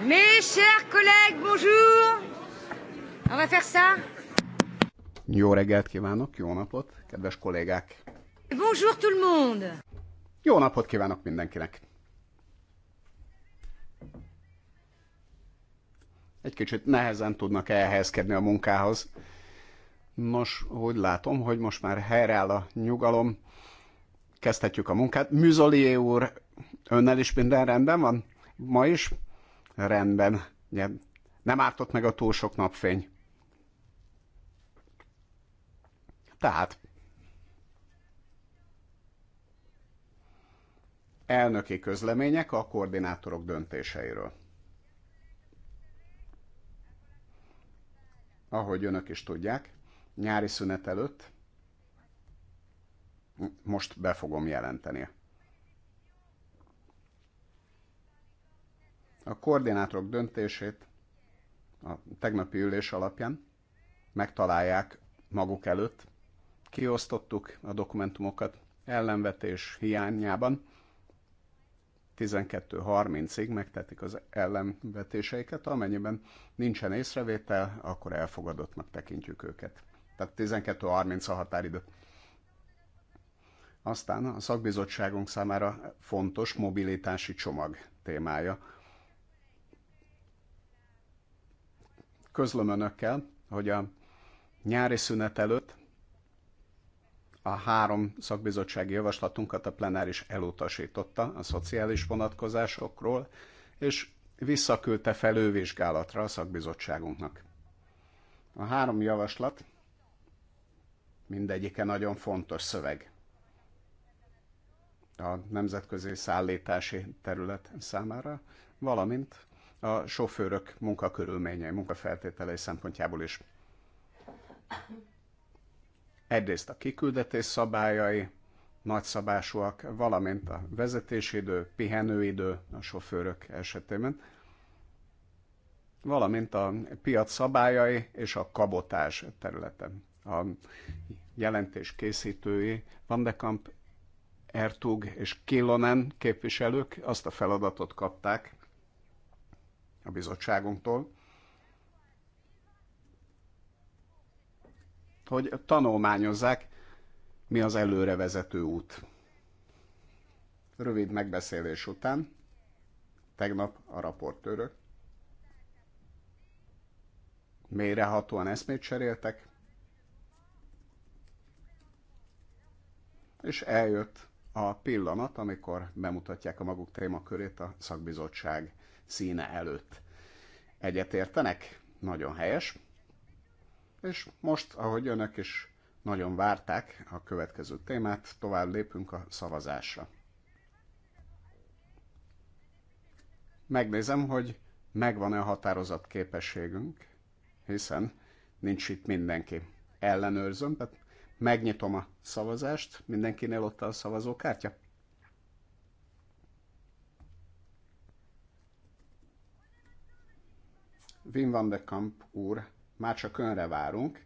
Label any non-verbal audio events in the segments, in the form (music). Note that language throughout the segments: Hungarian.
Mes chers collègues, bonjour! On va faire ça. Jó reggelt kívánok, jó napot, kedves kollégák! Bonjour tout le monde! Jó napot kívánok mindenkinek! Egy kicsit nehezen tudnak elhelyezkedni a munkához. Nos, úgy látom, hogy most már helyreáll a nyugalom. Kezdhetjük a munkát. Műzolié úr, önnel is minden rendben van? Ma is rendben. Ugye, nem ártott meg a túl sok napfény. Tehát elnöki közlemények a koordinátorok döntéseiről. Ahogy önök is tudják, nyári szünet előtt most be fogom jelenteni A koordinátorok döntését a tegnapi ülés alapján megtalálják maguk előtt. Kiosztottuk a dokumentumokat ellenvetés hiányában. 12.30-ig megtetik az ellenvetéseiket, amennyiben nincsen észrevétel, akkor elfogadottnak tekintjük őket. Tehát 12.30 a határidő. Aztán a szakbizottságunk számára fontos mobilitási csomag témája Közlöm önökkel, hogy a nyári szünet előtt a három szakbizottsági javaslatunkat a plenáris elutasította a szociális vonatkozásokról, és visszaküldte felővizsgálatra a szakbizottságunknak. A három javaslat mindegyike nagyon fontos szöveg a nemzetközi szállítási terület számára, valamint a sofőrök munkakörülményei, munkafeltételei szempontjából is. Egyrészt a kiküldetés szabályai nagyszabásúak, valamint a vezetésidő, pihenőidő a sofőrök esetében, valamint a piac szabályai és a kabotás területen. A jelentés készítői Van de Kamp Ertug és Killonen képviselők azt a feladatot kapták, a bizottságunktól, hogy tanulmányozzák, mi az előrevezető út. Rövid megbeszélés után tegnap a raportőrök mélyrehatóan eszmét cseréltek, és eljött a pillanat, amikor bemutatják a maguk témakörét a szakbizottság színe előtt. Egyetértenek? Nagyon helyes. És most, ahogy önök is nagyon várták a következő témát, tovább lépünk a szavazásra. Megnézem, hogy megvan-e a határozat képességünk, hiszen nincs itt mindenki. Ellenőrzöm, tehát megnyitom a szavazást, mindenkinél ott a szavazókártya. Wim van de Kamp úr, már csak önre várunk.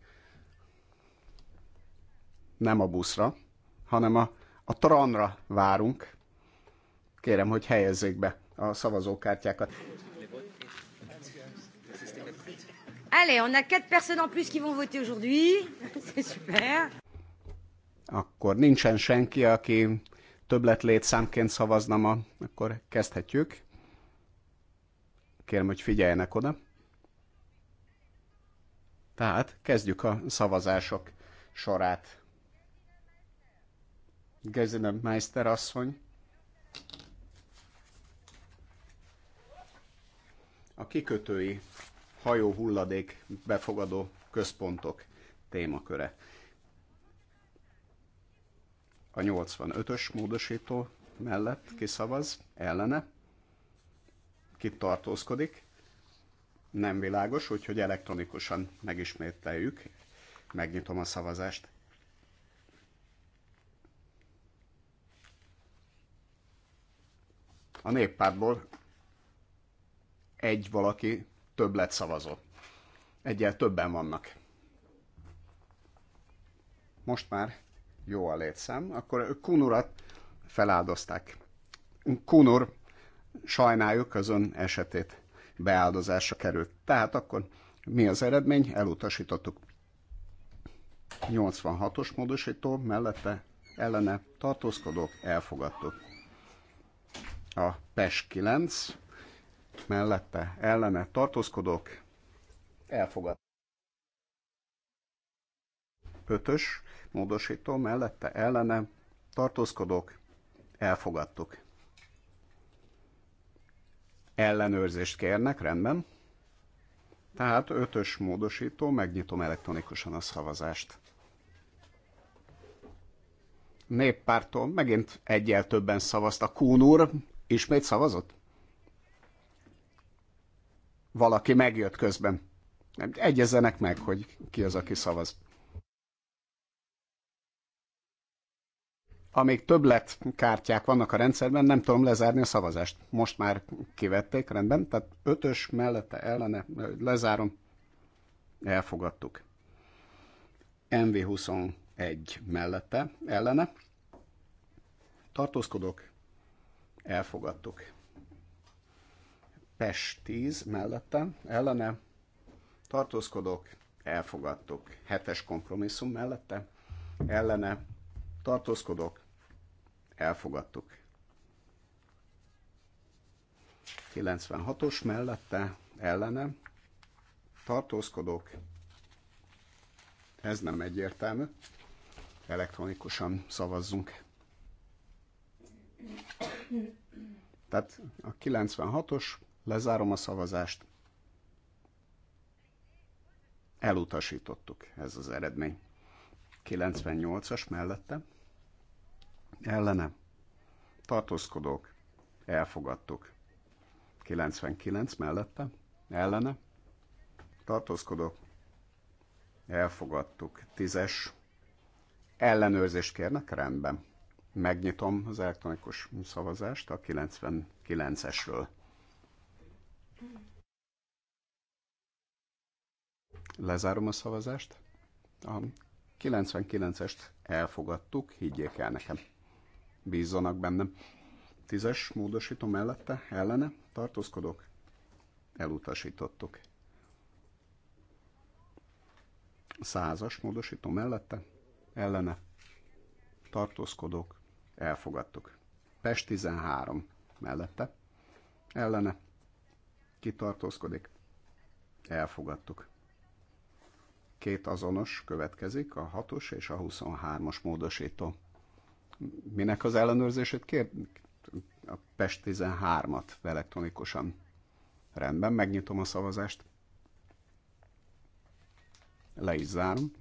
Nem a buszra, hanem a, a tranra várunk. Kérem, hogy helyezzék be a szavazókártyákat. Allez, on a quatre personnes en plus qui vont voter aujourd'hui. (laughs) C'est super. Akkor nincsen senki, aki többlet létszámként szavazna ma, akkor kezdhetjük. Kérem, hogy figyeljenek oda. Tehát kezdjük a szavazások sorát. Gezinem Meister asszony. A kikötői hajó hulladék befogadó központok témaköre. A 85-ös módosító mellett kiszavaz, ellene, kitartózkodik, nem világos, úgyhogy elektronikusan megismételjük. Megnyitom a szavazást. A néppártból egy valaki lett szavazó. Egyel többen vannak. Most már jó a létszám. Akkor Kunurat feláldozták. Kunur, sajnáljuk az ön esetét beáldozásra került. Tehát akkor mi az eredmény? Elutasítottuk. 86-os módosító mellette ellene tartózkodók elfogadtuk. A PES 9 mellette ellene tartózkodók elfogadtuk. 5-ös módosító mellette ellene tartózkodók elfogadtuk ellenőrzést kérnek, rendben. Tehát ötös módosító, megnyitom elektronikusan a szavazást. Néppártól megint egyel többen a Kún úr ismét szavazott? Valaki megjött közben. Egyezzenek meg, hogy ki az, aki szavaz. amíg többlet kártyák vannak a rendszerben, nem tudom lezárni a szavazást. Most már kivették, rendben. Tehát ötös mellette ellene, lezárom. Elfogadtuk. MV21 mellette ellene. Tartózkodok. Elfogadtuk. PES 10 mellette ellene. Tartózkodok. Elfogadtuk. Hetes kompromisszum mellette ellene tartózkodok, elfogadtuk. 96-os mellette ellene tartózkodók, ez nem egyértelmű, elektronikusan szavazzunk. Tehát a 96-os, lezárom a szavazást, elutasítottuk ez az eredmény. 98-as mellette ellene tartózkodók, elfogadtuk. 99 mellette, ellene tartózkodók, elfogadtuk. 10-es ellenőrzést kérnek, rendben. Megnyitom az elektronikus szavazást a 99-esről. Lezárom a szavazást. A 99-est elfogadtuk, higgyék el nekem bízzanak bennem. Tízes módosító mellette, ellene tartózkodok, elutasítottuk. Százas módosító mellette, ellene tartózkodok, elfogadtuk. Pest 13 mellette, ellene kitartózkodik, elfogadtuk. Két azonos következik, a 6-os és a 23-as módosító minek az ellenőrzését kér? A Pest 13-at elektronikusan. Rendben, megnyitom a szavazást. Le is zárom.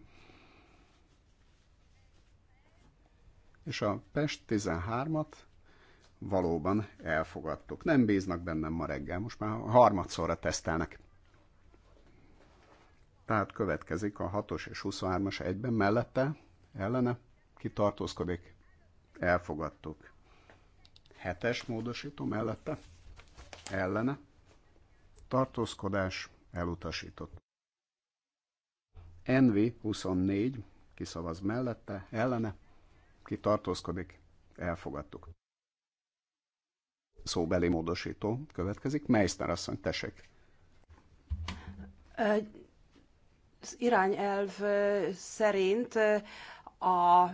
És a Pest 13-at valóban elfogadtuk. Nem bíznak bennem ma reggel, most már harmadszorra tesztelnek. Tehát következik a 6-os és 23-as egyben mellette, ellene, ki tartózkodik, elfogadtuk. Hetes módosító mellette, ellene, tartózkodás elutasított. NV 24 kiszavaz mellette, ellene, ki tartózkodik, elfogadtuk. Szóbeli módosító következik. Meister asszony, tessék. Az irányelv szerint a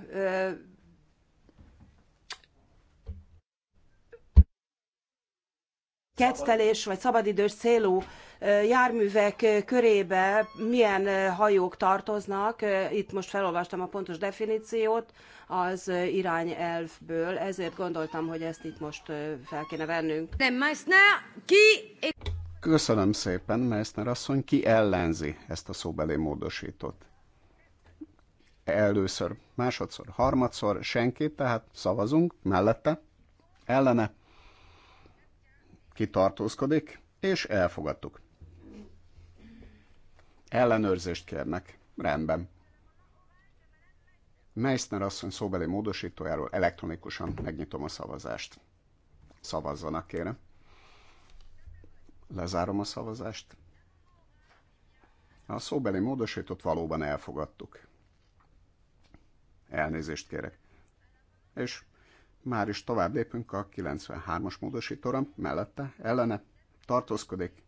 kettelés vagy szabadidős célú járművek körébe milyen hajók tartoznak. Itt most felolvastam a pontos definíciót az irányelvből, ezért gondoltam, hogy ezt itt most fel kéne vennünk. Nem, Meissner, ki... Köszönöm szépen, Meissner asszony, ki ellenzi ezt a szóbeli módosítót? Először, másodszor, harmadszor, senki, tehát szavazunk, mellette, ellene, kitartózkodik, és elfogadtuk. Ellenőrzést kérnek. Rendben. Meissner asszony szóbeli módosítójáról elektronikusan megnyitom a szavazást. Szavazzanak, kérem. Lezárom a szavazást. A szóbeli módosítót valóban elfogadtuk. Elnézést kérek. És már is tovább lépünk a 93-as módosítóra, mellette, ellene, tartózkodik,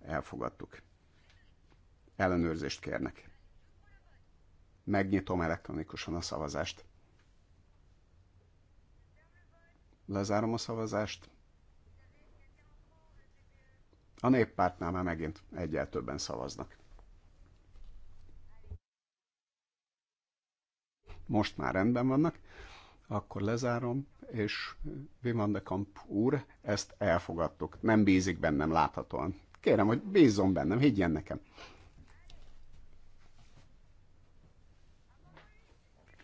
elfogadtuk. Ellenőrzést kérnek. Megnyitom elektronikusan a szavazást. Lezárom a szavazást. A néppártnál már megint egyel többen szavaznak. Most már rendben vannak. Akkor lezárom, és Wim de Kamp úr, ezt elfogadtuk. Nem bízik bennem láthatóan. Kérem, hogy bízzon bennem, higgyen nekem.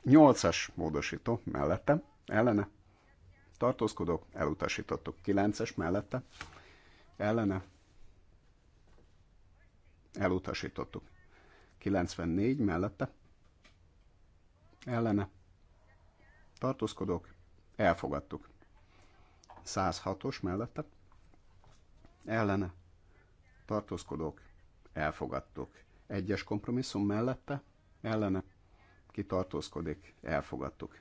Nyolcas módosító mellette, ellene, tartózkodók, elutasítottuk. Kilences mellette, ellene, elutasítottuk. 94 mellette, ellene, tartózkodok, elfogadtuk. 106-os mellette, ellene, tartózkodok, elfogadtuk. Egyes kompromisszum mellette, ellene, ki tartózkodik, elfogadtuk.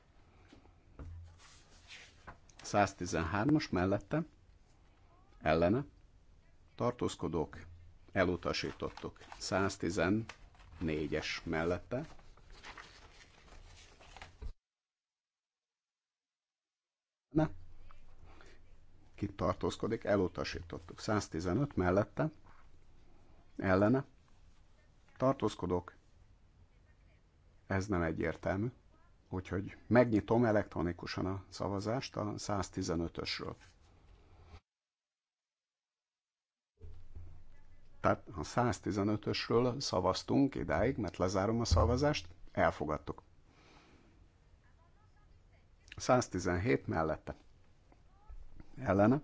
113 os mellette, ellene, tartózkodók, elutasítottuk. 114-es mellette, Ne. Ki tartózkodik, elutasítottuk. 115 mellette, ellene, tartózkodok, ez nem egyértelmű. Úgyhogy megnyitom elektronikusan a szavazást a 115-ösről. Tehát a 115-ösről szavaztunk idáig, mert lezárom a szavazást, elfogadtuk. 117 mellette. Ellene.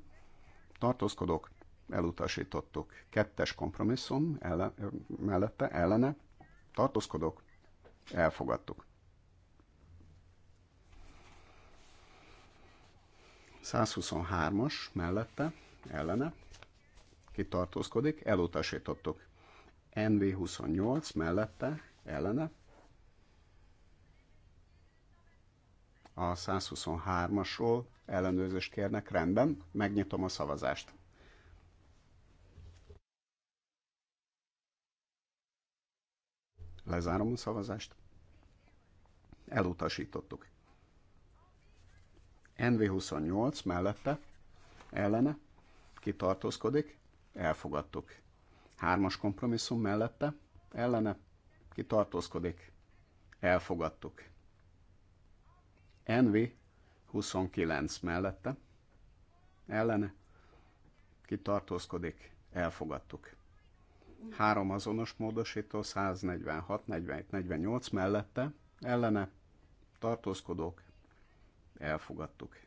Tartózkodók. Elutasítottuk. Kettes kompromisszum ellen, mellette. Ellene. Tartózkodók. Elfogadtuk. 123-as mellette, ellene, kitartózkodik, elutasítottuk. NV28 mellette, ellene, a 123-asról ellenőrzést kérnek, rendben, megnyitom a szavazást. Lezárom a szavazást. Elutasítottuk. NV28 mellette, ellene, kitartózkodik, elfogadtuk. Hármas kompromisszum mellette, ellene, kitartózkodik, elfogadtuk. NV 29 mellette, ellene, ki tartózkodik, elfogadtuk. Három azonos módosító 146, 47, 48 mellette, ellene, tartózkodók, elfogadtuk.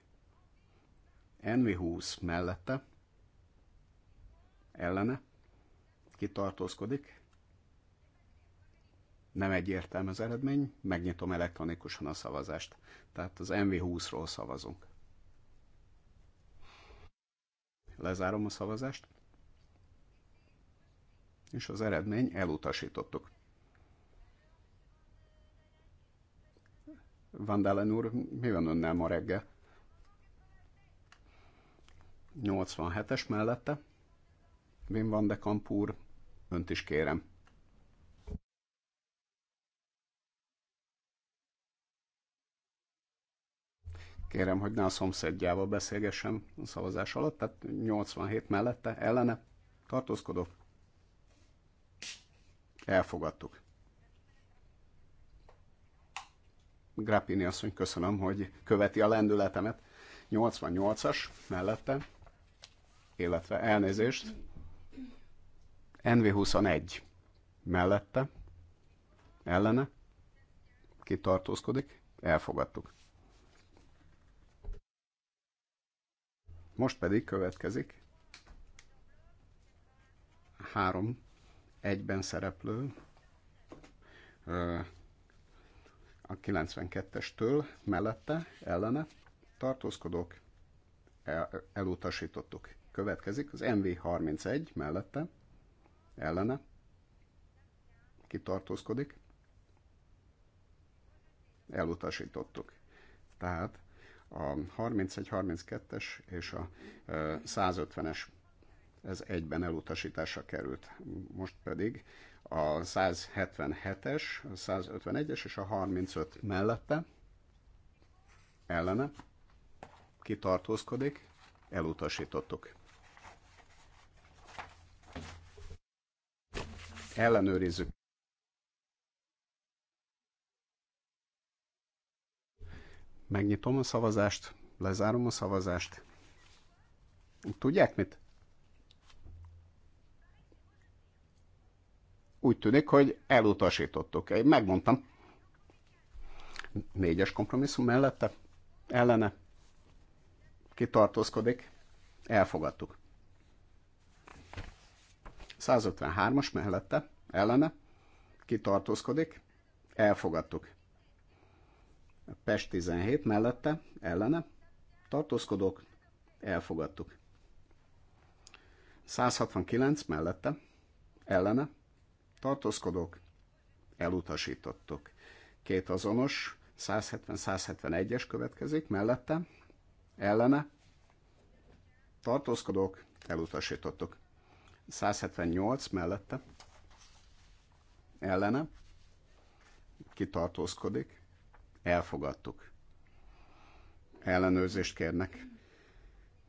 NV 20 mellette, ellene, ki tartózkodik, nem egyértelmű az eredmény, megnyitom elektronikusan a szavazást. Tehát az MV20-ról szavazunk. Lezárom a szavazást, és az eredmény elutasítottuk. Vandalen úr, mi van önnel ma reggel? 87-es mellette. Wim van de Kamp úr, önt is kérem. kérem, hogy ne a szomszédjával beszélgessem a szavazás alatt, tehát 87 mellette, ellene tartózkodok. Elfogadtuk. Grappini asszony, köszönöm, hogy követi a lendületemet. 88-as mellette, illetve elnézést. NV21 mellette, ellene, kitartózkodik, elfogadtuk. Most pedig következik három egyben szereplő a 92-estől mellette, ellene tartózkodók, el, elutasítottuk. Következik az MV31 mellette, ellene, ki elutasítottuk. Tehát a 31-32-es és a 150-es ez egyben elutasításra került. Most pedig a 177-es, a 151-es és a 35 mellette ellene kitartózkodik, elutasítottuk. Ellenőrizzük. Megnyitom a szavazást, lezárom a szavazást. Tudják mit? Úgy tűnik, hogy elutasítottuk. Én megmondtam. Négyes kompromisszum mellette, ellene, kitartózkodik, elfogadtuk. 153-as mellette, ellene, kitartózkodik, elfogadtuk. Pest 17 mellette, ellene, tartózkodók, elfogadtuk. 169 mellette, ellene, tartózkodók, elutasítottuk. Két azonos, 170-171-es következik, mellette, ellene, tartózkodók, elutasítottuk. 178 mellette, ellene, kitartózkodik, Elfogadtuk. Ellenőrzést kérnek.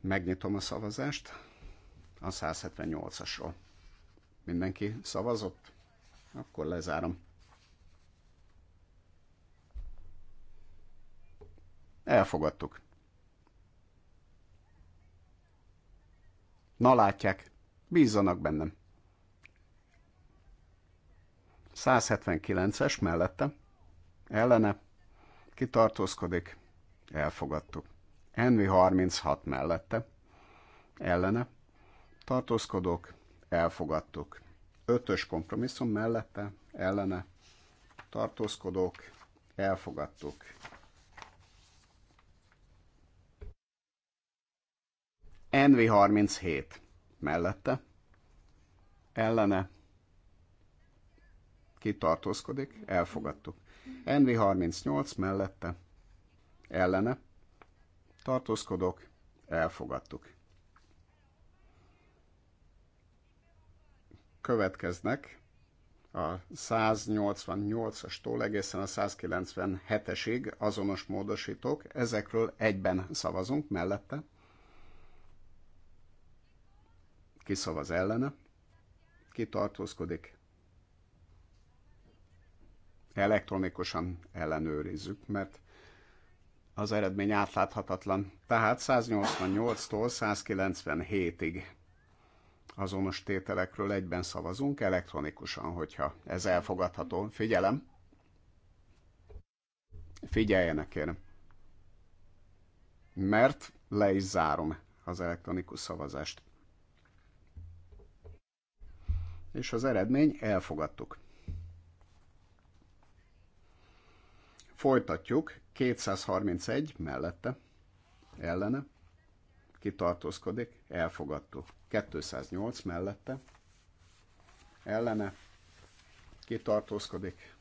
Megnyitom a szavazást a 178-asról. Mindenki szavazott? Akkor lezárom. Elfogadtuk. Na látják, bízzanak bennem. 179-es mellette, ellene, kitartózkodik, elfogadtuk. Envi 36 mellette, ellene, tartózkodok, elfogadtuk. Ötös kompromisszum mellette, ellene, tartózkodok, elfogadtuk. Envi 37 mellette, ellene, kitartózkodik, elfogadtuk. NV38 mellette ellene tartózkodok, elfogadtuk. Következnek a 188 tól egészen a 197-esig azonos módosítók, ezekről egyben szavazunk mellette. Ki szavaz ellene, ki tartózkodik, elektronikusan ellenőrizzük, mert az eredmény átláthatatlan. Tehát 188-tól 197-ig azonos tételekről egyben szavazunk elektronikusan, hogyha ez elfogadható. Figyelem! Figyeljenek, én! Mert le is zárom az elektronikus szavazást. És az eredmény elfogadtuk. Folytatjuk, 231 mellette, ellene, kitartózkodik, elfogadtuk. 208 mellette, ellene, kitartózkodik,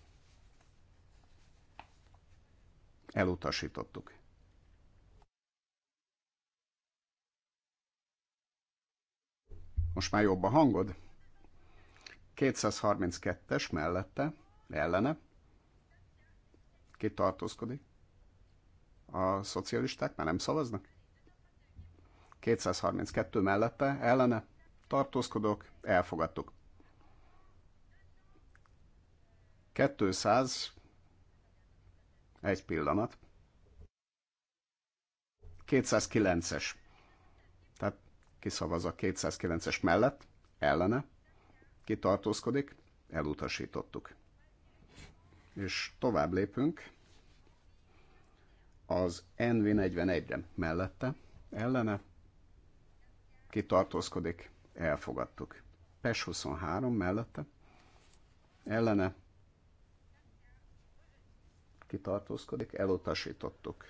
elutasítottuk. Most már jobb a hangod? 232-es mellette, ellene, ki tartózkodik? A szocialisták már nem szavaznak? 232 mellette, ellene, tartózkodok, elfogadtuk. 200, egy pillanat, 209-es, tehát kiszavaz a 209-es mellett, ellene, kitartózkodik, elutasítottuk. És tovább lépünk, az NV41-re mellette, ellene, kitartózkodik, elfogadtuk. PES 23 mellette, ellene, kitartózkodik, elutasítottuk.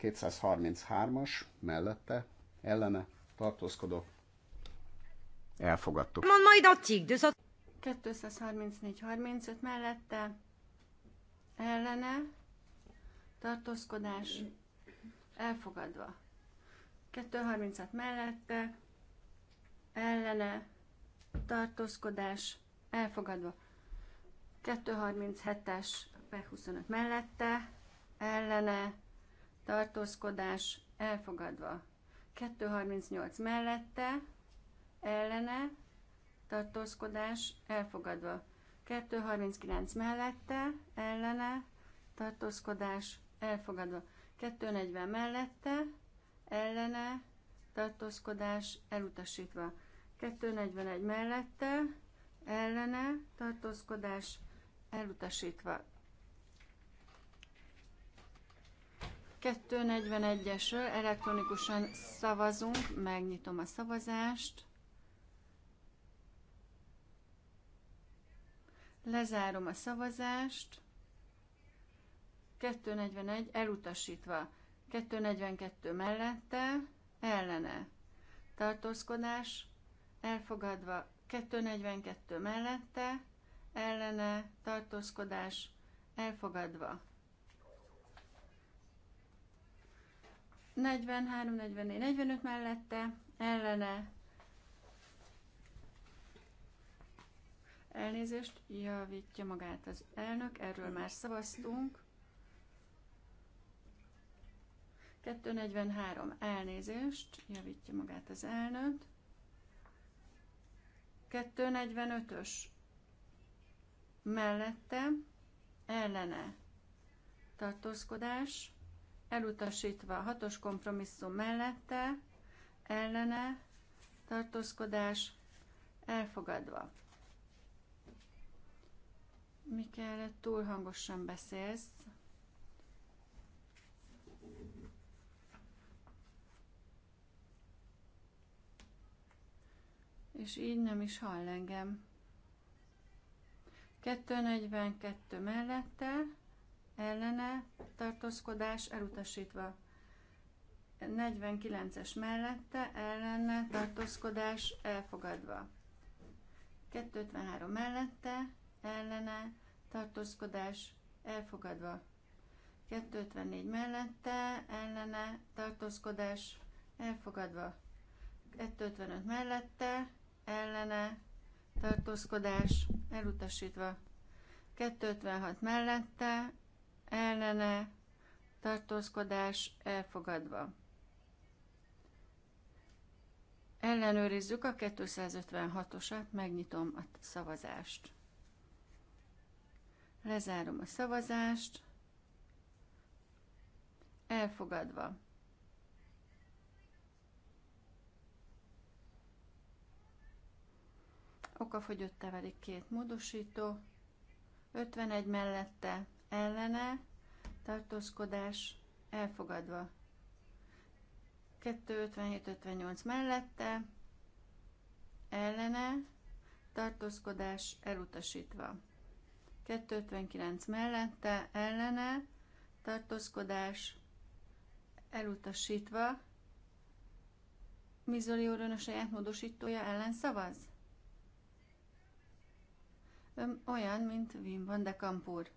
233-as mellette, ellene, tartózkodok, elfogadtuk. Mond majd a 234-35 mellette, ellene, tartózkodás elfogadva. 236 mellette, ellene, tartózkodás elfogadva. 237-es P25 mellette, ellene, tartózkodás elfogadva. 238 mellette, ellene, tartózkodás elfogadva. 239 mellette, ellene, tartózkodás elfogadva. 240 mellette, ellene, tartózkodás elutasítva. 241 mellette, ellene, tartózkodás elutasítva. 241-esről elektronikusan szavazunk, megnyitom a szavazást. Lezárom a szavazást. 241 elutasítva, 242 mellette, ellene, tartózkodás, elfogadva, 242 mellette, ellene, tartózkodás, elfogadva. 43, 44, 45 mellette, ellene, elnézést, javítja magát az elnök, erről már szavaztunk. 243 elnézést, javítja magát az elnök. 245-ös mellette ellene tartózkodás, elutasítva a hatos kompromisszum mellette ellene tartózkodás, elfogadva. Mi kellett túl hangosan beszélsz? és így nem is hall engem. 242 mellette, ellene, tartózkodás elutasítva. 49-es mellette, ellene, tartózkodás elfogadva. 253 mellette, ellene, tartózkodás elfogadva. 254 mellette, ellene, tartózkodás elfogadva. 255 mellette, ellene tartózkodás elutasítva. 256 mellette ellene tartózkodás elfogadva. Ellenőrizzük a 256-osat, megnyitom a szavazást. Lezárom a szavazást. Elfogadva. okafogyott tevelik két módosító, 51 mellette ellene, tartózkodás elfogadva. 257-58 mellette, ellene, tartózkodás elutasítva. 259 mellette, ellene, tartózkodás elutasítva. Mizoli úrön a saját módosítója ellen szavaz? olyan, mint Wim van de Kampur.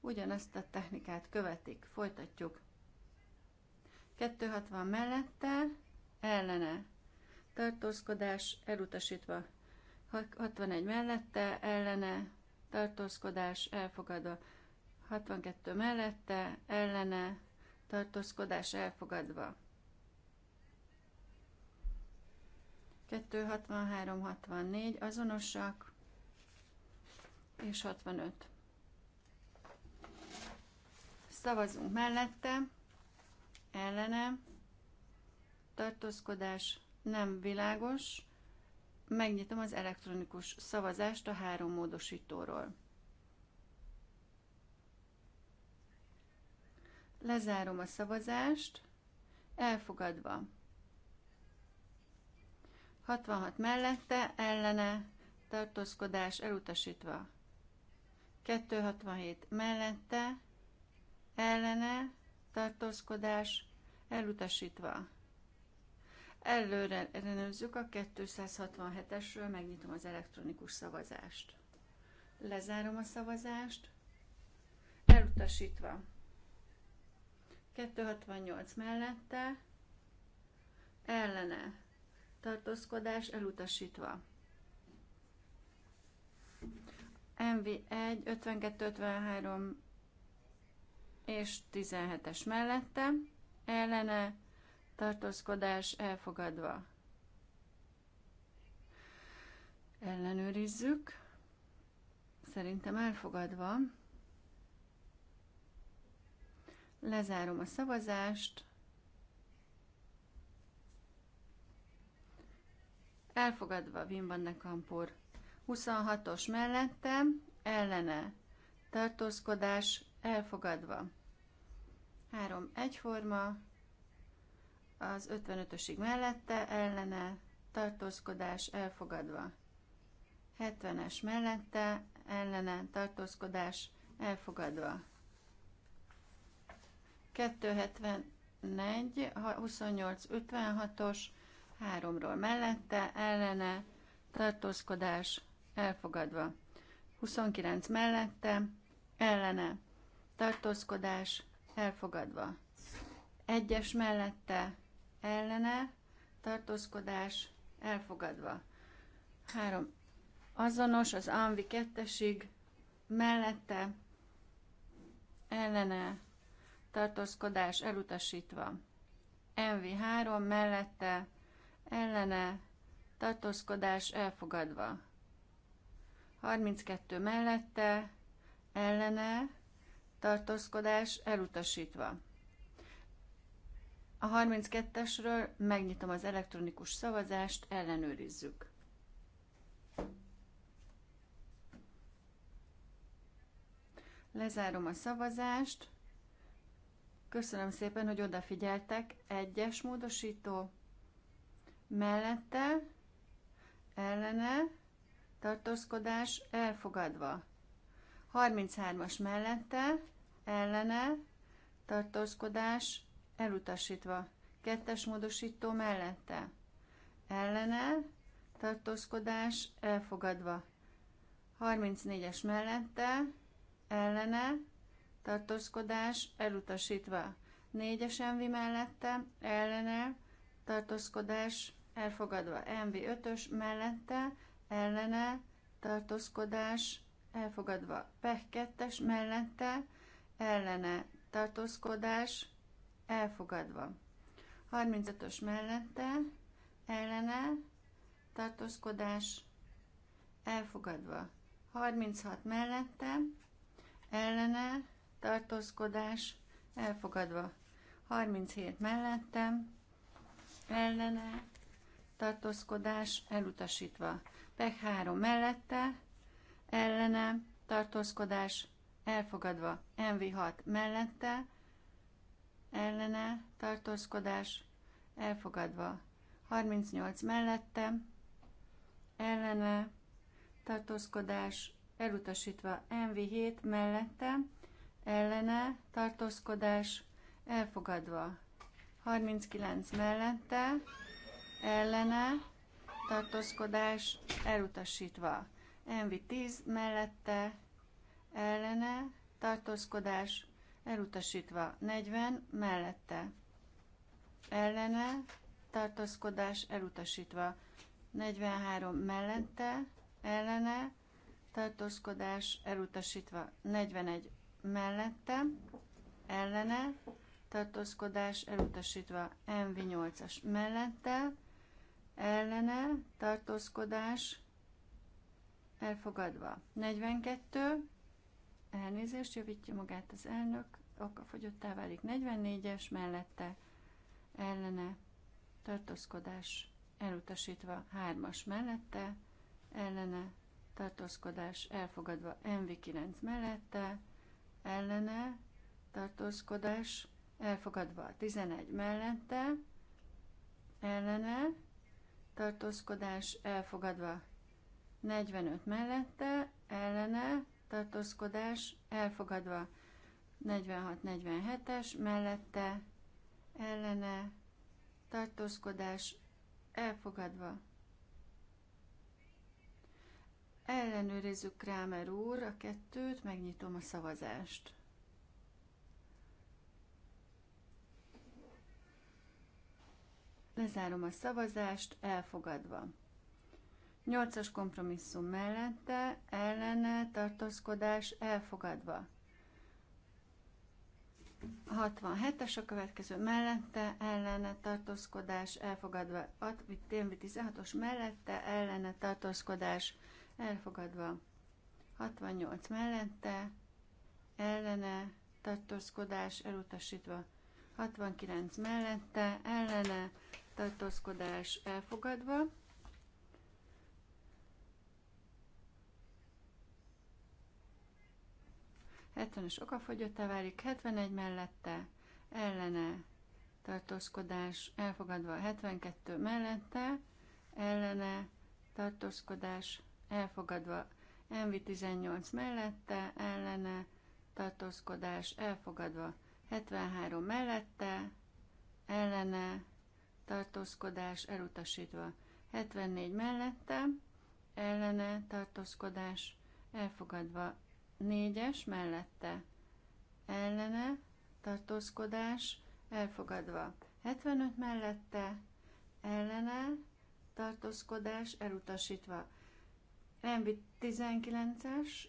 Ugyanezt a technikát követik. Folytatjuk. 260 mellette, ellene. Tartózkodás elutasítva. 61 mellette, ellene. Tartózkodás elfogadva. 62 mellette, ellene. Tartózkodás elfogadva. 263-64 azonosak és 65. Szavazunk mellette, ellene, tartózkodás nem világos, megnyitom az elektronikus szavazást a három módosítóról. Lezárom a szavazást, elfogadva. 66 mellette, ellene, tartózkodás elutasítva. 267 mellette, ellene, tartózkodás, elutasítva. Előre ellenőrzzük a 267-esről, megnyitom az elektronikus szavazást. Lezárom a szavazást, elutasítva. 268 mellette, ellene, tartózkodás, elutasítva. MV1, 52, 53 és 17-es mellette, ellene tartózkodás elfogadva. Ellenőrizzük. Szerintem elfogadva. Lezárom a szavazást. Elfogadva Wim van de Kampur 26-os mellette ellene tartózkodás elfogadva. 3 egyforma, az 55-ösig mellette ellene tartózkodás elfogadva. 70-es mellette ellene tartózkodás elfogadva. 271, 28, 56-os, háromról mellette ellene tartózkodás elfogadva. 29 mellette, ellene, tartózkodás, elfogadva. Egyes mellette, ellene, tartózkodás, elfogadva. 3. Azonos az ANVI kettesig, mellette, ellene, tartózkodás, elutasítva. Envi 3 mellette, ellene, tartózkodás, elfogadva. 32 mellette, ellene, tartózkodás elutasítva. A 32-esről megnyitom az elektronikus szavazást, ellenőrizzük. Lezárom a szavazást. Köszönöm szépen, hogy odafigyeltek. Egyes módosító mellette, ellene, tartózkodás elfogadva. 33-as mellette, ellene, tartózkodás elutasítva. Kettes módosító mellette, ellene, tartózkodás elfogadva. 34-es mellette, ellene, tartózkodás elutasítva. 4-es envi mellette, ellene, tartózkodás elfogadva. Envi 5-ös mellette, ellene, tartózkodás elfogadva. Pech kettes mellette, ellene, tartózkodás elfogadva. 35-ös mellette, ellene, tartózkodás elfogadva. 36 mellette, ellene, tartózkodás elfogadva. 37 mellette, ellene, tartózkodás elutasítva. Pek 3 mellette, ellene, tartózkodás elfogadva, MV6 mellette, ellene, tartózkodás elfogadva, 38 mellette, ellene, tartózkodás elutasítva, MV7 mellette, ellene, tartózkodás elfogadva, 39 mellette, ellene, tartózkodás elutasítva. Envi 10 mellette ellene tartózkodás elutasítva. 40 mellette ellene tartózkodás elutasítva. 43 mellette ellene tartózkodás elutasítva. 41 mellette ellene tartózkodás elutasítva. Envi 8 as mellette ellene, tartózkodás, elfogadva. 42, elnézést, javítja magát az elnök, fogyottá válik. 44-es mellette, ellene, tartózkodás, elutasítva. 3-as mellette, ellene, tartózkodás, elfogadva. MV9 mellette, ellene, tartózkodás, elfogadva. 11 mellette, ellene, tartózkodás elfogadva. 45 mellette, ellene, tartózkodás elfogadva. 46-47-es mellette, ellene, tartózkodás elfogadva. Ellenőrizzük Krámer úr a kettőt, megnyitom a szavazást. Lezárom a szavazást, elfogadva. 8-as kompromisszum mellette, ellene, tartózkodás, elfogadva. 67-es a következő mellette, ellene, tartózkodás, elfogadva. 16-os mellette, ellene, tartózkodás, elfogadva. 68 mellette, ellene, tartózkodás, elutasítva. 69 mellette, ellene, tartózkodás elfogadva. Hetvenes okafogyottá válik, 71 mellette, ellene tartózkodás elfogadva, 72 mellette, ellene tartózkodás elfogadva, MV18 mellette, ellene tartózkodás elfogadva, 73 mellette, ellene tartózkodás elutasítva. 74 mellette, ellene tartózkodás elfogadva. 4-es mellette, ellene tartózkodás elfogadva. 75 mellette, ellene tartózkodás elutasítva. Envi 19-es,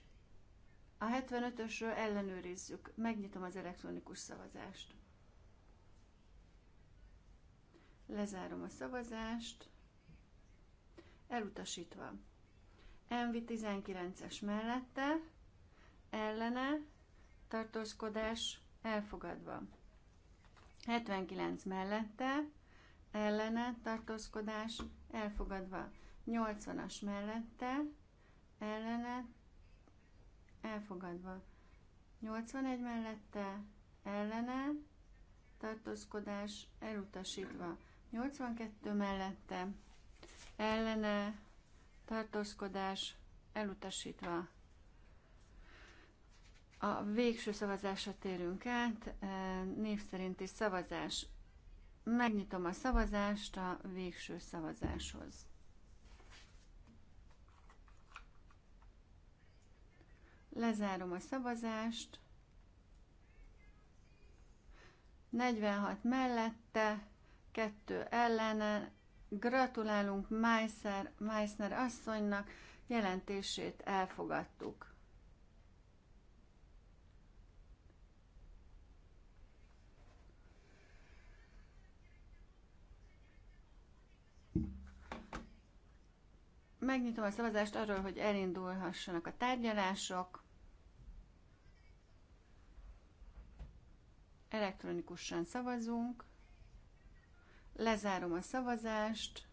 a 75-ösről ellenőrizzük. Megnyitom az elektronikus szavazást. Lezárom a szavazást. Elutasítva. Envi 19 es mellette, ellene, tartózkodás elfogadva. 79 mellette, ellene, tartózkodás elfogadva. 80-as mellette, ellene, elfogadva. 81 mellette, ellene, tartózkodás elutasítva. 82 mellette ellene tartózkodás elutasítva. A végső szavazásra térünk át, e, név szerinti szavazás. Megnyitom a szavazást a végső szavazáshoz. Lezárom a szavazást. 46 mellette, kettő ellene. Gratulálunk Meissner, Meissner asszonynak, jelentését elfogadtuk. Megnyitom a szavazást arról, hogy elindulhassanak a tárgyalások. Elektronikusan szavazunk. Lezárom a szavazást.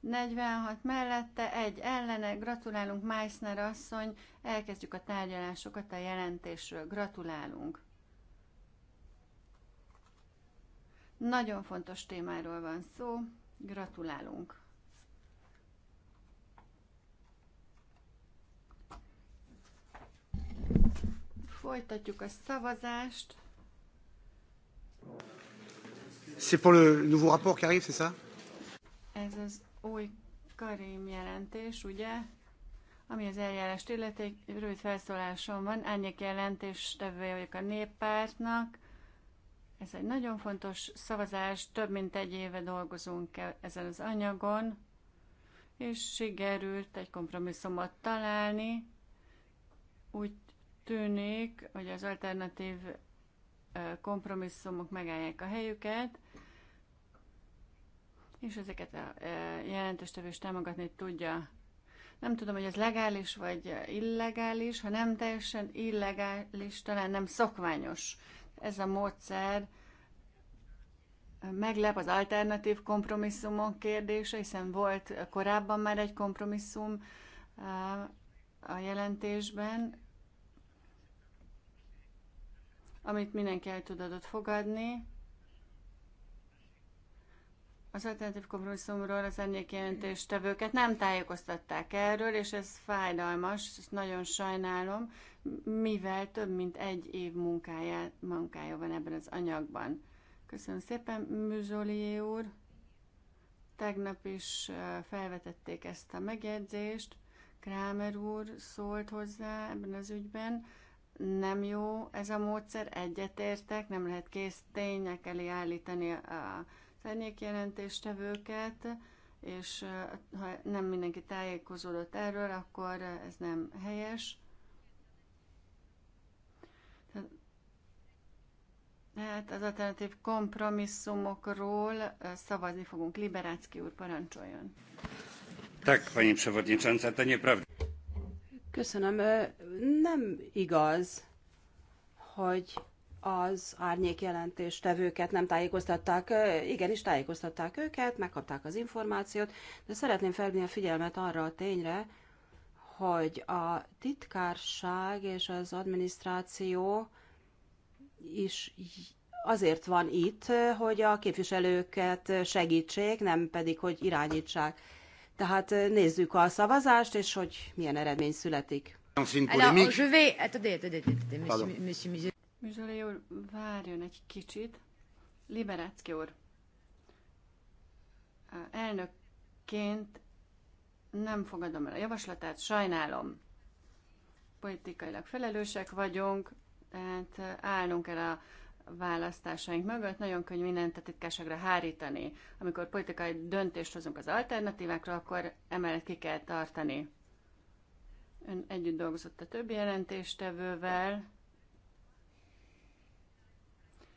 Negyvenhat mellette, egy ellene, gratulálunk Meissner asszony, elkezdjük a tárgyalásokat a jelentésről, gratulálunk. Nagyon fontos témáról van szó, gratulálunk. Folytatjuk a szavazást. C'est pour le nouveau rapport qui arrive, c'est ça? Ez az új Karim jelentés, ugye? Ami az eljárást illeti, rövid felszólásom van. Árnyék jelentés tevője vagyok a néppártnak. Ez egy nagyon fontos szavazás, több mint egy éve dolgozunk e- ezen az anyagon, és sikerült egy kompromisszumot találni. Úgy tűnik, hogy az alternatív kompromisszumok megállják a helyüket, és ezeket a jelentéstevő is támogatni tudja. Nem tudom, hogy ez legális vagy illegális, ha nem teljesen illegális, talán nem szokványos. Ez a módszer meglep az alternatív kompromisszumok kérdése, hiszen volt korábban már egy kompromisszum a jelentésben, amit mindenki el tud adott fogadni. Az alternatív kompromisszumról az tevőket nem tájékoztatták erről, és ez fájdalmas, ezt nagyon sajnálom, mivel több mint egy év munkája, munkája van ebben az anyagban. Köszönöm szépen, Müzsolié úr! Tegnap is felvetették ezt a megjegyzést, Krámer úr szólt hozzá ebben az ügyben nem jó ez a módszer, egyetértek, nem lehet kész tények elé állítani a szárnyékjelentéstevőket, és ha nem mindenki tájékozódott erről, akkor ez nem helyes. Tehát az alternatív kompromisszumokról szavazni fogunk. Liberácki úr, parancsoljon. Tak, panie przewodnicząca, to nieprawda. Köszönöm. Nem igaz, hogy az árnyék jelentéstevőket nem tájékoztatták. Igenis tájékoztatták őket, megkapták az információt, de szeretném felvinni a figyelmet arra a tényre, hogy a titkárság és az adminisztráció is azért van itt, hogy a képviselőket segítsék, nem pedig, hogy irányítsák tehát nézzük a szavazást, és hogy milyen eredmény születik. Alors, úr, várjon egy kicsit. Liberácki úr, elnökként nem fogadom el a javaslatát, sajnálom. Politikailag felelősek vagyunk, tehát állnunk el a választásaink mögött nagyon könnyű mindent a hárítani. Amikor politikai döntést hozunk az alternatívákra, akkor emellett ki kell tartani. Ön együtt dolgozott a többi jelentéstevővel,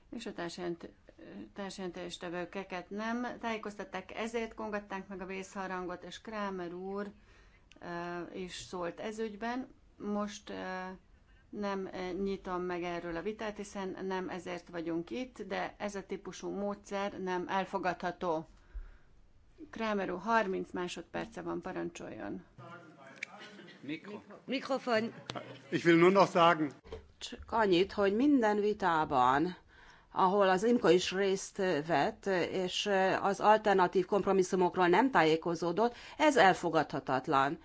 és a társjelentéstevőkeket nem tájékoztatták, ezért kongatták meg a vészharangot, és Krámer úr uh, is szólt ezügyben. Most uh, nem eh, nyitom meg erről a vitát, hiszen nem ezért vagyunk itt, de ez a típusú módszer nem elfogadható. Kramer 30 másodperce van, parancsoljon. Mikro. Mikrofon. Ich will nur noch sagen. Csak annyit, hogy minden vitában ahol az Imko is részt vett, és az alternatív kompromisszumokról nem tájékozódott, ez elfogadhatatlan.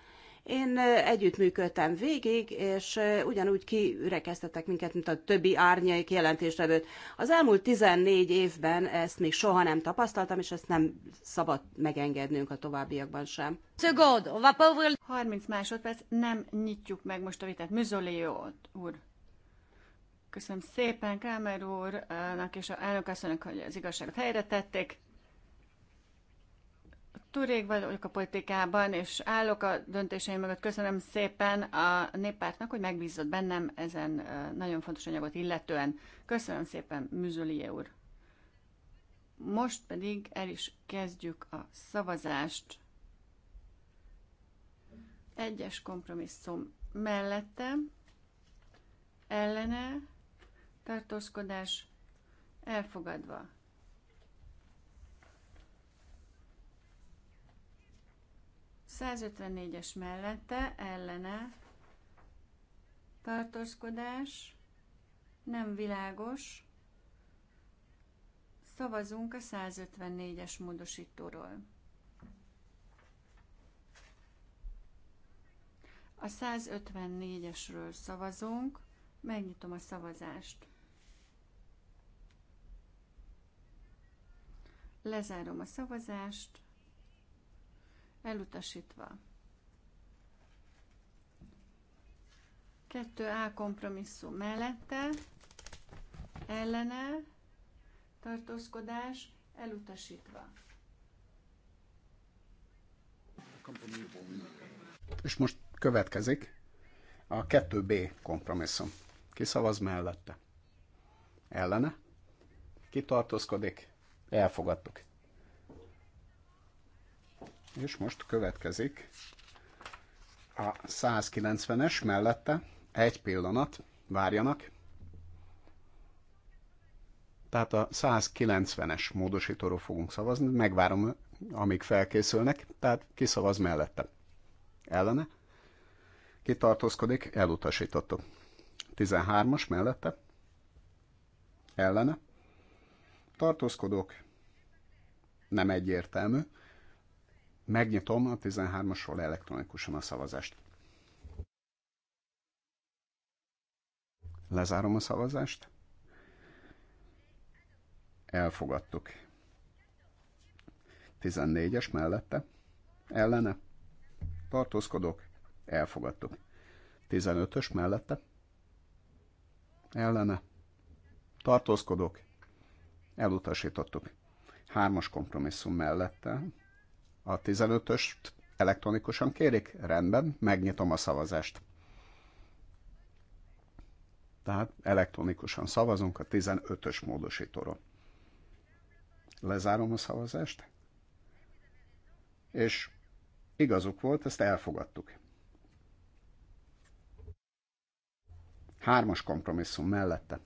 Én együttműködtem végig, és ugyanúgy kiürekeztetek minket, mint a többi árnyék jelentéstevőt. Az elmúlt 14 évben ezt még soha nem tapasztaltam, és ezt nem szabad megengednünk a továbbiakban sem. 30 másodperc, nem nyitjuk meg most a vitát. Müzoléó úr. Köszönöm szépen Kámer úrnak és a elnök asszonynak, hogy az igazságot helyre tették rég vagyok a politikában, és állok a döntéseim mögött. Köszönöm szépen a néppártnak, hogy megbízott bennem ezen nagyon fontos anyagot illetően. Köszönöm szépen, Műzölié úr. Most pedig el is kezdjük a szavazást. Egyes kompromisszum mellette, ellene, tartózkodás elfogadva. 154-es mellette ellene tartózkodás nem világos. Szavazunk a 154-es módosítóról. A 154-esről szavazunk, megnyitom a szavazást. Lezárom a szavazást elutasítva. 2A kompromisszum mellette, ellene, tartózkodás, elutasítva. És most következik a 2B kompromisszum. Ki szavaz mellette? Ellene? Ki tartózkodik? Elfogadtuk. És most következik a 190-es mellette. Egy pillanat, várjanak. Tehát a 190-es módosítóról fogunk szavazni, megvárom, amíg felkészülnek, tehát kiszavaz mellette. Ellene? Kitartózkodik, elutasítottuk. 13-as mellette? Ellene? Tartózkodók? Nem egyértelmű. Megnyitom a 13-asról elektronikusan a szavazást. Lezárom a szavazást. Elfogadtuk. 14-es mellette. Ellene. Tartózkodok. Elfogadtuk. 15-ös mellette. Ellene. Tartózkodok. Elutasítottuk. Hármas kompromisszum mellette. A 15-öst elektronikusan kérik? Rendben, megnyitom a szavazást. Tehát elektronikusan szavazunk a 15-ös módosítóról. Lezárom a szavazást, és igazuk volt, ezt elfogadtuk. Hármas kompromisszum mellette.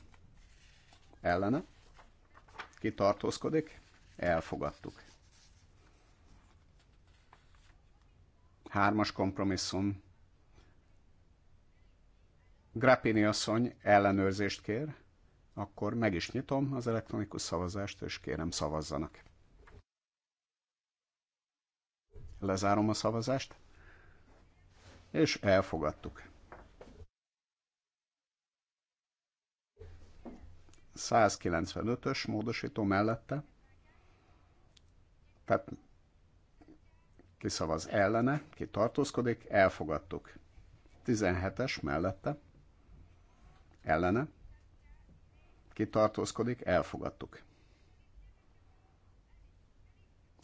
Ellene? Ki Elfogadtuk. Hármas kompromisszum. Grappini asszony ellenőrzést kér, akkor meg is nyitom az elektronikus szavazást, és kérem szavazzanak. Lezárom a szavazást, és elfogadtuk. 195-ös módosító mellette, tehát ki szavaz ellene, ki tartózkodik, elfogadtuk. 17-es mellette, ellene, ki tartózkodik, elfogadtuk.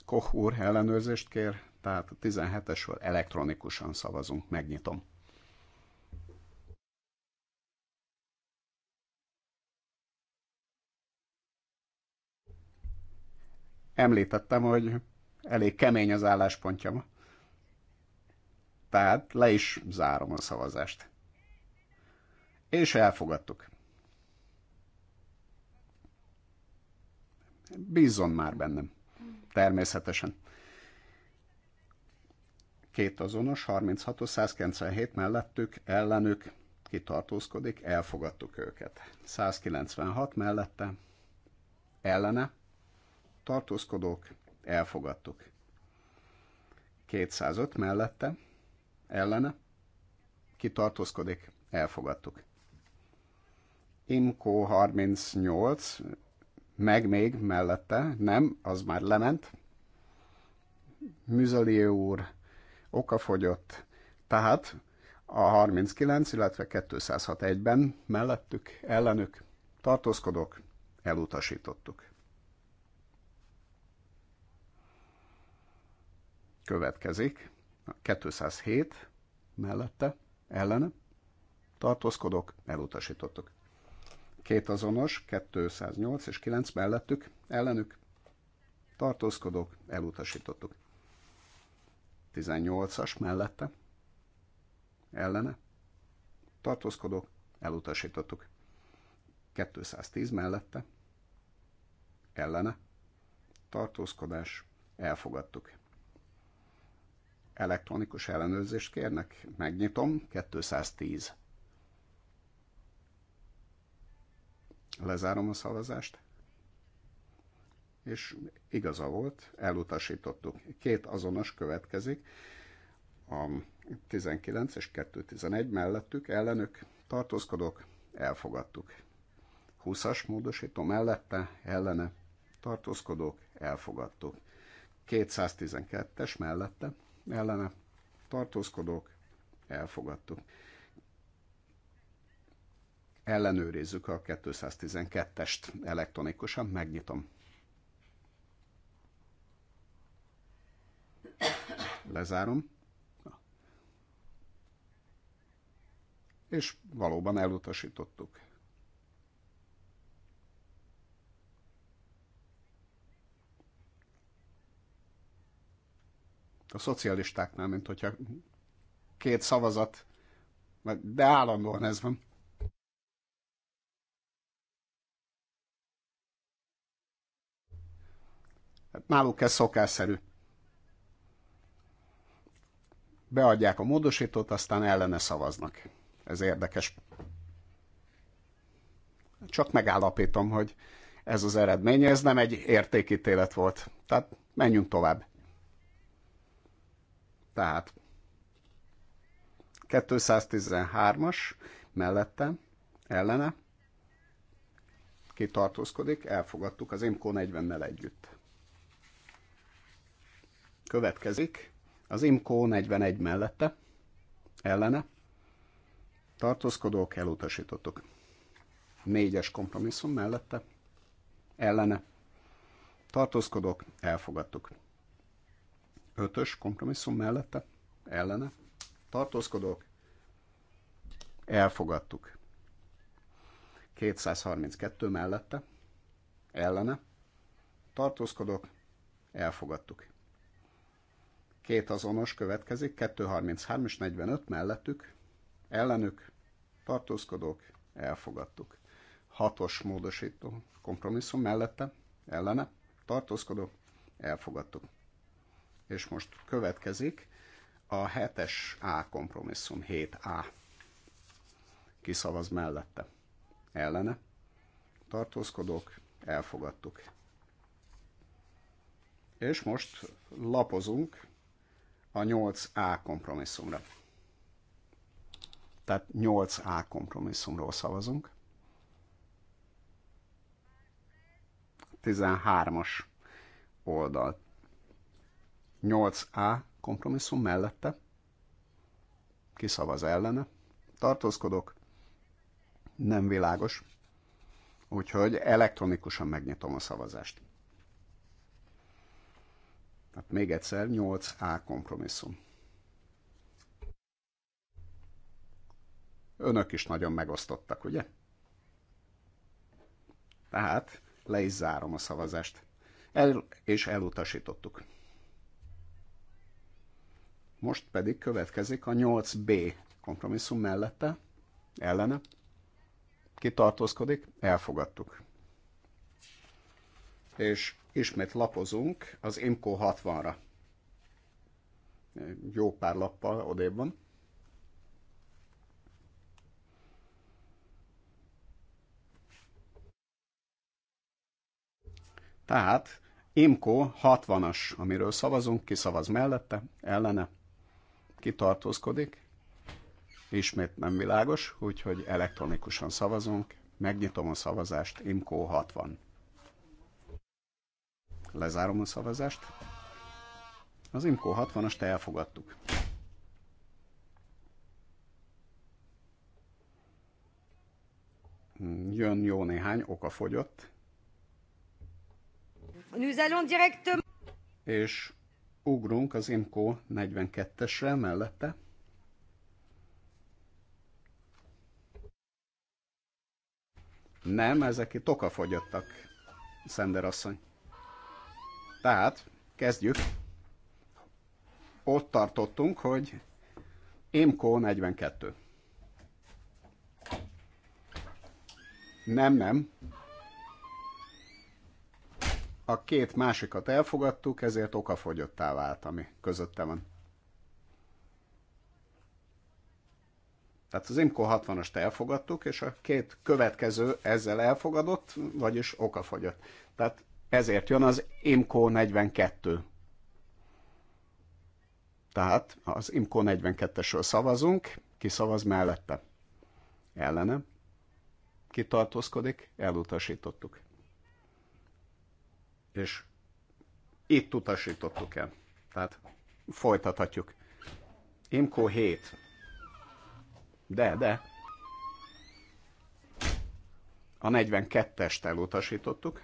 Koch úr ellenőrzést kér, tehát a 17-esről elektronikusan szavazunk, megnyitom. Említettem, hogy elég kemény az álláspontja. Tehát le is zárom a szavazást. És elfogadtuk. Bízzon már bennem. Természetesen. Két azonos, 36 197 mellettük, ellenük, kitartózkodik, elfogadtuk őket. 196 mellette, ellene, tartózkodók, Elfogadtuk. 205 mellette, ellene, ki tartózkodik, elfogadtuk. Imkó 38, meg még mellette, nem, az már lement. Műzeli úr, okafogyott, tehát a 39, illetve 206 ben mellettük, ellenük tartózkodok, elutasítottuk. következik. 207 mellette, ellene, tartózkodok, elutasítottuk. Két azonos, 208 és 9 mellettük, ellenük, tartózkodok, elutasítottuk. 18-as mellette, ellene, tartózkodok, elutasítottuk. 210 mellette, ellene, tartózkodás, elfogadtuk. Elektronikus ellenőrzést kérnek. Megnyitom. 210. Lezárom a szavazást. És igaza volt, elutasítottuk. Két azonos következik. A 19 és 211 mellettük ellenük tartózkodok, elfogadtuk. 20-as módosító mellette, ellene tartózkodok, elfogadtuk. 212-es mellette, ellene tartózkodók, elfogadtuk. Ellenőrizzük a 212-est elektronikusan, megnyitom. Lezárom. És valóban elutasítottuk. a szocialistáknál, mint hogyha két szavazat, de állandóan ez van. Hát náluk ez szokásszerű. Beadják a módosítót, aztán ellene szavaznak. Ez érdekes. Csak megállapítom, hogy ez az eredménye, ez nem egy értékítélet volt. Tehát menjünk tovább. Tehát 213-as mellette, ellene, ki tartózkodik, elfogadtuk az IMCO 40-nel együtt. Következik az IMCO 41 mellette, ellene, tartózkodók, elutasítottuk. Négyes kompromisszum mellette, ellene, tartózkodók, elfogadtuk. Ötös kompromisszum mellette, ellene, tartózkodók, elfogadtuk. 232 mellette, ellene, tartózkodók, elfogadtuk. Két azonos következik, 233 és 45 mellettük, ellenük, tartózkodók, elfogadtuk. Hatos módosító kompromisszum mellette, ellene, tartózkodók, elfogadtuk. És most következik a 7-es A kompromisszum, 7A. Kiszavaz mellette. Ellene. Tartózkodók, elfogadtuk. És most lapozunk a 8A kompromisszumra. Tehát 8A kompromisszumról szavazunk. 13-as oldalt 8A kompromisszum mellette, kiszavaz ellene, tartózkodok, nem világos, úgyhogy elektronikusan megnyitom a szavazást. Hát még egyszer 8A kompromisszum. Önök is nagyon megosztottak, ugye? Tehát le is zárom a szavazást. El, és elutasítottuk. Most pedig következik a 8B kompromisszum mellette, ellene. Kitartózkodik, Elfogadtuk. És ismét lapozunk az IMCO 60-ra. Jó pár lappal odébb van. Tehát IMCO 60-as, amiről szavazunk, ki szavaz mellette, ellene, kitartózkodik, ismét nem világos, úgyhogy elektronikusan szavazunk, megnyitom a szavazást, IMCO 60. Lezárom a szavazást. Az IMCO 60-ast elfogadtuk. Jön jó néhány, oka fogyott. Nous allons directement... És ugrunk az IMCO 42-esre mellette. Nem, ezek itt okafogyottak, Szender asszony. Tehát, kezdjük. Ott tartottunk, hogy IMCO 42. Nem, nem. A két másikat elfogadtuk, ezért okafogyottá vált, ami közötte van. Tehát az IMCO 60-ast elfogadtuk, és a két következő ezzel elfogadott, vagyis okafogyott. Tehát ezért jön az IMCO 42. Tehát az IMCO 42-esről szavazunk, ki szavaz mellette? Ellene. Ki tartózkodik? Elutasítottuk és itt utasítottuk el. Tehát folytathatjuk. Imkó 7. De, de. A 42-est elutasítottuk.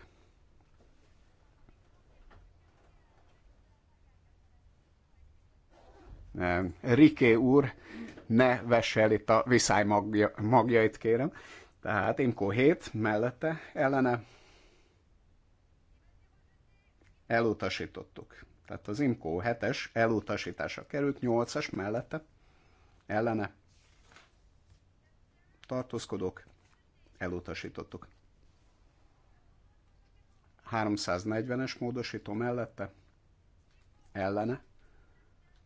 Riké úr, ne vess el itt a viszály magja, magjait, kérem. Tehát Imkó 7 mellette ellene elutasítottuk. Tehát az IMCO 7-es elutasítása került, 8-as mellette, ellene, tartózkodók, elutasítottuk. 340-es módosító mellette, ellene,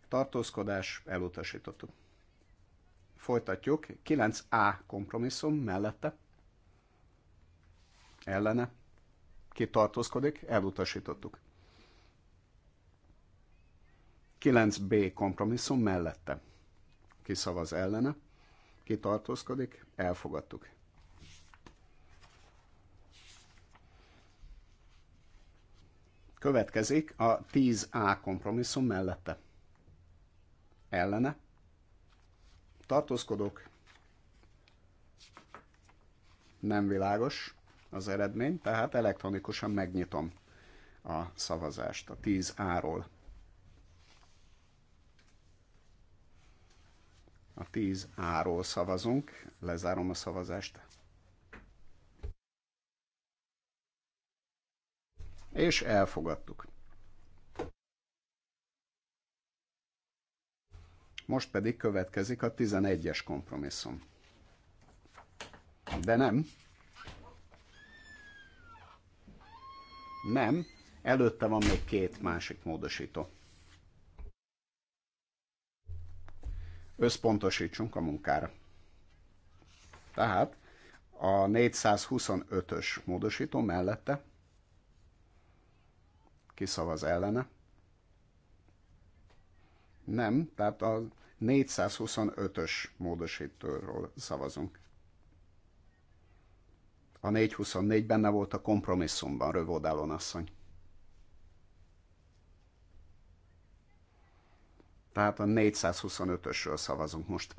tartózkodás, elutasítottuk. Folytatjuk, 9A kompromisszum mellette, ellene, ki tartózkodik, elutasítottuk. 9B kompromisszum mellette. Ki szavaz ellene, ki tartózkodik, elfogadtuk. Következik a 10A kompromisszum mellette. Ellene. tartózkodok, Nem világos az eredmény, tehát elektronikusan megnyitom a szavazást a 10A-ról. A 10 áról szavazunk, lezárom a szavazást. És elfogadtuk. Most pedig következik a 11-es kompromisszum. De nem. Nem. Előtte van még két másik módosító. összpontosítsunk a munkára. Tehát a 425-ös módosító mellette kiszavaz ellene. Nem, tehát a 425-ös módosítóról szavazunk. A 424 benne volt a kompromisszumban, rövodálon asszony. Tehát a 425-ösről szavazunk most.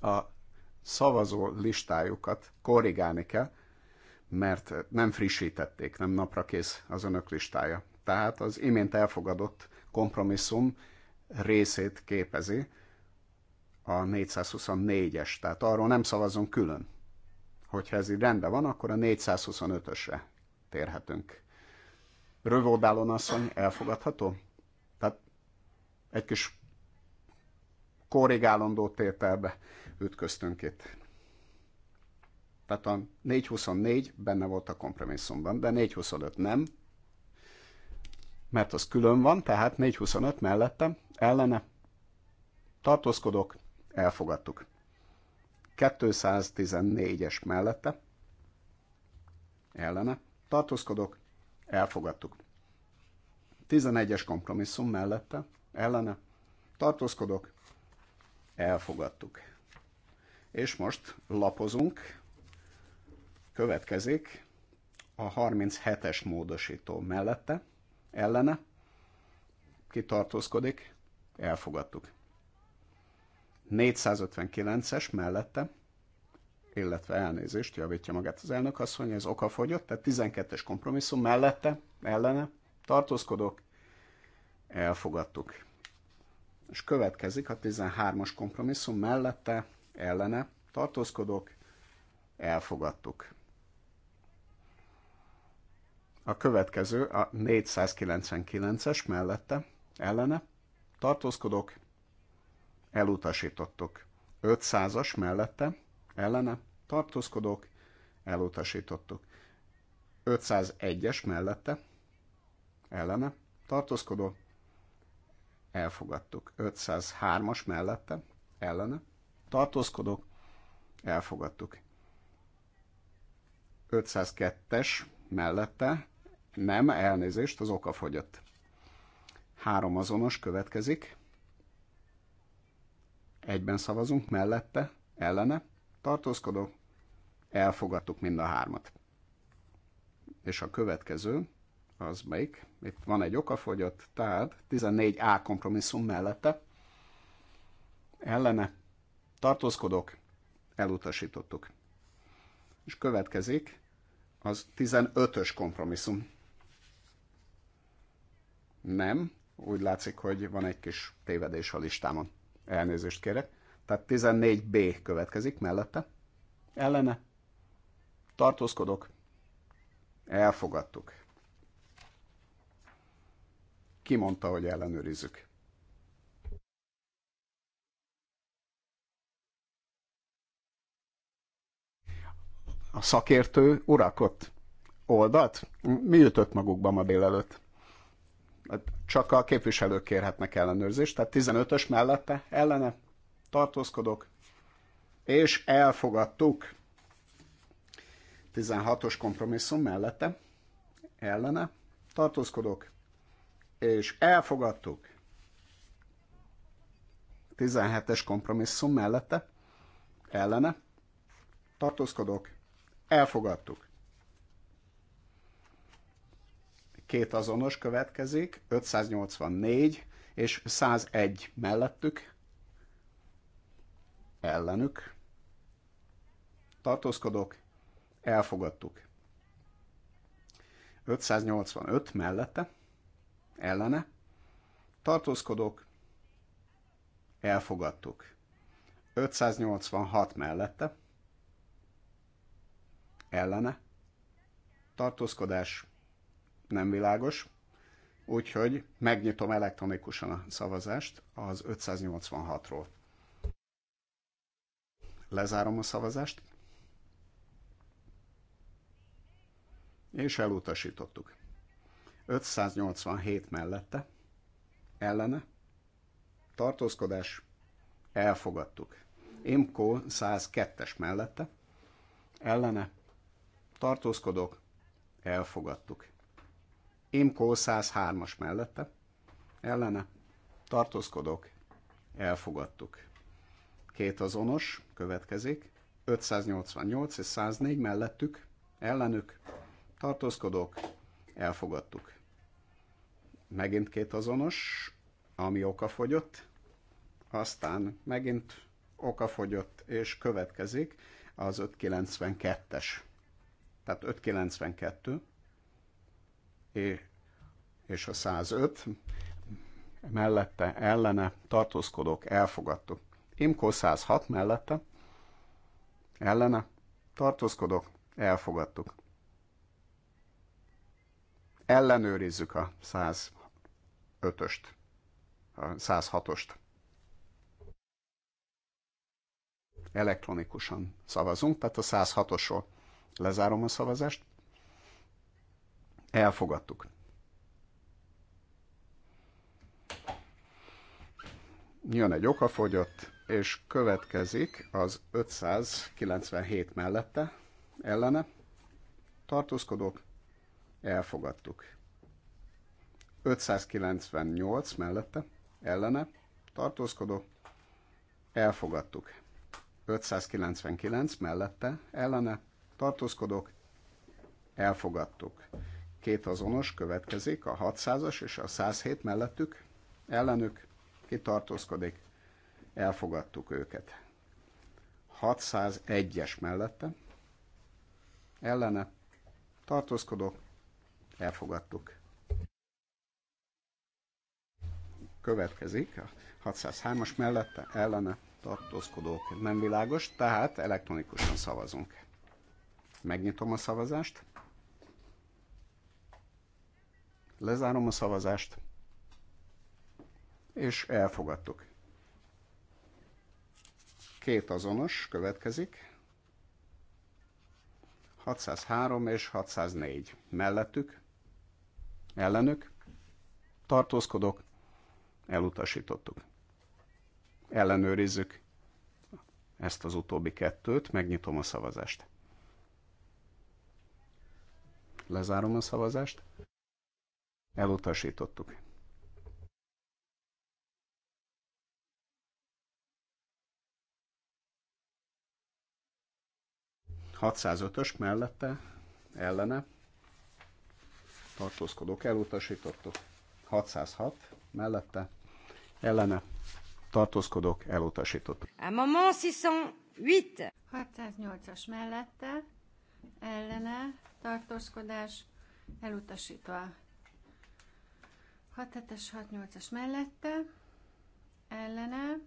a szavazó listájukat korrigálni kell, mert nem frissítették, nem napra kész az önök listája. Tehát az imént elfogadott kompromisszum részét képezi a 424-es, tehát arról nem szavazunk külön. Hogyha ez így rendben van, akkor a 425-ösre térhetünk. Rövoldálon asszony elfogadható? Tehát egy kis korrigálandó tételbe ütköztünk itt. Tehát a 424 benne volt a kompromisszumban, de 425 nem, mert az külön van, tehát 425 mellette, ellene, tartózkodok, elfogadtuk. 214-es mellette, ellene, tartózkodok, elfogadtuk. 11-es kompromisszum mellette, ellene, tartózkodok, elfogadtuk. És most lapozunk, következik a 37-es módosító mellette, ellene, ki tartózkodik, elfogadtuk. 459-es mellette, illetve elnézést, javítja magát az elnök asszony, ez oka fogyott, tehát 12-es kompromisszum mellette, ellene, tartózkodok, elfogadtuk. És következik a 13-as kompromisszum mellette, ellene, tartózkodok, elfogadtuk. A következő a 499-es mellette, ellene, Tartózkodok, elutasítottuk. 500-as mellette, ellene, Tartózkodok, elutasítottuk. 501-es mellette, ellene, tartózkodó, elfogadtuk. 503-as mellette, ellene, tartózkodók, elfogadtuk. 502-es mellette, nem, elnézést, az oka fogyott. Három azonos következik. Egyben szavazunk, mellette, ellene, tartózkodó, elfogadtuk mind a hármat. És a következő, az melyik? Itt van egy okafogyott, tehát 14A kompromisszum mellette, ellene, tartózkodok, elutasítottuk. És következik az 15-ös kompromisszum nem, úgy látszik, hogy van egy kis tévedés a listámon. Elnézést kérek. Tehát 14B következik mellette. Ellene. Tartózkodok. Elfogadtuk. Ki mondta, hogy ellenőrizzük? A szakértő urakott oldalt? Mi ütött magukba ma délelőtt? csak a képviselők kérhetnek ellenőrzést, tehát 15-ös mellette ellene tartózkodok, és elfogadtuk 16-os kompromisszum mellette ellene tartózkodok, és elfogadtuk 17-es kompromisszum mellette ellene tartózkodok, elfogadtuk két azonos következik, 584 és 101 mellettük, ellenük, Tartózkodok, elfogadtuk. 585 mellette, ellene, Tartózkodok, elfogadtuk. 586 mellette, ellene, tartózkodás, nem világos, úgyhogy megnyitom elektronikusan a szavazást az 586-ról. Lezárom a szavazást, és elutasítottuk. 587 mellette, ellene, tartózkodás, elfogadtuk. Imco 102-es mellette, ellene, tartózkodok, elfogadtuk. Imkó 103-as mellette, ellene, tartózkodok, elfogadtuk. Két azonos, következik, 588 és 104 mellettük, ellenük, tartózkodok, elfogadtuk. Megint két azonos, ami okafogyott, aztán megint okafogyott, és következik az 592-es. Tehát 592 és a 105 mellette ellene tartózkodók elfogadtuk. Imko 106 mellette ellene tartózkodók elfogadtuk. Ellenőrizzük a 105-öst, a 106-ost. Elektronikusan szavazunk, tehát a 106-osról. Lezárom a szavazást. Elfogadtuk. Jön egy okafogyott, és következik az 597 mellette, ellene. Tartózkodók, elfogadtuk. 598 mellette, ellene, tartózkodó, elfogadtuk. 599 mellette, ellene, tartózkodók, elfogadtuk. Két azonos következik, a 600-as és a 107 mellettük, ellenük kitartózkodik, elfogadtuk őket. 601-es mellette, ellene tartózkodok, elfogadtuk. Következik a 603-as mellette, ellene tartózkodók nem világos, tehát elektronikusan szavazunk. Megnyitom a szavazást. Lezárom a szavazást, és elfogadtuk. Két azonos következik. 603 és 604. Mellettük, ellenük, tartózkodok, elutasítottuk. Ellenőrizzük ezt az utóbbi kettőt, megnyitom a szavazást. Lezárom a szavazást. Elutasítottuk. ös mellette, ellene, tartózkodók elutasítottuk. 606 mellette, ellene, tartózkodók elutasítottuk. A maman 608. 608-as mellette, ellene, tartózkodás elutasítva. 6-7-es, 6-8-as mellette, ellene,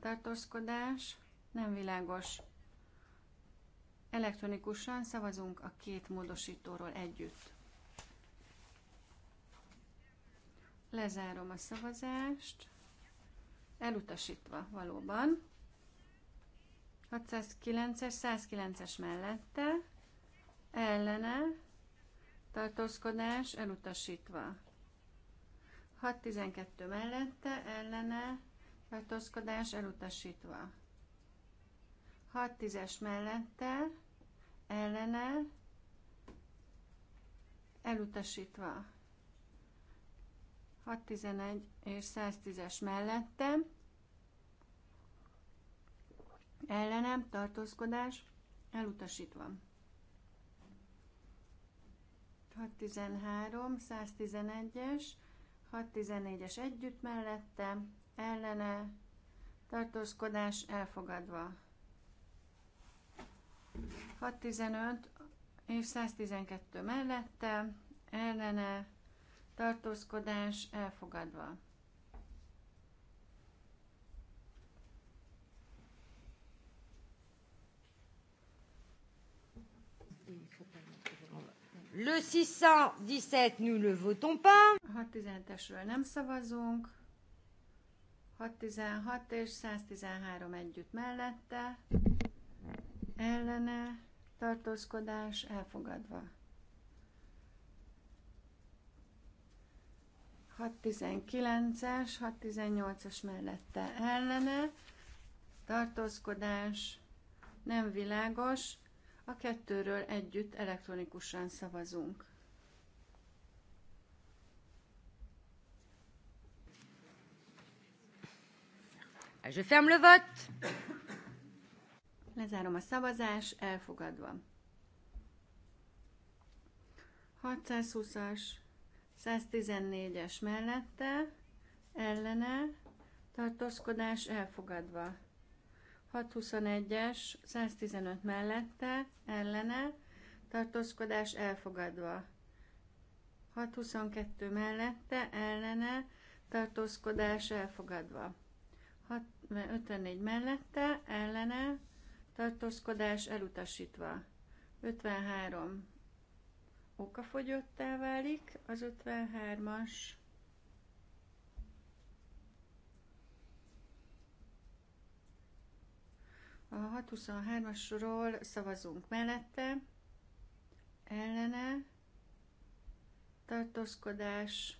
tartózkodás, nem világos. Elektronikusan szavazunk a két módosítóról együtt. Lezárom a szavazást. Elutasítva valóban. 609-es, 109-es mellette, ellene, tartózkodás elutasítva. 6.12 mellette ellene tartózkodás elutasítva. 6.10-es mellette ellene elutasítva. 6.11 és 110-es mellette ellenem tartózkodás elutasítva. 613, 111-es 614 es együtt mellette, ellene, tartózkodás elfogadva. 615 és 112 mellette, ellene, tartózkodás elfogadva. Le 617, nous le votons pas. 617-esről nem szavazunk. 616 és 113 együtt mellette. Ellene tartózkodás elfogadva. 619-es, 618-as mellette ellene, tartózkodás nem világos, a kettőről együtt elektronikusan szavazunk. Je ferme le vote. Lezárom a szavazás, elfogadva. 620-as, 114-es mellette, ellene, tartózkodás elfogadva. 621-es, 115 mellette, ellene, tartózkodás elfogadva. 622 mellette, ellene, tartózkodás elfogadva. 54 mellette, ellene, tartózkodás elutasítva. 53 okafogyottá válik, az 53-as A 623-asról szavazunk mellette, ellene, tartózkodás,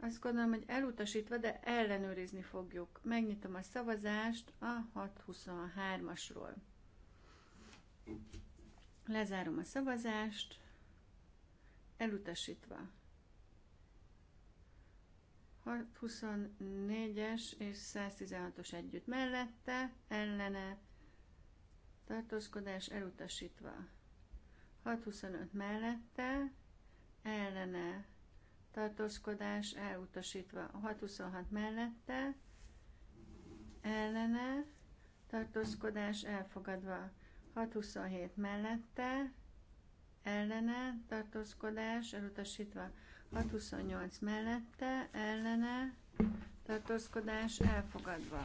azt gondolom, hogy elutasítva, de ellenőrizni fogjuk. Megnyitom a szavazást a 623-asról. Lezárom a szavazást, elutasítva. 24-es és 116-os együtt mellette, ellene, tartózkodás elutasítva. 625 mellette, ellene, tartózkodás elutasítva. 626 mellette, ellene, tartózkodás elfogadva. 627 mellette, ellene, tartózkodás elutasítva. 628 mellette, ellene, tartózkodás elfogadva.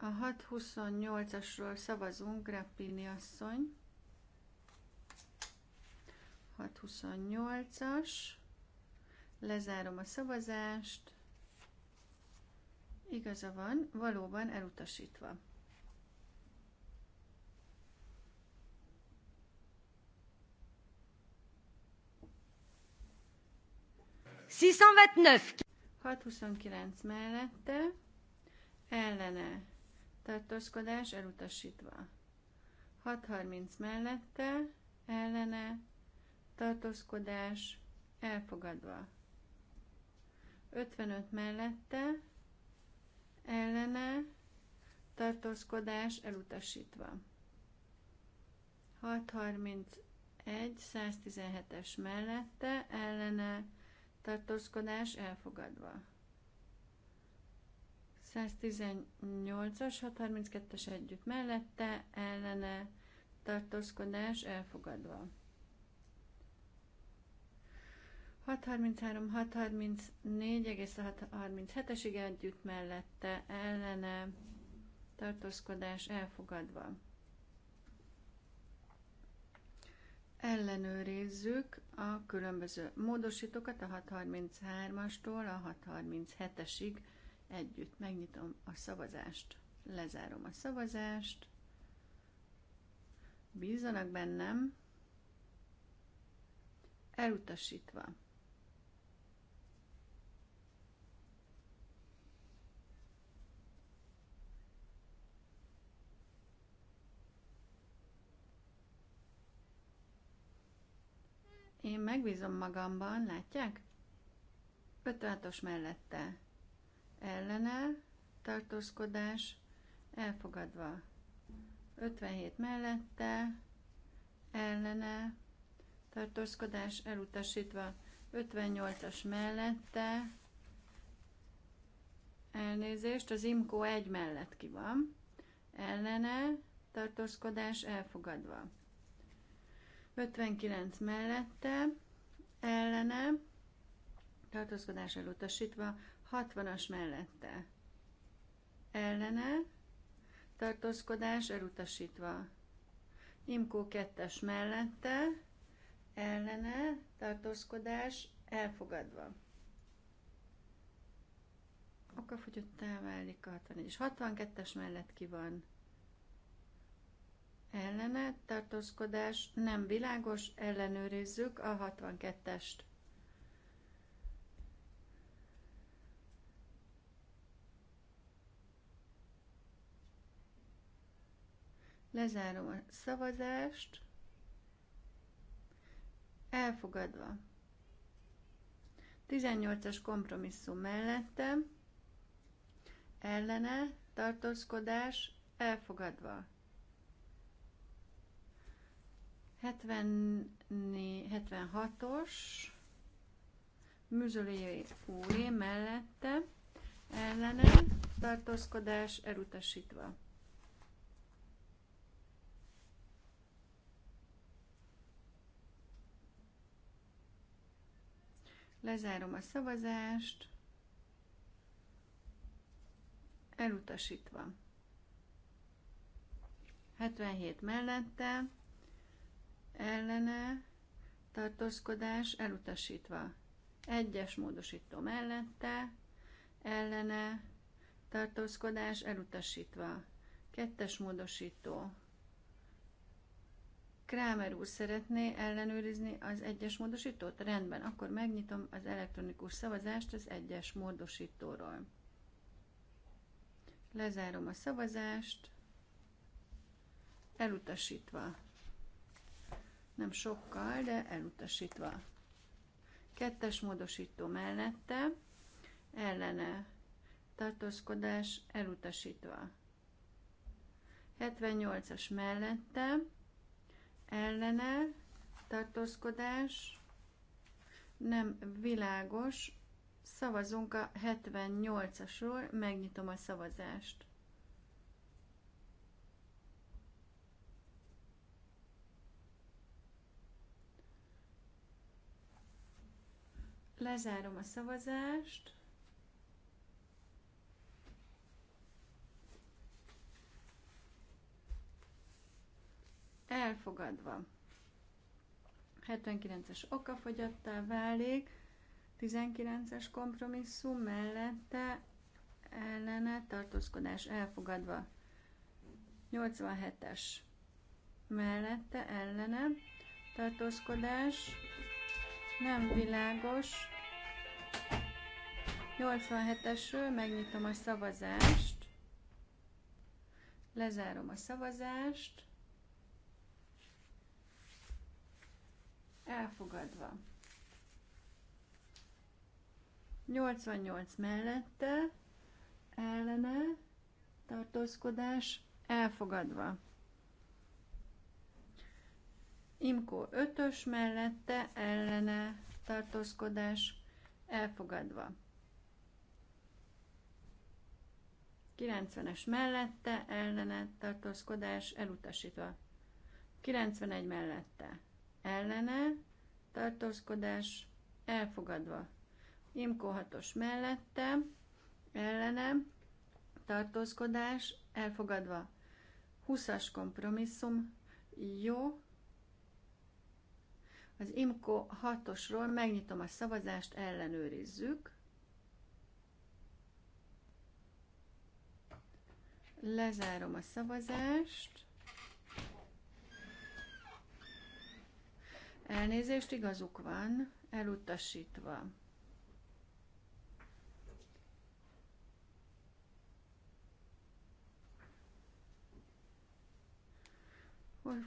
A 628-asról szavazunk, Grappini asszony. 628-as. Lezárom a szavazást. Igaza van, valóban elutasítva. 629. mellette, ellene, tartózkodás elutasítva. 630 mellette, ellene, tartózkodás elfogadva. 55 mellette, ellene, tartózkodás elutasítva. 631, 117-es mellette, ellene, tartózkodás elfogadva. 118-as, 632-es együtt mellette, ellene, tartózkodás elfogadva. 633, 634, 637-esig együtt mellette, ellene, tartózkodás elfogadva. Ellenőrizzük a különböző módosítókat a 633-astól a 637-esig együtt. Megnyitom a szavazást, lezárom a szavazást, Bízzanak bennem, elutasítva. Én megbízom magamban, látják? 56-os mellette ellene, tartózkodás, elfogadva. 57 mellette, ellene, tartózkodás, elutasítva. 58-as mellette, elnézést, az IMKO 1 mellett ki van, ellene, tartózkodás, elfogadva. 59 mellette, ellene, tartózkodás elutasítva, 60-as mellette, ellene, tartózkodás elutasítva. Imkó 2-es mellette, ellene, tartózkodás elfogadva. Okafogyottá válik a 64 és 62-es mellett ki van ellene tartózkodás nem világos, ellenőrizzük a 62-est. Lezárom a szavazást. Elfogadva. 18-as kompromisszum mellette ellene tartózkodás elfogadva. 76-os műzöléi úré mellette ellene tartózkodás elutasítva. Lezárom a szavazást. Elutasítva. 77 mellette ellene tartózkodás elutasítva. Egyes módosító mellette ellene tartózkodás elutasítva. Kettes módosító. Krámer úr szeretné ellenőrizni az egyes módosítót? Rendben, akkor megnyitom az elektronikus szavazást az egyes módosítóról. Lezárom a szavazást. Elutasítva nem sokkal, de elutasítva. Kettes módosító mellette, ellene tartózkodás elutasítva. 78-as mellette, ellene tartózkodás nem világos, szavazunk a 78-asról, megnyitom a szavazást. Lezárom a szavazást. Elfogadva. 79-es okafogyattá válik, 19-es kompromisszum mellette ellene tartózkodás elfogadva. 87-es mellette ellene tartózkodás nem világos, 87-esről megnyitom a szavazást, lezárom a szavazást, elfogadva. 88 mellette, ellene, tartózkodás, elfogadva. Imkó 5-ös mellette, ellene, tartózkodás, elfogadva. 90-es mellette, ellene, tartózkodás elutasítva. 91 mellette, ellene, tartózkodás elfogadva. Imkó 6 mellette, ellene, tartózkodás elfogadva. 20-as kompromisszum, jó. Az Imkó 6-osról megnyitom a szavazást, ellenőrizzük. Lezárom a szavazást. Elnézést, igazuk van, elutasítva.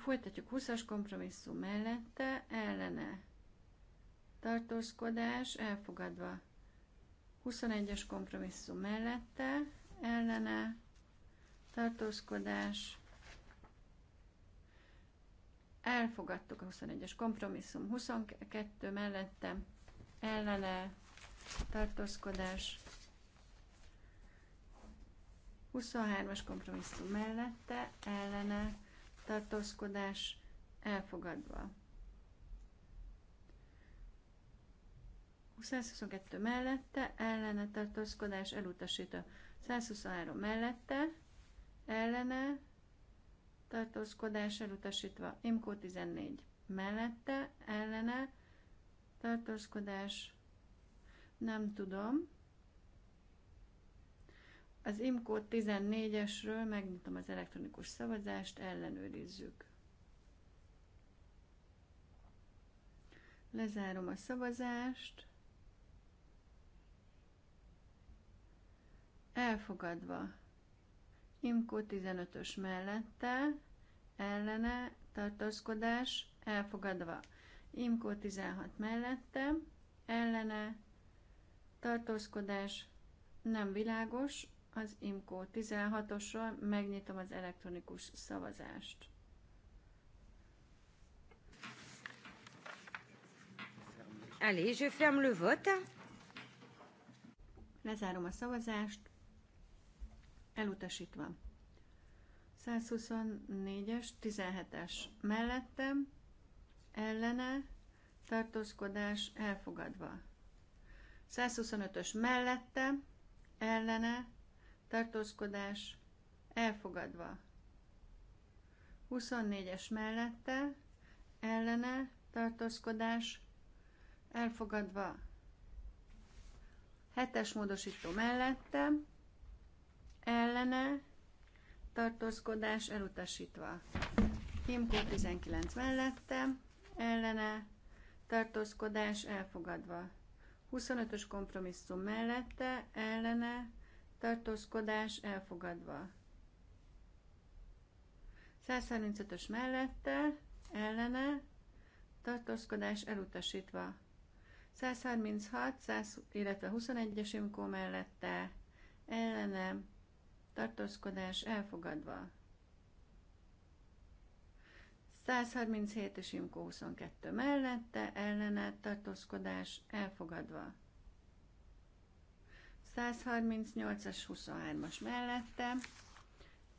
Folytatjuk 20-as kompromisszum mellette, ellene tartózkodás, elfogadva 21-es kompromisszum mellette, ellene tartózkodás. Elfogadtuk a 21-es kompromisszum 22 mellette, ellene tartózkodás. 23-as kompromisszum mellette, ellene tartózkodás elfogadva. 122 mellette, ellene tartózkodás elutasítva. 123 mellette, ellene, tartózkodás elutasítva. Imkó 14 mellette, ellene, tartózkodás, nem tudom. Az IMCO 14-esről megnyitom az elektronikus szavazást, ellenőrizzük. Lezárom a szavazást. Elfogadva. Imkó 15-ös mellette, ellene, tartózkodás, elfogadva. Imkó 16 mellette, ellene, tartózkodás, nem világos, az Imkó 16-osról megnyitom az elektronikus szavazást. Allez, je ferme le vote. Lezárom a szavazást elutasítva. 124-es, 17-es mellettem, ellene, tartózkodás elfogadva. 125-ös mellette, ellene, tartózkodás elfogadva. 24-es mellette, ellene, tartózkodás elfogadva. 7-es módosító mellette, ellene tartózkodás elutasítva. Imkó 19 mellette ellene tartózkodás elfogadva. 25-ös kompromisszum mellette ellene tartózkodás elfogadva. 135-ös mellette ellene tartózkodás elutasítva. 136, 100, illetve 21-es imkó mellette ellene tartózkodás elfogadva. 137 és Imko 22 mellette, ellene tartózkodás elfogadva. 138-as 23-as mellette,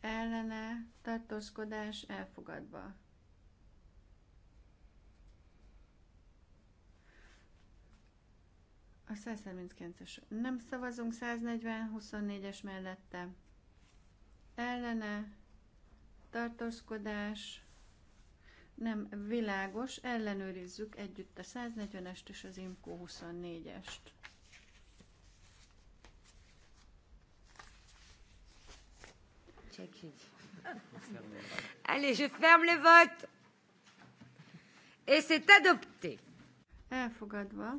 ellene tartózkodás elfogadva. A 139-es nem szavazunk, 140, 24-es mellette ellene tartózkodás nem világos, ellenőrizzük együtt a 140-est és az IMCO 24-est. Allez, je ferme le vote. Et c'est adopté. Elfogadva.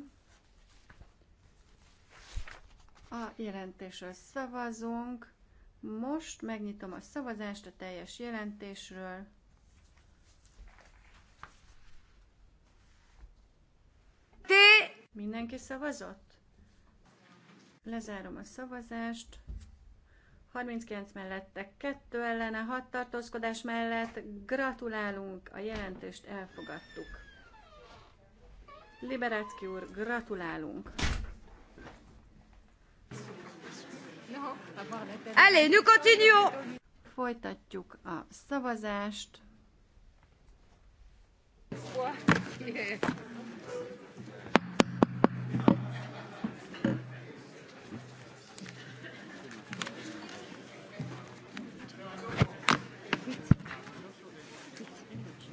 A jelentésről szavazunk. Most megnyitom a szavazást a teljes jelentésről. Ti! Mindenki szavazott? Lezárom a szavazást. 39 mellette, 2 ellene, 6 tartózkodás mellett. Gratulálunk, a jelentést elfogadtuk. Liberecki úr, gratulálunk! Allez, nous continuons! Folytatjuk a szavazást.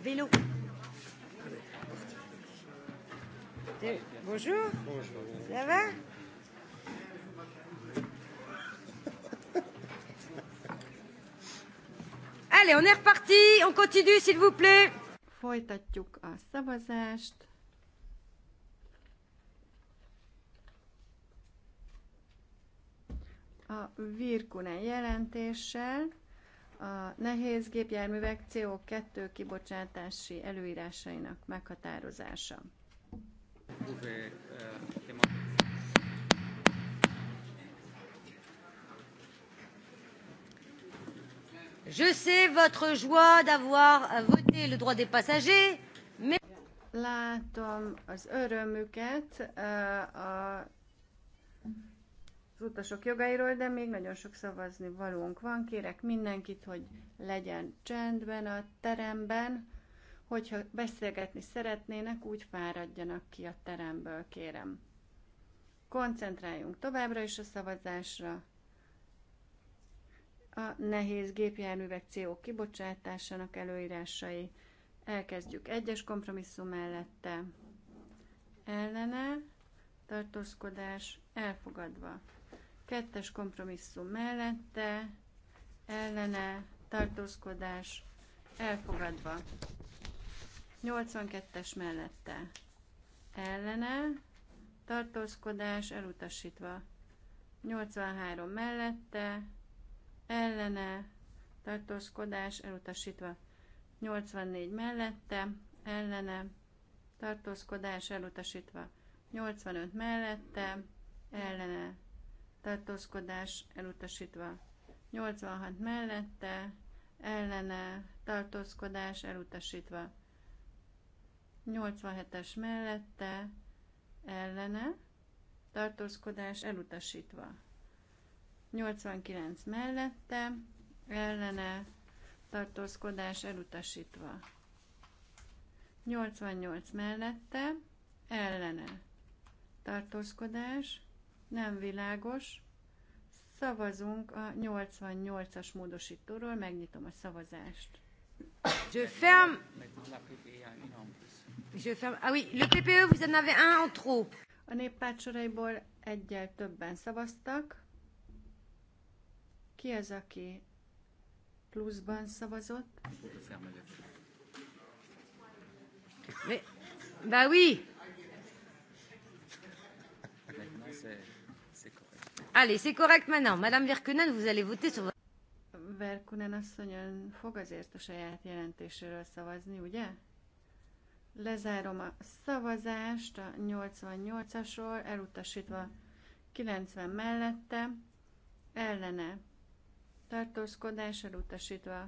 Vélo. Bonjour. Bonjour. Ça va? Allez, on est reparti, on continue, s'il vous plaît. Folytatjuk a szavazást. a Virkunen jelentéssel a nehéz gépjárművek CO2 kibocsátási előírásainak meghatározása. Uve, uh... E, Je sais votre joie d'avoir voté le droit des passagers, mais... Látom az örömüket eh, a, az utasok jogairól, de még nagyon sok szavazni valónk van. Kérek mindenkit, hogy legyen csendben a teremben. Hogyha beszélgetni szeretnének, úgy fáradjanak ki a teremből, kérem. Koncentráljunk továbbra is a szavazásra a nehéz gépjárművek CO kibocsátásának előírásai. Elkezdjük egyes kompromisszum mellette. Ellene, tartózkodás elfogadva. Kettes kompromisszum mellette, ellene, tartózkodás elfogadva. 82-es mellette. Ellene, tartózkodás elutasítva. 83 mellette, ellene tartózkodás elutasítva. 84 mellette ellene tartózkodás elutasítva. 85 mellette ellene tartózkodás elutasítva. 86 mellette ellene tartózkodás elutasítva. 87-es mellette ellene tartózkodás elutasítva. 89 mellette, ellene tartózkodás elutasítva. 88 mellette, ellene tartózkodás, nem világos. Szavazunk a 88-as módosítóról, megnyitom a szavazást. Je ferme. Je ferme. Ah oui, le PPE, vous en avez un en trop. A néppárt soraiból egyel többen szavaztak. Ki az, aki pluszban szavazott? Mais, oui Allez, c'est correct maintenant. Madame Verkunen, vous allez voter sur votre... Verkunen asszony, ön fog azért a saját jelentéséről szavazni, ugye? Lezárom a szavazást a 88-asról, elutasítva 90 mellette, ellene tartózkodással elutasítva,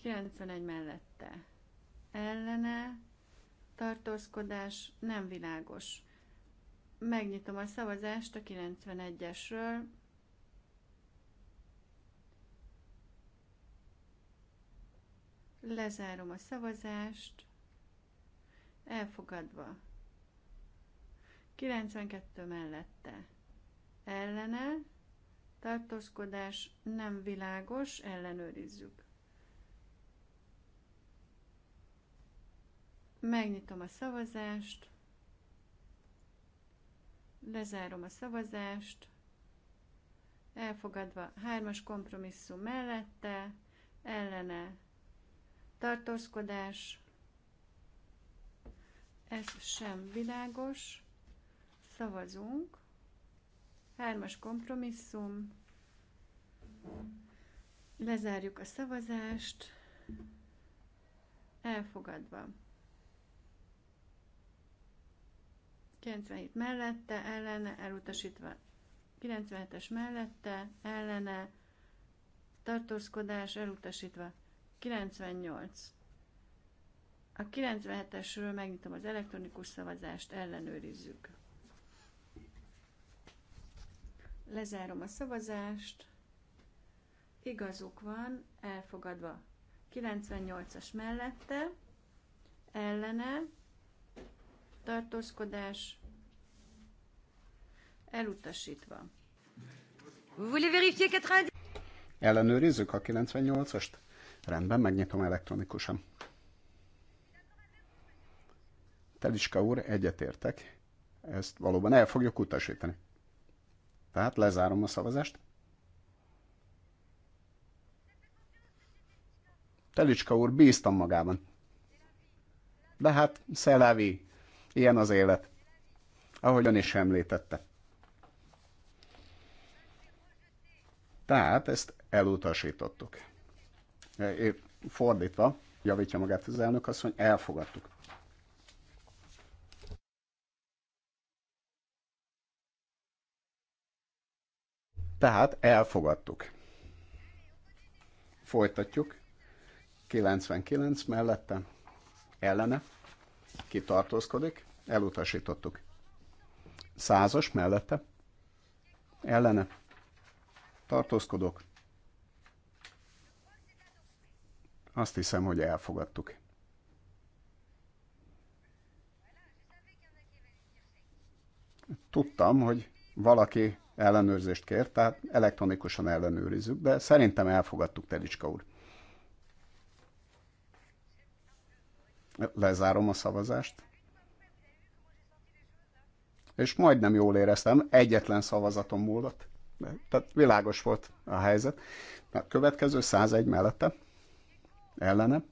91 mellette ellene, tartózkodás nem világos. Megnyitom a szavazást a 91-esről. Lezárom a szavazást. Elfogadva. 92 mellette. Ellene tartózkodás nem világos, ellenőrizzük. Megnyitom a szavazást, lezárom a szavazást, elfogadva hármas kompromisszum mellette, ellene tartózkodás, ez sem világos, szavazunk. Hármas kompromisszum. Lezárjuk a szavazást. Elfogadva. 97 mellette, ellene, elutasítva. 97-es mellette, ellene, tartózkodás, elutasítva. 98. A 97-esről megnyitom az elektronikus szavazást, ellenőrizzük. Lezárom a szavazást. Igazuk van, elfogadva. 98-as mellette, ellene, tartózkodás, elutasítva. Ellenőrizzük a 98-ast? Rendben, megnyitom elektronikusan. Teliska úr, egyetértek. Ezt valóban el fogjuk utasítani. Tehát lezárom a szavazást. Telicska úr, bíztam magában. De hát, szelávi, ilyen az élet. Ahogy ön is említette. Tehát ezt elutasítottuk. Épp fordítva, javítja magát az elnök, azt mondja, elfogadtuk. Tehát elfogadtuk. Folytatjuk. 99 mellette ellene kitartózkodik, elutasítottuk. Százas mellette ellene tartózkodok. Azt hiszem, hogy elfogadtuk. Tudtam, hogy valaki ellenőrzést kér, tehát elektronikusan ellenőrizzük, de szerintem elfogadtuk, Telicska úr. Lezárom a szavazást. És majdnem jól éreztem, egyetlen szavazatom múlott. Tehát világos volt a helyzet. A következő 101 mellette, ellene,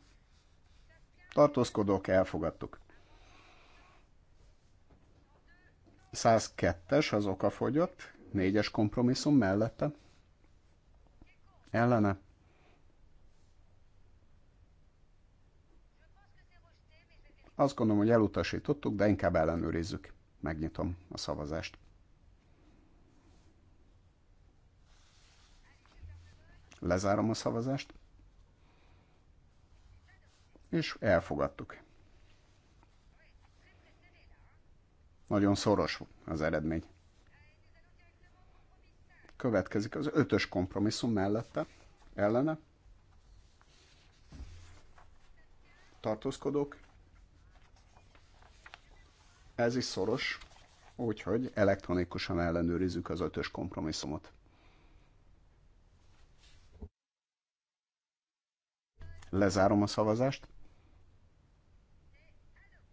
tartózkodók elfogadtuk. 102-es az fogyott. Négyes kompromisszum mellette. Ellene. Azt gondolom, hogy elutasítottuk, de inkább ellenőrizzük. Megnyitom a szavazást. Lezárom a szavazást. És elfogadtuk. Nagyon szoros az eredmény. Következik az ötös kompromisszum mellette, ellene. Tartózkodók. Ez is szoros, úgyhogy elektronikusan ellenőrizzük az ötös kompromisszumot. Lezárom a szavazást.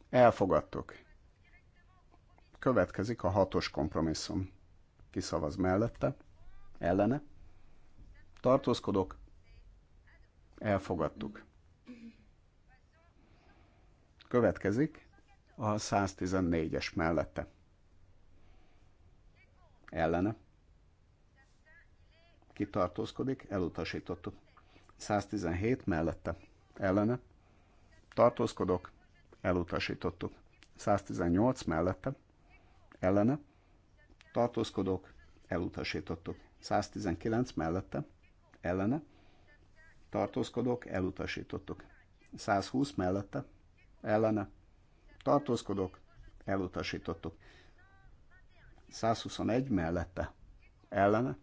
Elfogadtok. Következik a hatos kompromisszum. Kiszavaz mellette ellene tartózkodok, elfogadtuk. Következik a 114-es mellette. Ellene. Kitartózkodik, elutasítottuk. 117 mellette. Ellene. Tartózkodok, elutasítottuk. 118 mellette. Ellene. Tartózkodok, elutasítottuk. 119 mellette, ellene, tartózkodók, elutasítottuk. 120 mellette, ellene, tartózkodók, elutasítottuk. 121 mellette, ellene,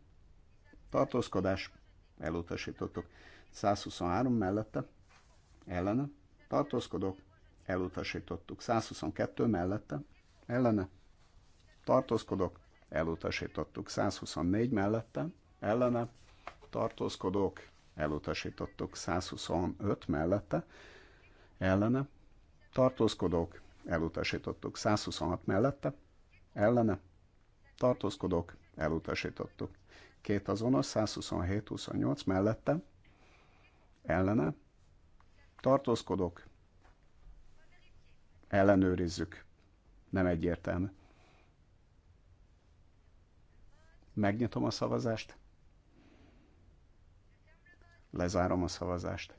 tartózkodás, elutasítottuk. 123 mellette, ellene, tartózkodók, elutasítottuk. 122 mellette, ellene, tartózkodók, elutasítottuk. 124 mellette, ellene tartózkodók, elutasítottuk. 125 mellette, ellene tartózkodók, elutasítottuk. 126 mellette, ellene tartózkodók, elutasítottuk. Két azonos, 127-28 mellette, ellene tartózkodók, ellenőrizzük. Nem egyértelmű. Megnyitom a szavazást. Lezárom a szavazást.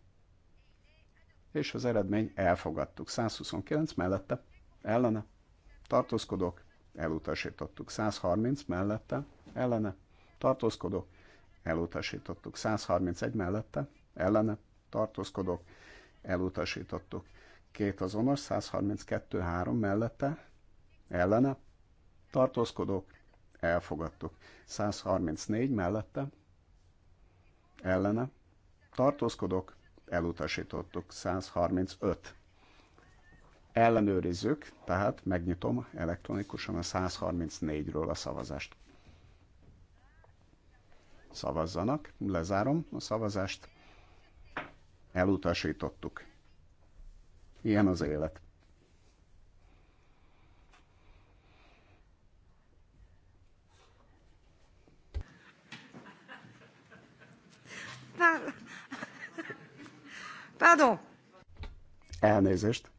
És az eredmény elfogadtuk. 129 mellette, ellene, tartózkodok, elutasítottuk. 130 mellette, ellene, tartózkodok, elutasítottuk. 131 mellette, ellene, tartózkodok, elutasítottuk. Két azonos, 132-3 mellette, ellene, tartózkodok, elfogadtuk. 134 mellette, ellene, tartózkodok, elutasítottuk. 135 ellenőrizzük, tehát megnyitom elektronikusan a 134-ről a szavazást. Szavazzanak, lezárom a szavazást, elutasítottuk. Ilyen az élet. Pardon. Elnézést.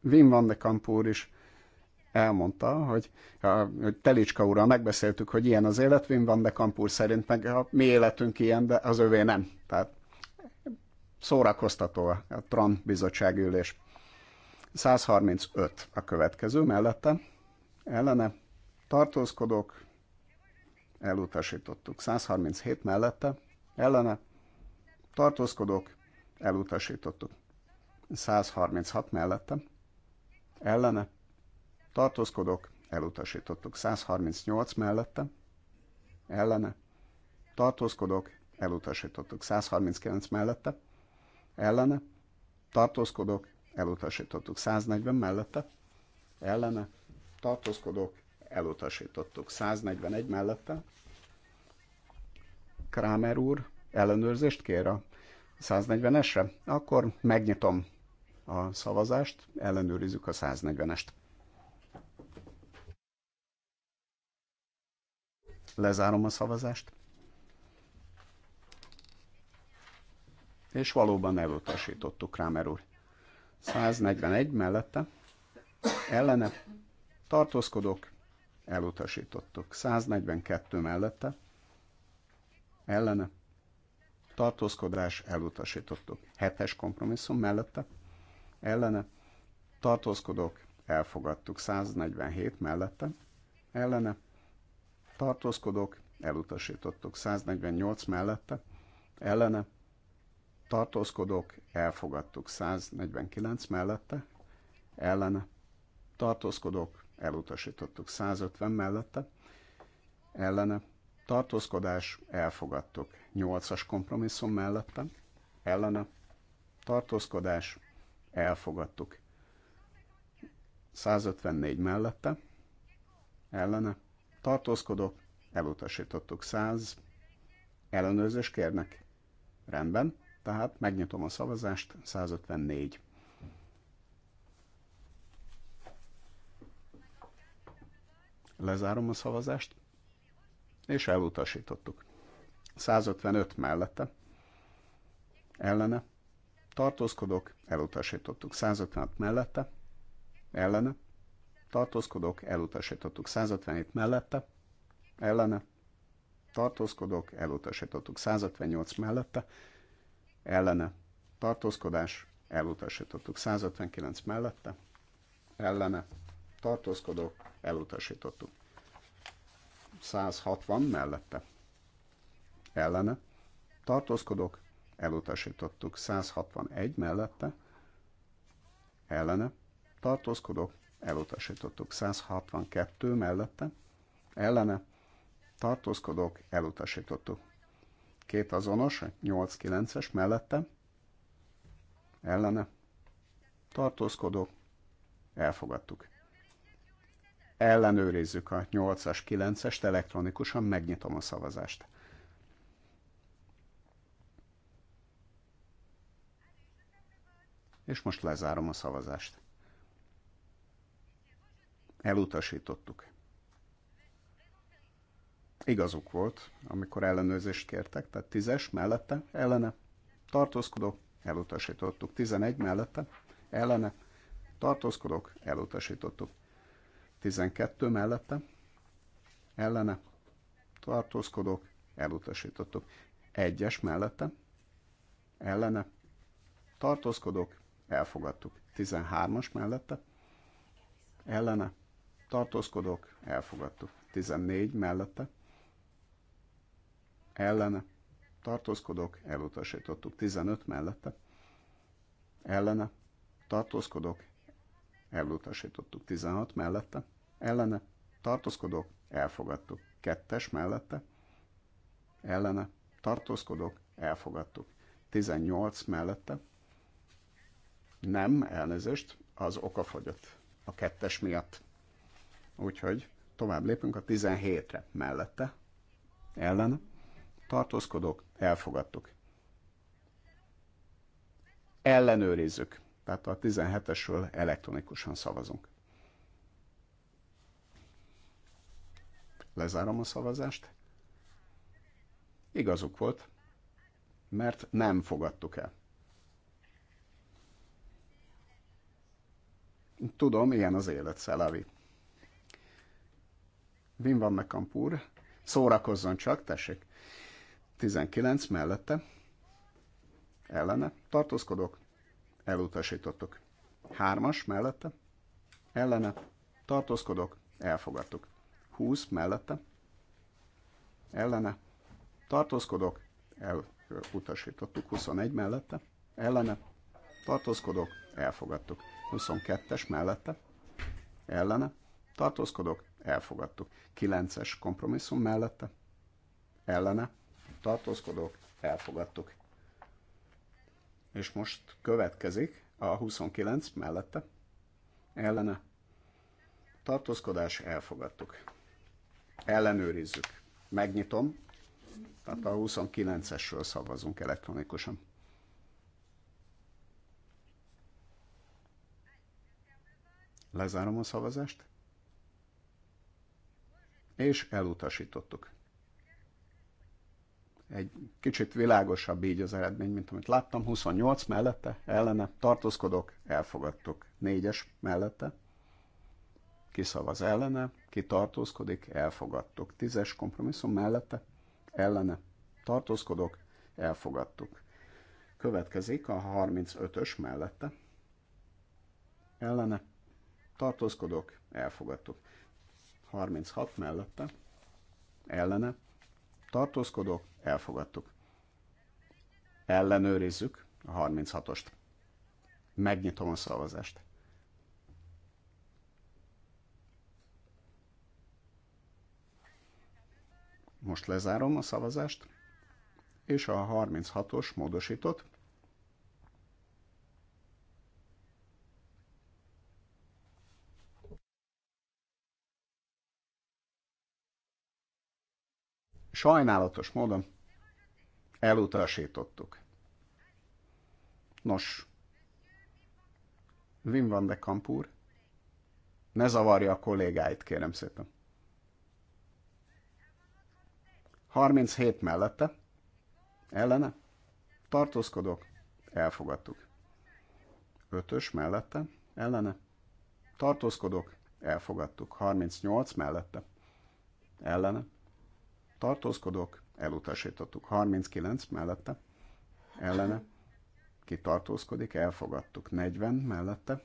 Wim van de Kamp úr is elmondta, hogy, a, hogy Telicska úrral megbeszéltük, hogy ilyen az élet, Wim van de Kamp úr szerint meg a mi életünk ilyen, de az övé nem. Tehát szórakoztató a Tran bizottság ülés. 135 a következő mellette, ellene tartózkodók, elutasítottuk. 137 mellette, ellene, tartózkodók, elutasítottuk. 136 mellette, ellene, tartózkodók, elutasítottuk. 138 mellette, ellene, tartózkodók, elutasítottuk. 139 mellette, ellene, tartózkodók, elutasítottuk. 140 mellette, ellene, tartózkodók, elutasítottuk. 141 mellette Kramer úr ellenőrzést kér a 140-esre, akkor megnyitom a szavazást, ellenőrizzük a 140-est. Lezárom a szavazást. És valóban elutasítottuk Kramer úr. 141 mellette ellene tartózkodok, elutasítottuk. 142 mellette, ellene, tartózkodás, elutasítottuk. 7-es kompromisszum mellette, ellene, tartózkodók, elfogadtuk. 147 mellette, ellene, tartózkodók, elutasítottuk. 148 mellette, ellene, tartózkodók, elfogadtuk. 149 mellette, ellene, tartózkodók, elutasítottuk 150 mellette, ellene tartózkodás, elfogadtuk 8-as kompromisszum mellette, ellene tartózkodás, elfogadtuk 154 mellette, ellene tartózkodok, elutasítottuk 100, ellenőrzés kérnek, rendben, tehát megnyitom a szavazást, 154 Lezárom a szavazást, és elutasítottuk. 155 mellette, ellene, tartózkodok, elutasítottuk. 156 mellette, ellene, tartózkodok, elutasítottuk. 157 mellette, ellene, tartózkodok, elutasítottuk. 158 mellette, ellene, tartózkodás, elutasítottuk. 159 mellette, ellene, tartózkodók, elutasítottuk. 160 mellette, ellene, tartózkodók, elutasítottuk. 161 mellette, ellene, tartózkodók, elutasítottuk. 162 mellette, ellene, tartózkodók, elutasítottuk. Két azonos, 8-9-es mellette, ellene, tartózkodók, elfogadtuk ellenőrizzük a 8-as, 9-est, elektronikusan megnyitom a szavazást. És most lezárom a szavazást. Elutasítottuk. Igazuk volt, amikor ellenőrzést kértek, tehát 10-es mellette, ellene, tartózkodó, elutasítottuk. 11 mellette, ellene, tartózkodók, elutasítottuk. 12 mellette ellene tartózkodok, elutasítottuk. Egyes mellette ellene tartózkodok, elfogadtuk. 13-as mellette ellene tartózkodok, elfogadtuk. 14 mellette ellene tartózkodok, elutasítottuk. 15 mellette ellene tartózkodok, elutasítottuk 16 mellette, ellene, tartózkodók, elfogadtuk. Kettes mellette, ellene, tartózkodók, elfogadtuk. 18 mellette, nem, elnézést, az fogyott a kettes miatt. Úgyhogy tovább lépünk a 17-re mellette, ellene, tartózkodók, elfogadtuk. Ellenőrizzük tehát a 17-esről elektronikusan szavazunk. Lezárom a szavazást. Igazuk volt, mert nem fogadtuk el. Tudom, ilyen az élet, Szelavi. Vin van púr. szórakozzon csak, tessék. 19 mellette, ellene, tartózkodok, elutasítottuk. Hármas mellette, ellene, tartózkodok, elfogadtuk. Húsz mellette, ellene, tartózkodok, elutasítottuk. 21 mellette, ellene, tartózkodok, elfogadtuk. 22-es mellette, ellene, tartózkodok, elfogadtuk. 9-es kompromisszum mellette, ellene, tartózkodok, elfogadtuk. És most következik a 29 mellette. Ellene. Tartózkodás elfogadtuk. Ellenőrizzük. Megnyitom. Tehát a 29-esről szavazunk elektronikusan. Lezárom a szavazást. És elutasítottuk egy kicsit világosabb így az eredmény, mint amit láttam. 28 mellette, ellene, tartózkodok, elfogadtuk. 4-es mellette, kiszavaz ellene, ki tartózkodik, elfogadtuk. 10-es kompromisszum mellette, ellene, tartózkodok, elfogadtuk. Következik a 35-ös mellette, ellene, tartózkodok, elfogadtuk. 36 mellette, ellene, tartózkodok, Elfogadtuk. Ellenőrizzük a 36-ost. Megnyitom a szavazást. Most lezárom a szavazást, és a 36-os módosított sajnálatos módon elutasítottuk. Nos, Wim van de Kampúr, ne zavarja a kollégáit, kérem szépen. 37 mellette, ellene, tartózkodok, elfogadtuk. 5-ös mellette, ellene, tartózkodok, elfogadtuk. 38 mellette, ellene, tartózkodók, elutasítottuk. 39 mellette, ellene, ki tartózkodik, elfogadtuk. 40 mellette,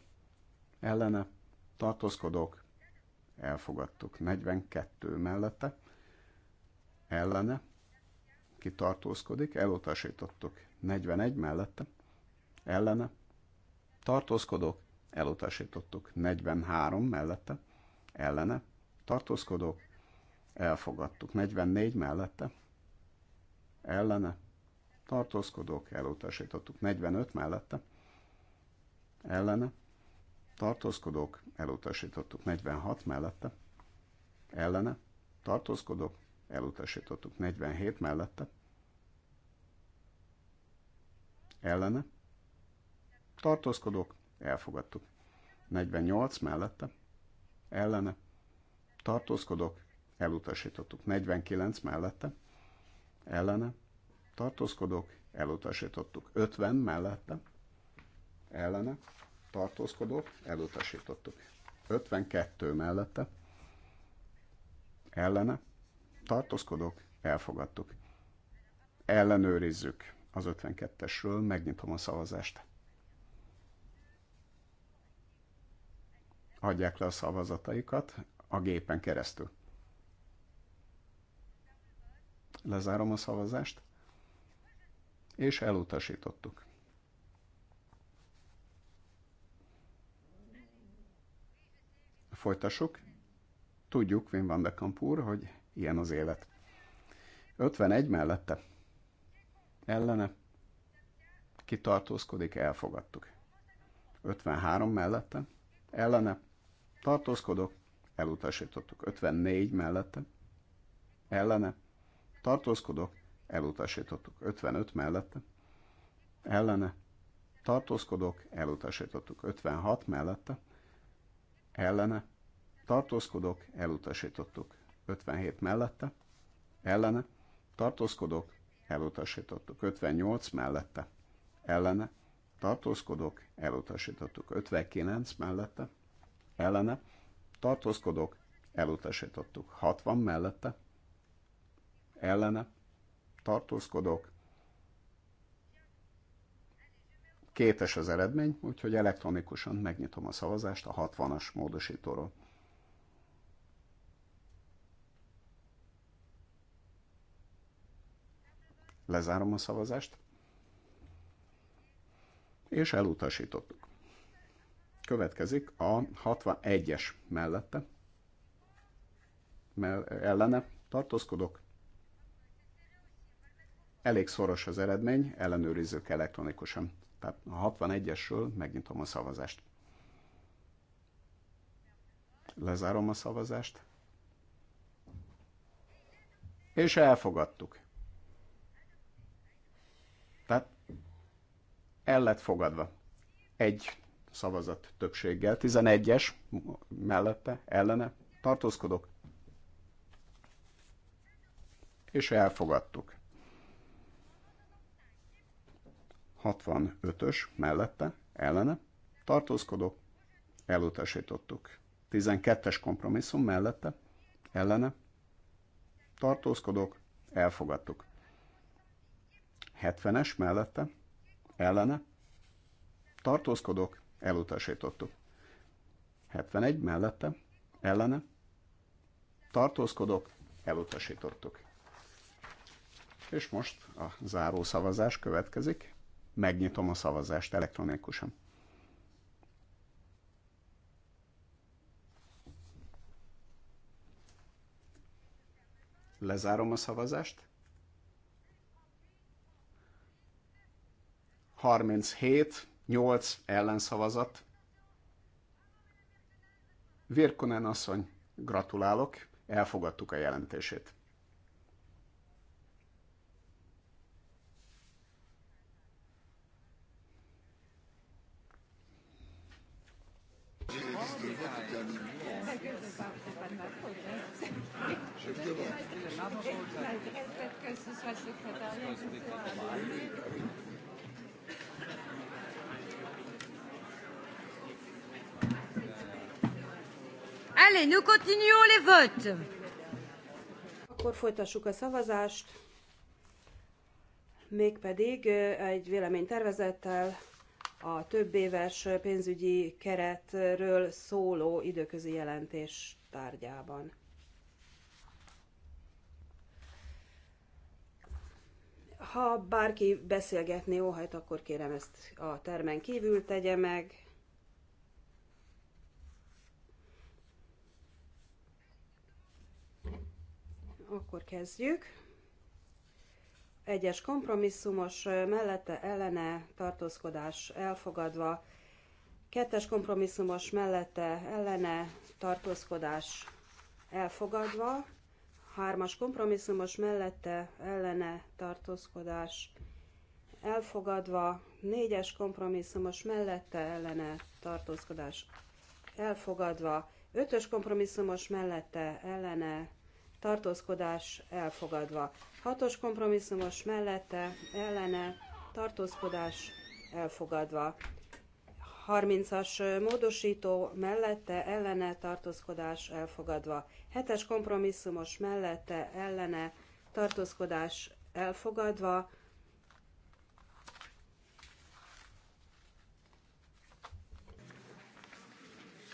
ellene, tartózkodók, elfogadtuk. 42 mellette, ellene, ki tartózkodik, elutasítottuk. 41 mellette, ellene, tartózkodók, elutasítottuk. 43 mellette, ellene, tartózkodók, elfogadtuk. 44 mellette, ellene, tartózkodók, elutasítottuk. 45 mellette, ellene, tartózkodók, elutasítottuk. 46 mellette, ellene, tartózkodók, elutasítottuk. 47 mellette, ellene, tartózkodók, elfogadtuk. 48 mellette, ellene, tartózkodók, elutasítottuk. 49 mellette, ellene, tartózkodok, elutasítottuk. 50 mellette, ellene, tartózkodok, elutasítottuk. 52 mellette, ellene, tartózkodok, elfogadtuk. Ellenőrizzük az 52-esről, megnyitom a szavazást. Adják le a szavazataikat a gépen keresztül. Lezárom a szavazást, és elutasítottuk. Folytassuk. Tudjuk, Wim van de Kampur, hogy ilyen az élet. 51 mellette. Ellene. Kitartózkodik, elfogadtuk. 53 mellette. Ellene. Tartózkodok, elutasítottuk. 54 mellette. Ellene tartózkodok, elutasítottuk. 55 mellette, ellene, tartózkodok, elutasítottuk. 56 mellette, ellene, tartózkodok, elutasítottuk. 57 mellette, ellene, tartózkodok, elutasítottuk. 58 mellette, ellene, tartózkodok, elutasítottuk. 59 mellette, ellene, tartózkodok, elutasítottuk. 60 mellette, ellene tartózkodok. Kétes az eredmény, úgyhogy elektronikusan megnyitom a szavazást a 60-as módosítóról. Lezárom a szavazást, és elutasítottuk. Következik a 61-es mellette, mell ellene tartózkodok, Elég szoros az eredmény, ellenőrizzük elektronikusan. Tehát a 61-esről megnyitom a szavazást. Lezárom a szavazást. És elfogadtuk. Tehát el lett fogadva. Egy szavazat többséggel, 11-es mellette, ellene tartózkodok, és elfogadtuk. 65-ös mellette, ellene, tartózkodó, elutasítottuk. 12-es kompromisszum mellette, ellene, tartózkodók, elfogadtuk. 70-es mellette, ellene, tartózkodók, elutasítottuk. 71 mellette, ellene, tartózkodók, elutasítottuk. És most a záró szavazás következik. Megnyitom a szavazást elektronikusan. Lezárom a szavazást. 37, 8 ellenszavazat. Virkonen asszony, gratulálok, elfogadtuk a jelentését. Allez, nous continuons les votes. Akkor folytassuk a szavazást, mégpedig egy véleménytervezettel a több éves pénzügyi keretről szóló időközi jelentés tárgyában. Ha bárki beszélgetni óhajt, akkor kérem ezt a termen kívül tegye meg. Akkor kezdjük. Egyes kompromisszumos mellette ellene tartózkodás elfogadva, kettes kompromisszumos mellette ellene tartózkodás elfogadva, hármas kompromisszumos mellette ellene tartózkodás elfogadva, négyes kompromisszumos mellette ellene tartózkodás elfogadva, ötös kompromisszumos mellette ellene tartózkodás elfogadva, hatos kompromisszumos mellette ellene tartózkodás elfogadva, 30-as módosító mellette ellene tartózkodás elfogadva. 7-es kompromisszumos mellette ellene tartózkodás elfogadva.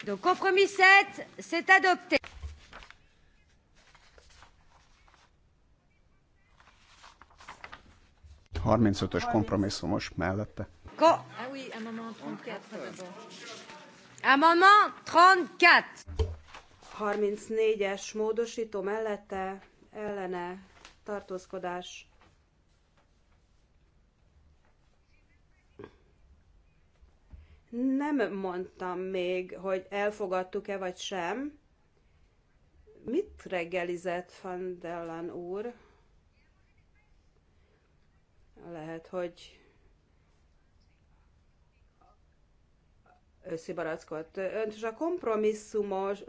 Donc compromis 7, c'est adopté. Harmincötös kompromisszumos mellette Quand Ah oui, amendement 34 d'abord. Amendement 34. 34-es módosító mellette ellene tartózkodás. Nem mondtam még, hogy elfogadtuk-e vagy sem. Mit reggelizett Fandellan úr? Lehet, hogy szibarackot. is a kompromisszumos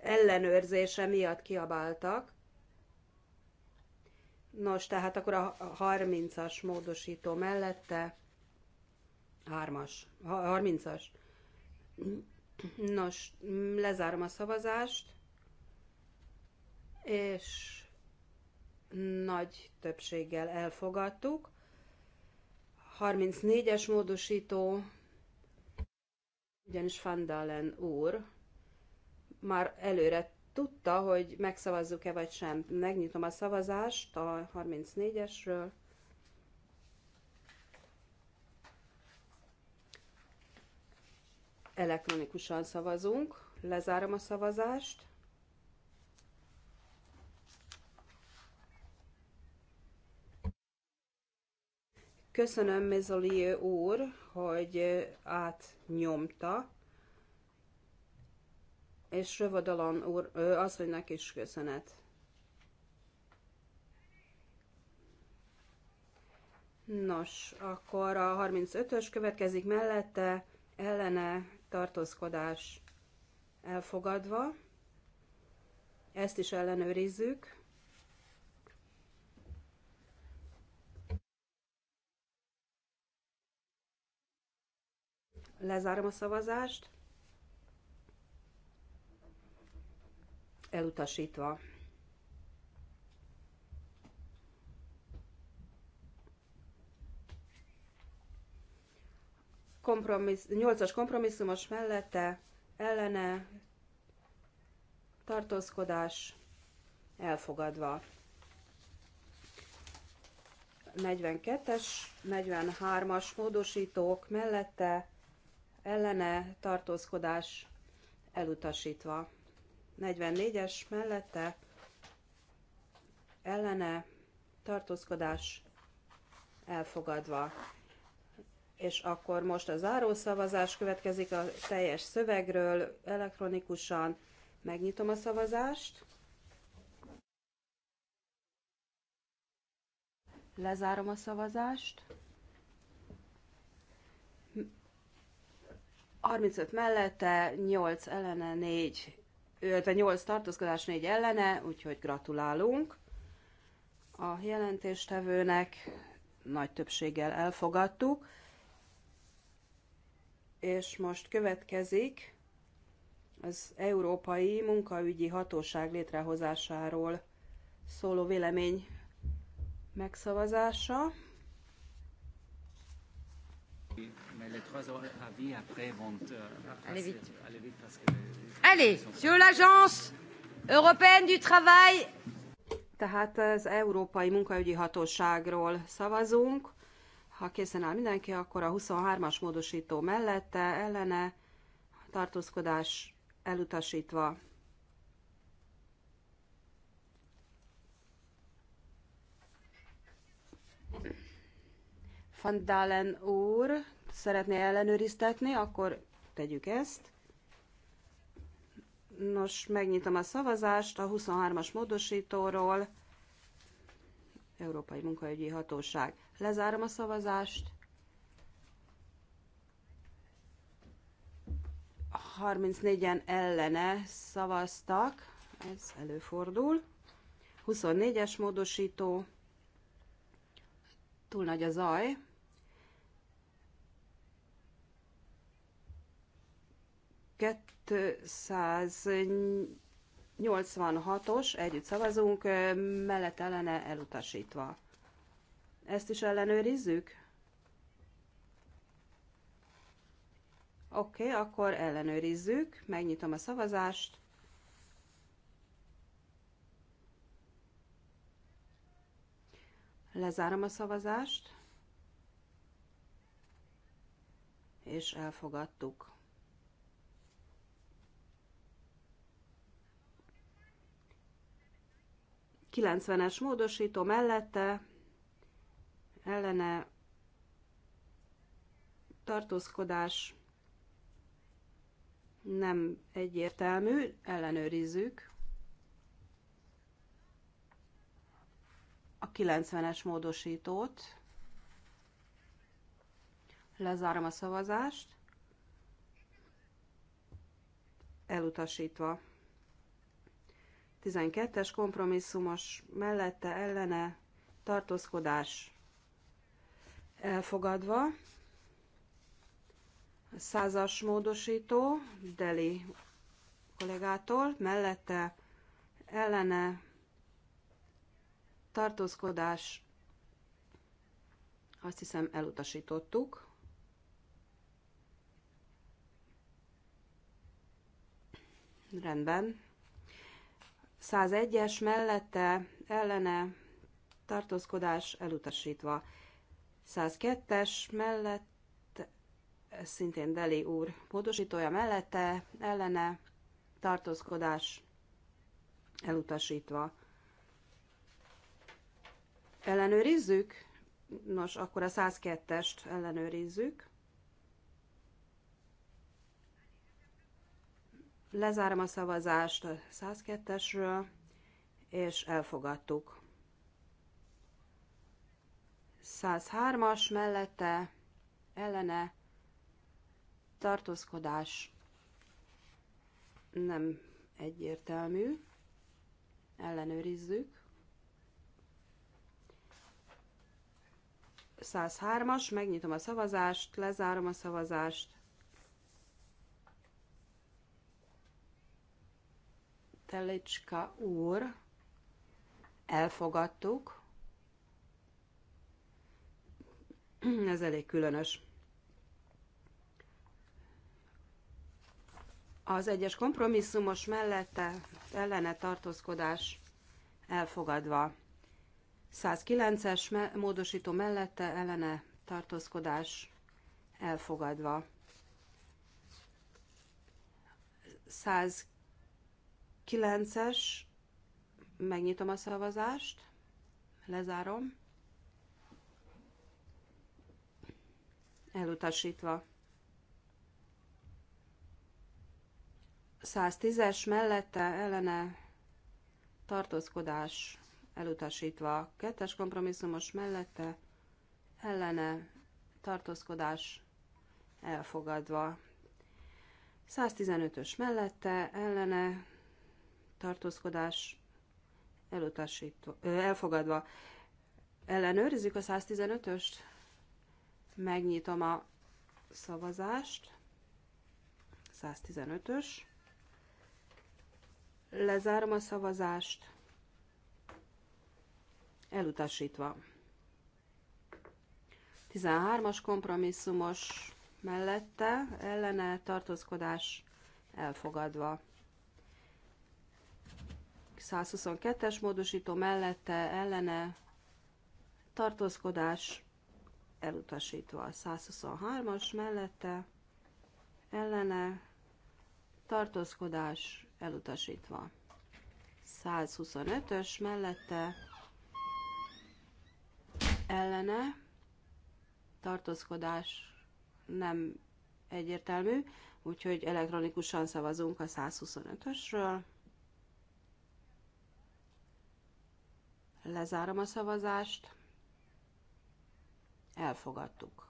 ellenőrzése miatt kiabáltak. Nos, tehát akkor a 30-as módosító mellette, 3-as, 30-as. Nos, lezárom a szavazást, és nagy többséggel elfogadtuk. 34-es módosító ugyanis Van Dalen úr már előre tudta, hogy megszavazzuk-e vagy sem. Megnyitom a szavazást a 34-esről. Elektronikusan szavazunk. Lezárom a szavazást. Köszönöm, Mezolié úr, hogy átnyomta, és Rövadalan úr, neki is köszönet. Nos, akkor a 35-ös következik mellette, ellene tartózkodás elfogadva. Ezt is ellenőrizzük. Lezárom a szavazást. Elutasítva. Kompromissz, 8-as kompromisszumos mellette ellene tartózkodás elfogadva. 42-es, 43-as módosítók mellette ellene tartózkodás elutasítva. 44-es mellette ellene tartózkodás elfogadva. És akkor most a zárószavazás szavazás következik a teljes szövegről elektronikusan. Megnyitom a szavazást. Lezárom a szavazást. 35 mellette, 8 ellene, 4, 8 tartózkodás, 4 ellene, úgyhogy gratulálunk a jelentéstevőnek, nagy többséggel elfogadtuk. És most következik az Európai Munkaügyi Hatóság létrehozásáról szóló vélemény megszavazása. Euh, allez vite. Allez, sur l'agence européenne du travail. Tehát az Európai Munkaügyi Hatóságról szavazunk. Ha készen áll mindenki, akkor a 23-as módosító mellette, ellene, tartózkodás elutasítva. Van Dalen úr szeretné ellenőriztetni, akkor tegyük ezt. Nos, megnyitom a szavazást a 23-as módosítóról. Európai Munkaügyi Hatóság. Lezárom a szavazást. 34-en ellene szavaztak, ez előfordul. 24-es módosító, túl nagy a zaj, 286-os, együtt szavazunk, mellett ellene elutasítva. Ezt is ellenőrizzük? Oké, okay, akkor ellenőrizzük, megnyitom a szavazást. Lezárom a szavazást, és elfogadtuk. 90-es módosító mellette ellene tartózkodás nem egyértelmű, ellenőrizzük. A 90-es módosítót. Lezárom a szavazást. Elutasítva. 12-es kompromisszumos mellette ellene tartózkodás elfogadva. Százas módosító Deli kollégától mellette ellene tartózkodás azt hiszem elutasítottuk. Rendben. 101-es mellette ellene tartózkodás elutasítva. 102-es mellett, szintén Deli úr módosítója mellette, ellene tartózkodás elutasítva. Ellenőrizzük? Nos, akkor a 102-est ellenőrizzük. Lezárom a szavazást a 102-esről, és elfogadtuk. 103-as mellette ellene tartózkodás nem egyértelmű, ellenőrizzük. 103-as, megnyitom a szavazást, lezárom a szavazást, Telicska úr, elfogadtuk. Ez elég különös. Az egyes kompromisszumos mellette ellene tartózkodás elfogadva. 109-es módosító mellette ellene tartózkodás elfogadva. 109 9-es, megnyitom a szavazást, lezárom, elutasítva. 110-es mellette ellene tartózkodás elutasítva, kettes kompromisszumos mellette ellene tartózkodás elfogadva. 115-ös mellette ellene tartózkodás elutasító, elfogadva. Ellenőrizzük a 115-öst, megnyitom a szavazást, 115-ös, lezárom a szavazást, elutasítva. 13-as kompromisszumos mellette ellene tartózkodás elfogadva. 122-es módosító mellette ellene tartózkodás elutasítva. 123-as mellette ellene tartózkodás elutasítva. 125-ös mellette ellene tartózkodás nem egyértelmű, úgyhogy elektronikusan szavazunk a 125-ösről. Lezárom a szavazást. Elfogadtuk.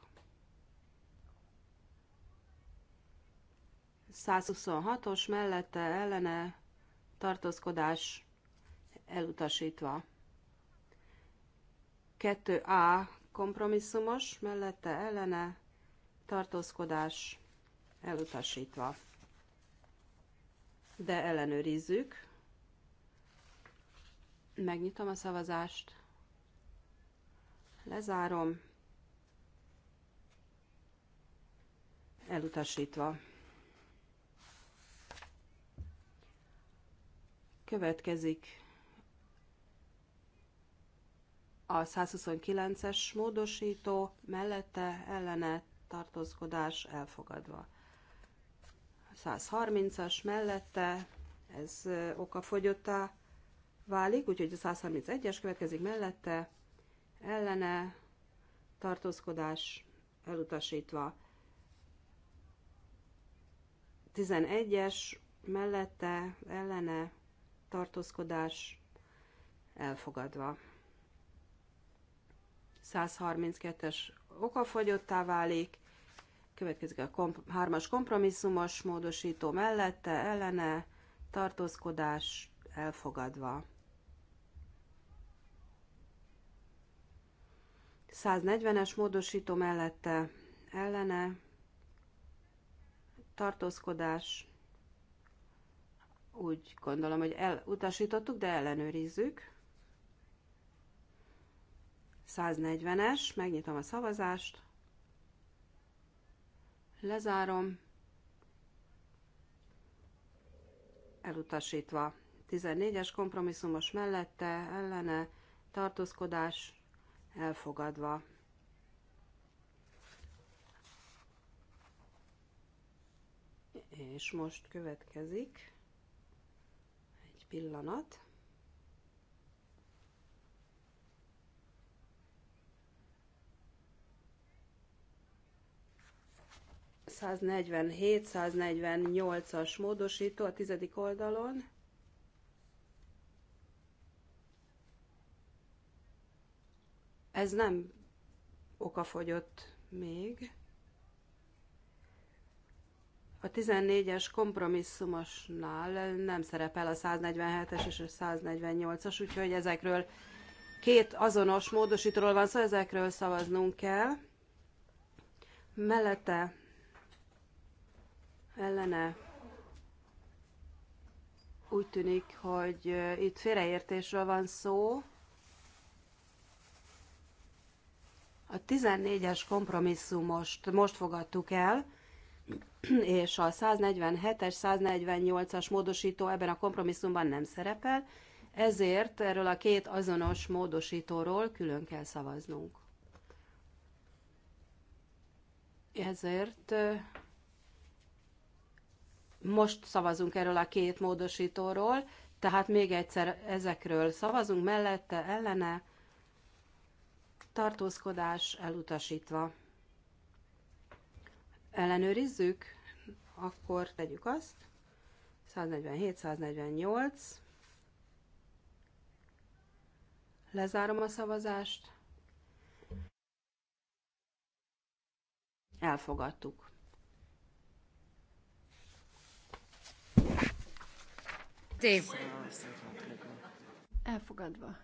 126-os mellette ellene tartózkodás elutasítva. 2A kompromisszumos mellette ellene tartózkodás elutasítva. De ellenőrizzük. Megnyitom a szavazást. Lezárom. Elutasítva. Következik a 129-es módosító, mellette ellene tartózkodás elfogadva. 130-as mellette, ez okafogyottá válik, úgyhogy a 131-es következik mellette, ellene, tartózkodás elutasítva. 11-es mellette, ellene, tartózkodás elfogadva. 132-es okafogyottá válik, következik a komp- hármas kompromisszumos módosító mellette, ellene, tartózkodás elfogadva. 140-es módosító mellette ellene tartózkodás. Úgy gondolom, hogy elutasítottuk, de ellenőrizzük. 140-es, megnyitom a szavazást, lezárom, elutasítva. 14-es kompromisszumos mellette, ellene, tartózkodás, elfogadva. És most következik egy pillanat. ...147-148-as módosító a tizedik oldalon. Ez nem okafogyott még. A 14-es kompromisszumosnál nem szerepel a 147-es és a 148-as, úgyhogy ezekről két azonos módosítóról van szó, szóval ezekről szavaznunk kell. Mellette ellene úgy tűnik, hogy itt félreértésről van szó. A 14-es kompromisszumost most fogadtuk el, és a 147-es, 148-as módosító ebben a kompromisszumban nem szerepel, ezért erről a két azonos módosítóról külön kell szavaznunk. Ezért most szavazunk erről a két módosítóról, tehát még egyszer ezekről szavazunk mellette, ellene, tartózkodás elutasítva. Ellenőrizzük, akkor tegyük azt. 147-148. Lezárom a szavazást. Elfogadtuk. Elfogadva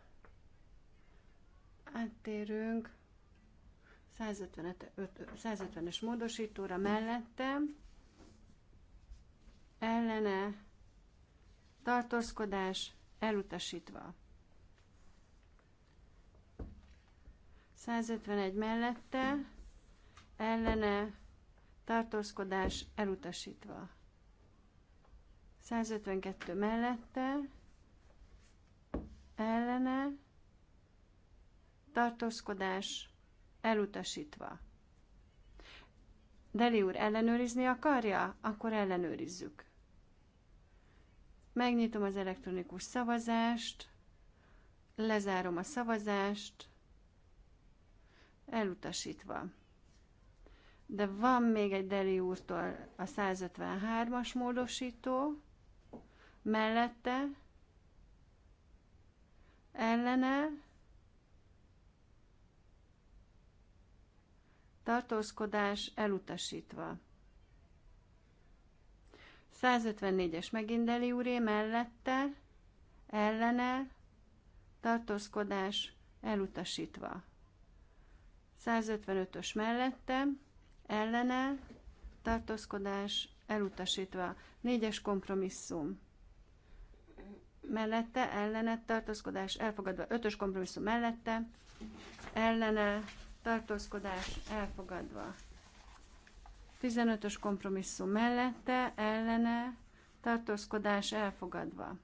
áttérünk 150-es módosítóra mellette, ellene tartózkodás elutasítva. 151 mellette, ellene tartózkodás elutasítva. 152 mellette, ellene tartózkodás elutasítva. Deli úr ellenőrizni akarja? Akkor ellenőrizzük. Megnyitom az elektronikus szavazást, lezárom a szavazást, elutasítva. De van még egy Deli úrtól a 153-as módosító, mellette, ellene, tartózkodás elutasítva. 154-es megindeli úré mellette, ellene, tartózkodás elutasítva. 155-ös mellette, ellene, tartózkodás elutasítva. 4-es kompromisszum mellette, ellene, tartózkodás elfogadva. 5-ös kompromisszum mellette, ellene, tartózkodás elfogadva. 15-ös kompromisszum mellette, ellene, tartózkodás elfogadva.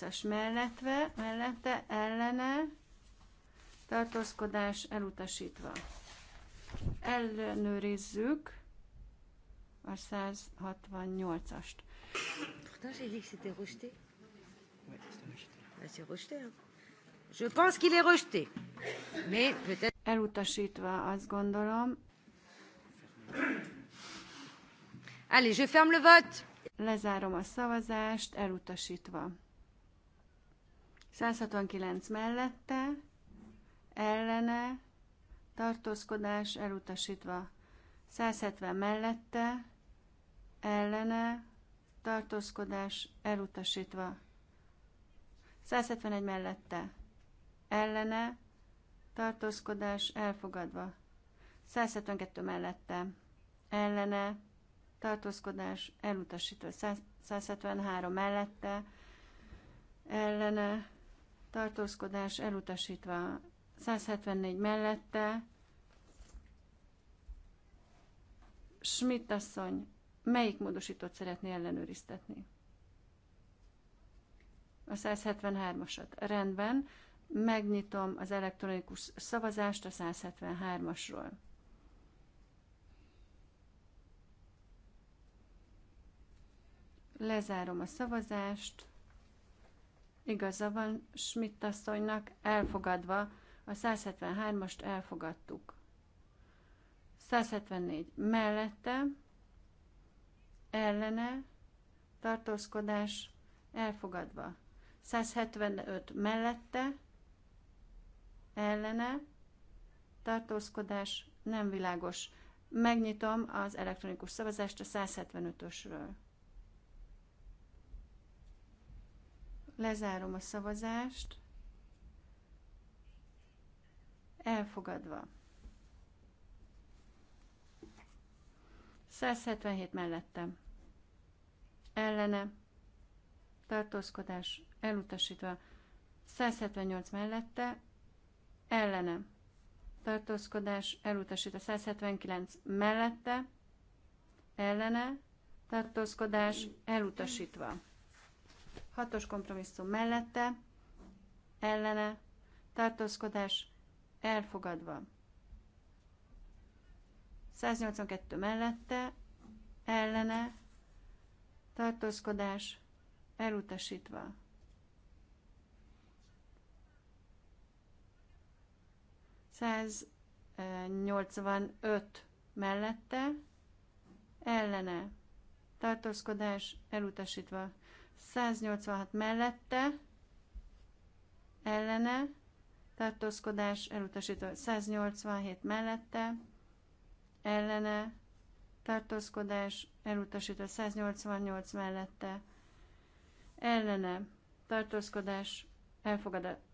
as mellette, mellette, ellene, tartózkodás elutasítva. Ellenőrizzük a 168-ast. Je pense qu'il est rejeté. Mais peut-être... Elutasítva, azt gondolom. Allez, je ferme le vote. Lezárom a szavazást, elutasítva. 169 mellette, ellene, tartózkodás, elutasítva. 170 mellette, ellene, tartózkodás, elutasítva. 171 mellette ellene tartózkodás elfogadva. 172 mellette ellene tartózkodás elutasítva. 173 mellette ellene tartózkodás elutasítva. 174 mellette Schmidt asszony, melyik módosítót szeretné ellenőriztetni? a 173-asat. Rendben, megnyitom az elektronikus szavazást a 173-asról. Lezárom a szavazást. Igaza van Schmidt asszonynak, elfogadva, a 173-ast elfogadtuk. 174 mellette, ellene, tartózkodás, elfogadva. 175 mellette, ellene, tartózkodás nem világos. Megnyitom az elektronikus szavazást a 175-ösről. Lezárom a szavazást. Elfogadva. 177 mellettem. Ellene. Tartózkodás elutasítva. 178 mellette, ellene, tartózkodás, elutasítva. 179 mellette, ellene, tartózkodás, elutasítva. Hatos kompromisszum mellette, ellene, tartózkodás, elfogadva. 182 mellette, ellene, tartózkodás, elutasítva. 185 mellette, ellene, tartózkodás elutasítva. 186 mellette, ellene, tartózkodás elutasítva. 187 mellette, ellene, tartózkodás elutasítva. 188 mellette, ellene, tartózkodás elfogadott.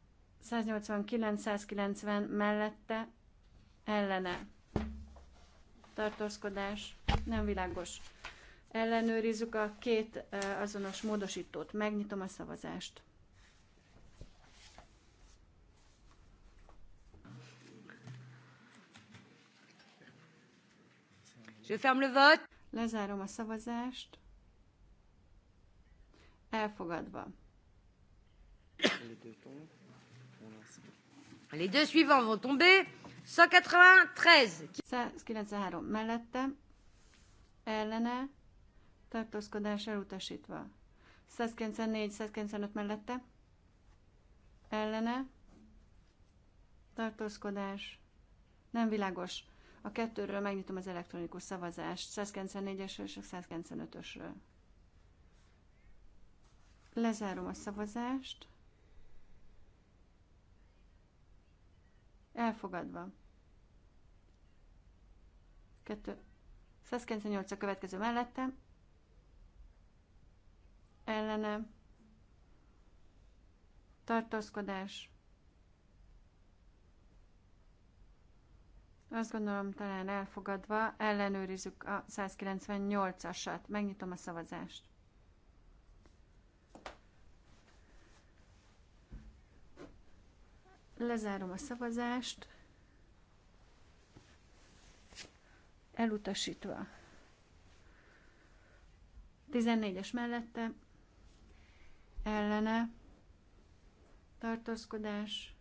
189-190 mellette ellene. Tartózkodás nem világos. Ellenőrizzük a két azonos módosítót. Megnyitom a szavazást. Je ferme le vote. Lezárom a szavazást. Elfogadva. (coughs) Les deux suivants vont tomber. 193. 193 mellette, ellene, tartózkodás elutasítva. 194, 195 mellette, ellene, tartózkodás, nem világos. A kettőről megnyitom az elektronikus szavazást, 194-esről és 195-ösről. Lezárom a szavazást. Elfogadva. 2. 198 a következő mellette. Ellene. Tartózkodás. Azt gondolom talán elfogadva ellenőrizzük a 198-asat. Megnyitom a szavazást. Lezárom a szavazást. Elutasítva. 14-es mellette ellene tartózkodás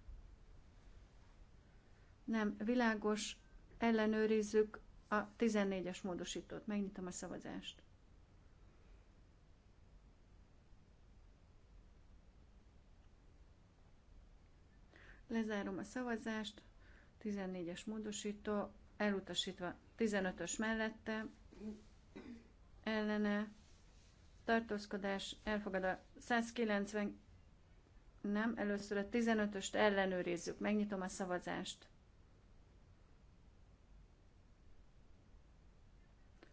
nem világos, ellenőrizzük a 14-es módosítót. Megnyitom a szavazást. Lezárom a szavazást. 14-es módosító elutasítva 15-ös mellette ellene tartózkodás a 190 nem, először a 15-öst ellenőrizzük, megnyitom a szavazást.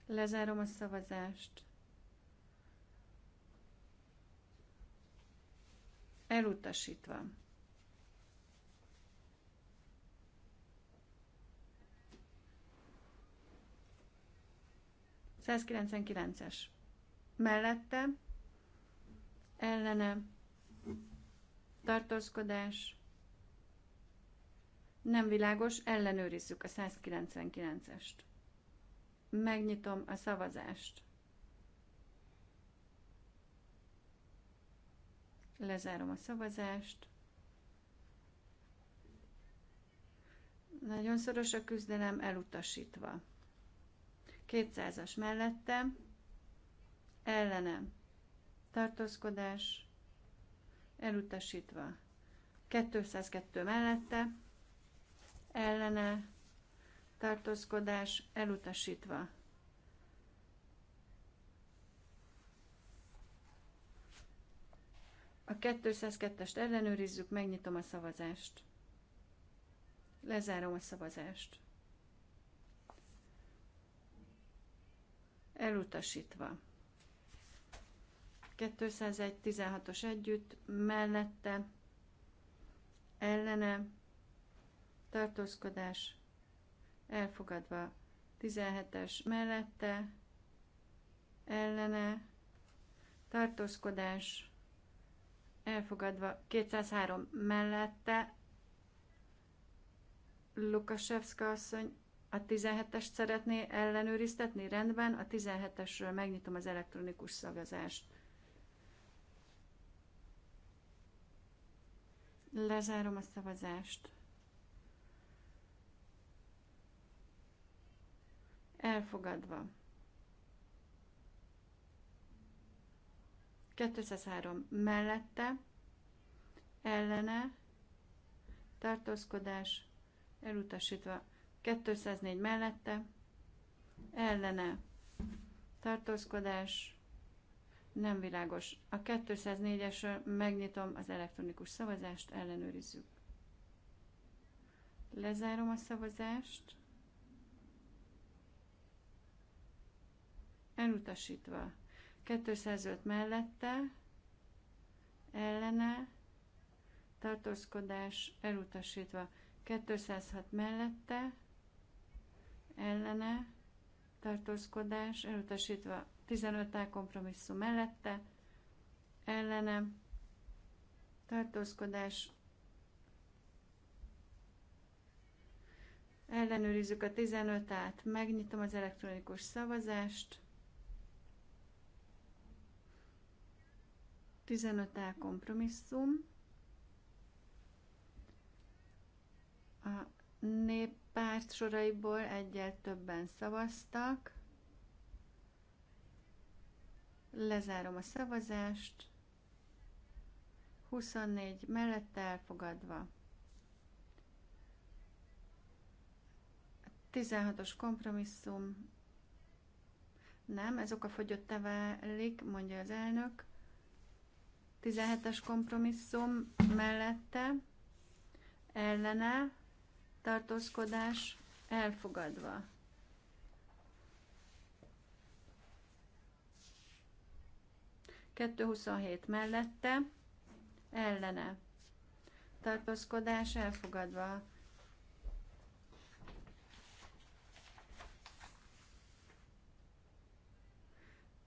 Lezárom a szavazást. Elutasítva. 199-es mellette ellene tartózkodás nem világos, ellenőrizzük a 199-est. Megnyitom a szavazást. Lezárom a szavazást. Nagyon szoros a küzdelem, elutasítva. 200-as mellette, ellenem, tartózkodás, elutasítva. 202 mellette, ellene, tartózkodás, elutasítva. A 202-est ellenőrizzük, megnyitom a szavazást. Lezárom a szavazást. elutasítva. 201-16-os együtt, mellette, ellene, tartózkodás, elfogadva. 17-es mellette, ellene, tartózkodás, elfogadva. 203 mellette, Lukasevszka asszony a 17-est szeretné ellenőriztetni? Rendben, a 17-esről megnyitom az elektronikus szavazást. Lezárom a szavazást. Elfogadva. 203 mellette, ellene, tartózkodás, elutasítva 204 mellette, ellene, tartózkodás, nem világos. A 204-esről megnyitom az elektronikus szavazást, ellenőrizzük. Lezárom a szavazást. Elutasítva. 205 mellette, ellene, tartózkodás, elutasítva. 206 mellette, ellene, tartózkodás elutasítva 15 A kompromisszum mellette, ellene, tartózkodás Ellenőrizzük a 15-át, megnyitom az elektronikus szavazást. 15A kompromisszum. A néppárt soraiból egyel többen szavaztak. Lezárom a szavazást. 24 mellette elfogadva. 16-os kompromisszum. Nem, ez oka fogyott válik, mondja az elnök. 17-es kompromisszum mellette, ellene, tartózkodás elfogadva. Kettő huszonhét mellette, ellene, tartózkodás elfogadva.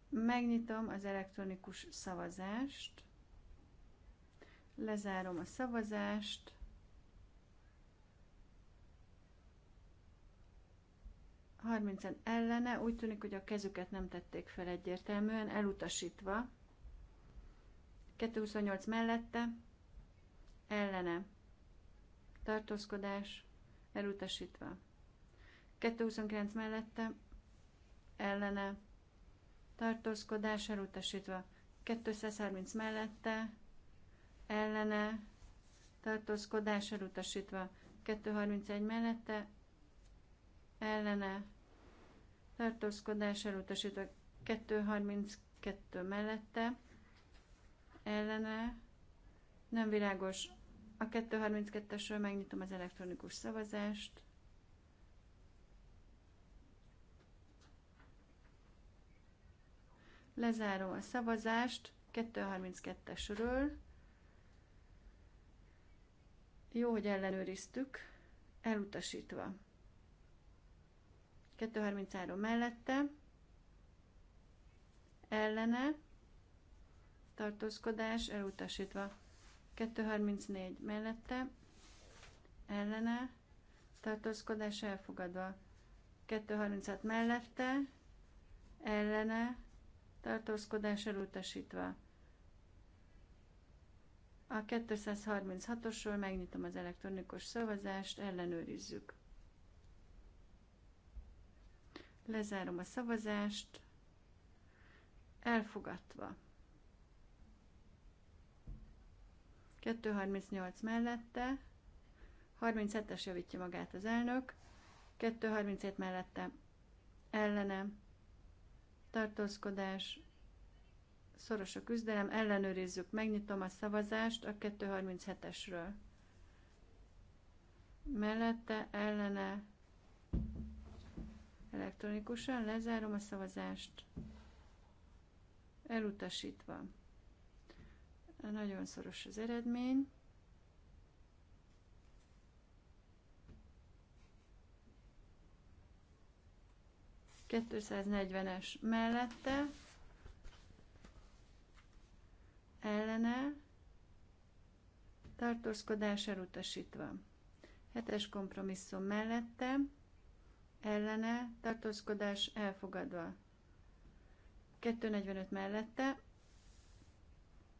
Megnyitom az elektronikus szavazást, lezárom a szavazást, 30-en ellene, úgy tűnik, hogy a kezüket nem tették fel egyértelműen, elutasítva. 228 mellette, ellene, tartózkodás, elutasítva. 229 mellette, ellene, tartózkodás, elutasítva. 230 mellette, ellene, tartózkodás, elutasítva. 231 mellette, ellene tartózkodás elutasítva 232 mellette ellene nem világos a 232-esről megnyitom az elektronikus szavazást lezárom a szavazást 232-esről jó, hogy ellenőriztük elutasítva 233 mellette, ellene, tartózkodás elutasítva. 234 mellette, ellene, tartózkodás elfogadva. 236 mellette, ellene, tartózkodás elutasítva. A 236-osról megnyitom az elektronikus szavazást, ellenőrizzük. Lezárom a szavazást. Elfogadva. 238 mellette. 37-es javítja magát az elnök. 237 mellette. Ellene. Tartózkodás. Szoros a küzdelem. Ellenőrizzük. Megnyitom a szavazást a 237-esről mellette, ellene, elektronikusan, lezárom a szavazást, elutasítva. Nagyon szoros az eredmény. es mellette, ellene, tartózkodás elutasítva. Hetes kompromisszum mellette, ellene, tartózkodás elfogadva. 245 mellette,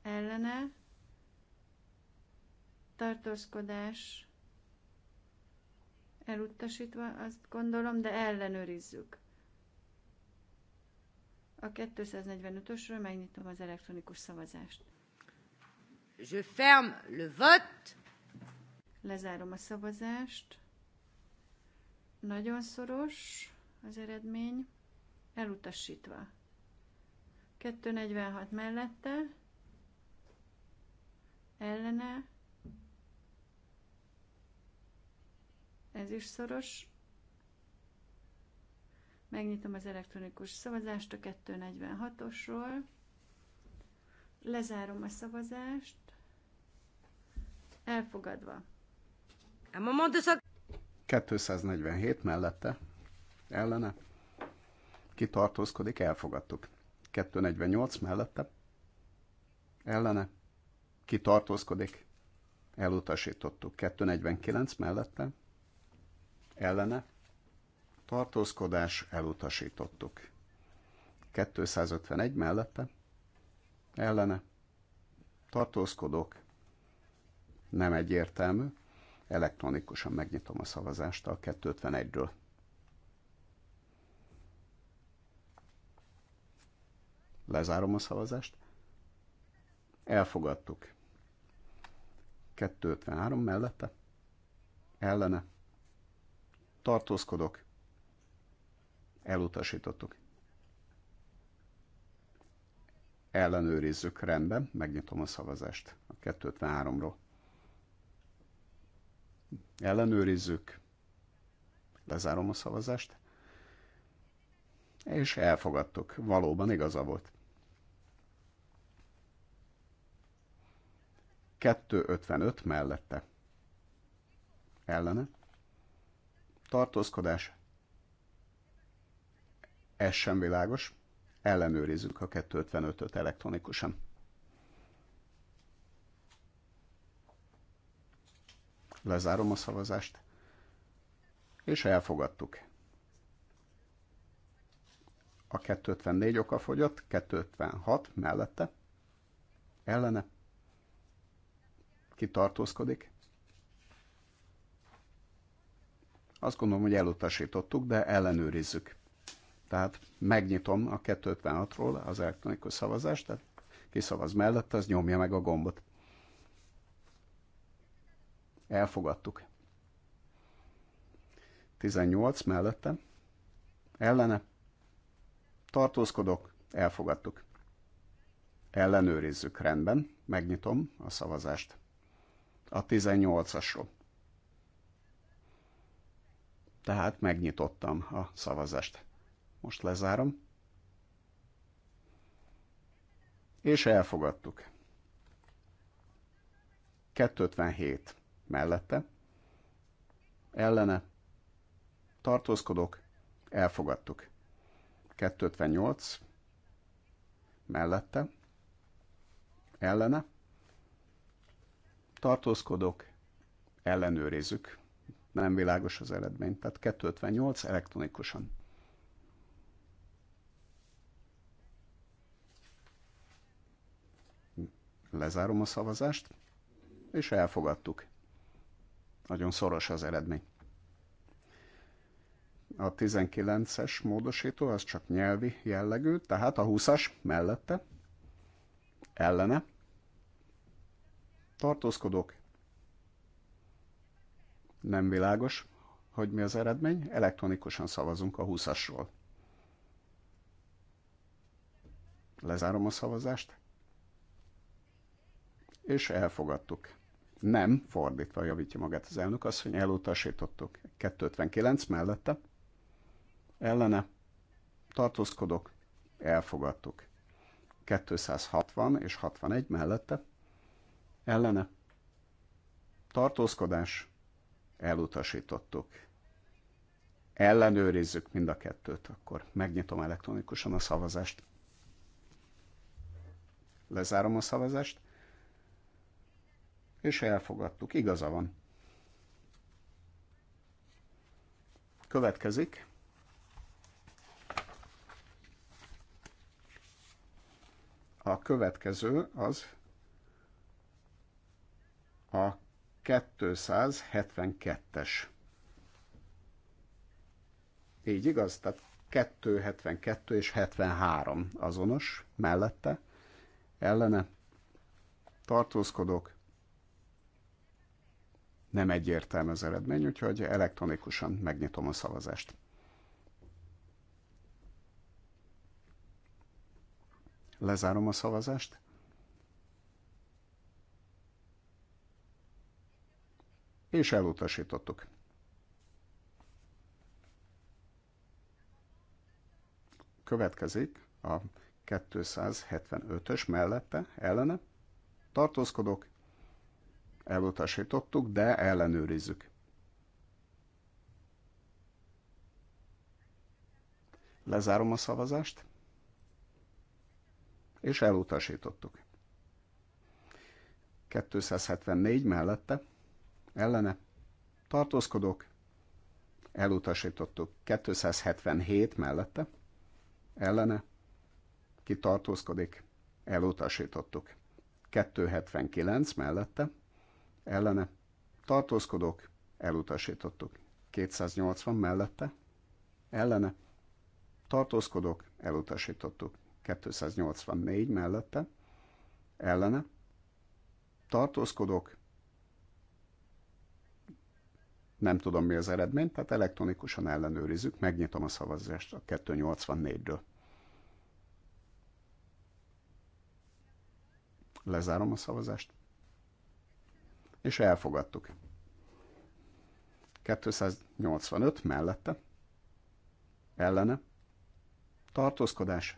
ellene, tartózkodás elutasítva, azt gondolom, de ellenőrizzük. A 245-ösről megnyitom az elektronikus szavazást. Je ferme le vote. Lezárom a szavazást. Nagyon szoros az eredmény, elutasítva. 246 mellette, ellene, ez is szoros. Megnyitom az elektronikus szavazást a 246-osról. Lezárom a szavazást. Elfogadva. A moment de 247 mellette ellene kitartózkodik, elfogadtuk. 248 mellette ellene kitartózkodik, elutasítottuk. 249 mellette ellene tartózkodás, elutasítottuk. 251 mellette ellene tartózkodók, nem egyértelmű, Elektronikusan megnyitom a szavazást a 251-ről. Lezárom a szavazást. Elfogadtuk. 253 mellette. Ellene. Tartózkodok. Elutasítottuk. Ellenőrizzük rendben, megnyitom a szavazást a 253-ról ellenőrizzük, lezárom a szavazást, és elfogadtuk. Valóban igaza volt. 255 mellette. Ellene. Tartózkodás. Ez sem világos. Ellenőrizzük a 255-öt elektronikusan. Lezárom a szavazást. És elfogadtuk. A 254 oka fogyott, 256 mellette, ellene. Ki tartózkodik? Azt gondolom, hogy elutasítottuk, de ellenőrizzük. Tehát megnyitom a 256-ról az elektronikus szavazást, tehát ki szavaz mellette, az nyomja meg a gombot. Elfogadtuk. 18 mellette. Ellene. Tartózkodok. Elfogadtuk. Ellenőrizzük rendben. Megnyitom a szavazást. A 18-asról. Tehát megnyitottam a szavazást. Most lezárom. És elfogadtuk. 257 mellette, ellene, tartózkodok, elfogadtuk. 258 mellette, ellene, tartózkodok, ellenőrizzük. Nem világos az eredmény, tehát 258 elektronikusan. Lezárom a szavazást, és elfogadtuk. Nagyon szoros az eredmény. A 19-es módosító az csak nyelvi jellegű, tehát a 20-as mellette, ellene, tartózkodók, nem világos, hogy mi az eredmény, elektronikusan szavazunk a 20-asról. Lezárom a szavazást, és elfogadtuk. Nem, fordítva javítja magát az elnök hogy elutasítottuk. 259 mellette. Ellene. Tartózkodok. Elfogadtuk. 260 és 61 mellette. Ellene. Tartózkodás. Elutasítottuk. Ellenőrizzük mind a kettőt, akkor megnyitom elektronikusan a szavazást. Lezárom a szavazást. És elfogadtuk, igaza van. Következik. A következő az a 272-es. Így igaz? Tehát 272 és 73 azonos mellette, ellene tartózkodok, nem egyértelmű az eredmény, úgyhogy elektronikusan megnyitom a szavazást. Lezárom a szavazást. És elutasítottuk. Következik a 275-ös mellette, ellene. Tartózkodok, elutasítottuk, de ellenőrizzük. Lezárom a szavazást, és elutasítottuk. 274 mellette, ellene, tartózkodok, elutasítottuk. 277 mellette, ellene, ki tartózkodik, elutasítottuk. 279 mellette, ellene tartózkodók, elutasítottuk. 280 mellette, ellene tartózkodók, elutasítottuk. 284 mellette, ellene tartózkodók, nem tudom mi az eredmény, tehát elektronikusan ellenőrizzük, megnyitom a szavazást a 284-ről. Lezárom a szavazást és elfogadtuk. 285 mellette, ellene, tartózkodás.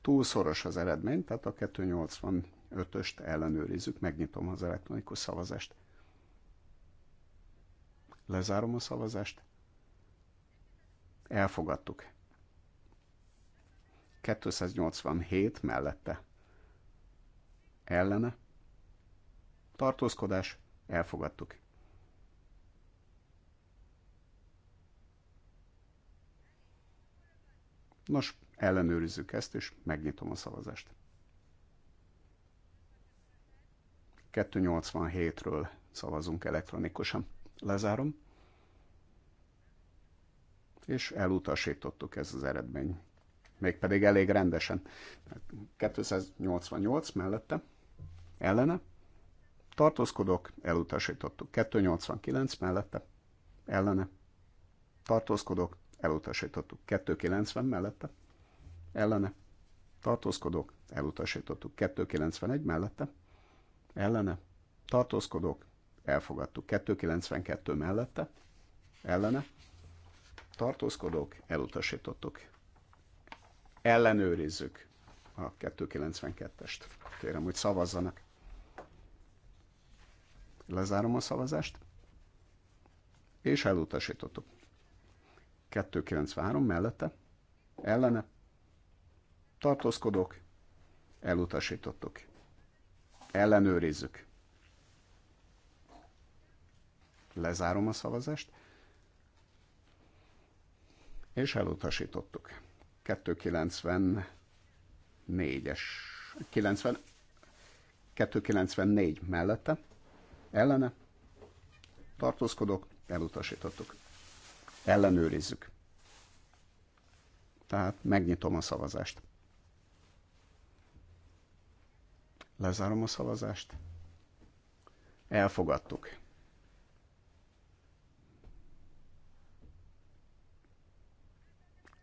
Túl szoros az eredmény, tehát a 285-öst ellenőrizzük, megnyitom az elektronikus szavazást. Lezárom a szavazást. Elfogadtuk. 287 mellette ellene, tartózkodás, elfogadtuk. Nos, ellenőrizzük ezt, és megnyitom a szavazást. 287-ről szavazunk elektronikusan. Lezárom. És elutasítottuk ez az eredmény. Mégpedig elég rendesen. 288 mellette ellene, tartózkodok, elutasítottuk. 289 mellette, ellene, tartózkodok, elutasítottuk. 290 mellette, ellene, tartózkodok, elutasítottuk. 291 mellette, ellene, tartózkodok, elfogadtuk. 292 mellette, ellene, tartózkodók, elutasítottuk. Ellenőrizzük a 292-est. Kérem, hogy szavazzanak. Lezárom a szavazást, és elutasítottuk. 293 mellette, ellene, tartózkodok, elutasítottuk. Ellenőrizzük. Lezárom a szavazást, és elutasítottuk. 294-es, 90, 294 mellette, ellene tartózkodok, elutasítottuk. Ellenőrizzük. Tehát megnyitom a szavazást. Lezárom a szavazást. Elfogadtuk.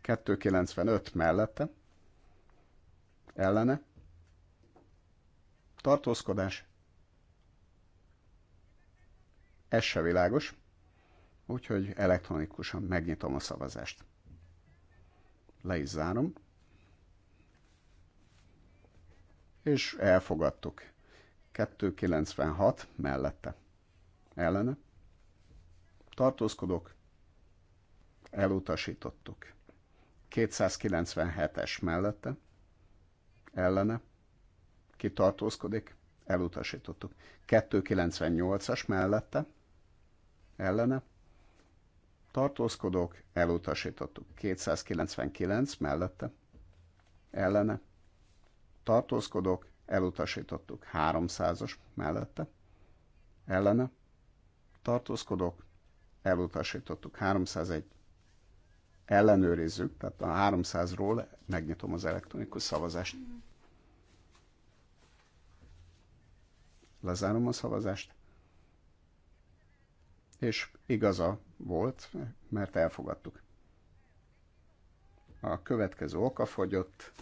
Kettő kilencvenöt mellette. Ellene. Tartózkodás. Ez se világos, úgyhogy elektronikusan megnyitom a szavazást. Le is zárom. És elfogadtuk. 296 mellette. Ellene. Tartózkodok. Elutasítottuk. 297-es mellette. Ellene. Ki tartózkodik? Elutasítottuk. 298-as mellette ellene tartózkodók, elutasítottuk. 299 mellette, ellene, tartózkodók, elutasítottuk. 300-as mellette, ellene, tartózkodók, elutasítottuk. 301 ellenőrizzük, tehát a 300-ról megnyitom az elektronikus szavazást. Lezárom a szavazást és igaza volt, mert elfogadtuk. A következő oka fogyott,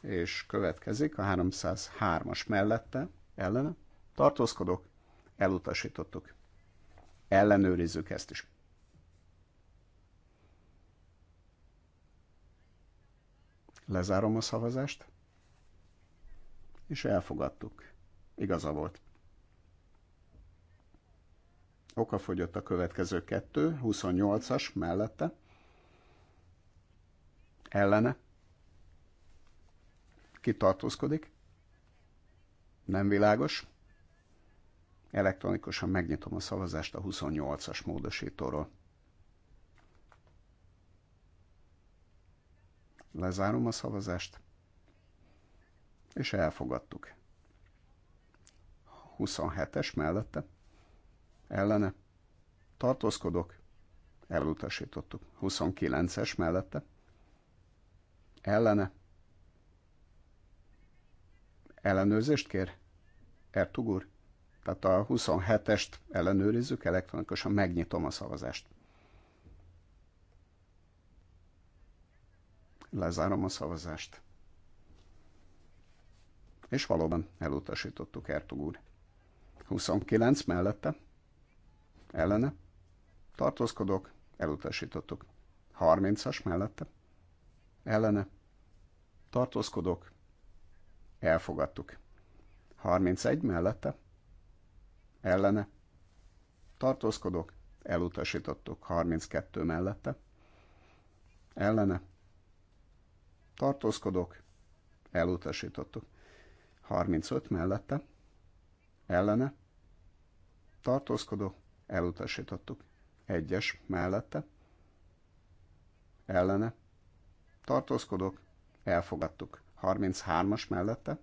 és következik a 303-as mellette, ellene, tartózkodok, elutasítottuk. Ellenőrizzük ezt is. Lezárom a szavazást, és elfogadtuk. Igaza volt. Okafogyott a következő kettő, 28-as mellette. Ellene. kitartózkodik, Nem világos. Elektronikusan megnyitom a szavazást a 28-as módosítóról. Lezárom a szavazást, és elfogadtuk. 27-es mellette ellene tartózkodok, elutasítottuk. 29-es mellette ellene ellenőrzést kér? Ertugur. Tehát a 27-est ellenőrizzük, elektronikusan megnyitom a szavazást. Lezárom a szavazást. És valóban elutasítottuk Ertugur. 29 mellette ellene, Tartózkodok. elutasítottuk. 30-as mellette, ellene, Tartózkodok. elfogadtuk. 31 mellette, ellene, Tartózkodok. elutasítottuk. 32 mellette, ellene, Tartózkodok. elutasítottuk. 35 mellette, ellene, Tartózkodok elutasítottuk. Egyes mellette, ellene, tartózkodok, elfogadtuk. 33-as mellette,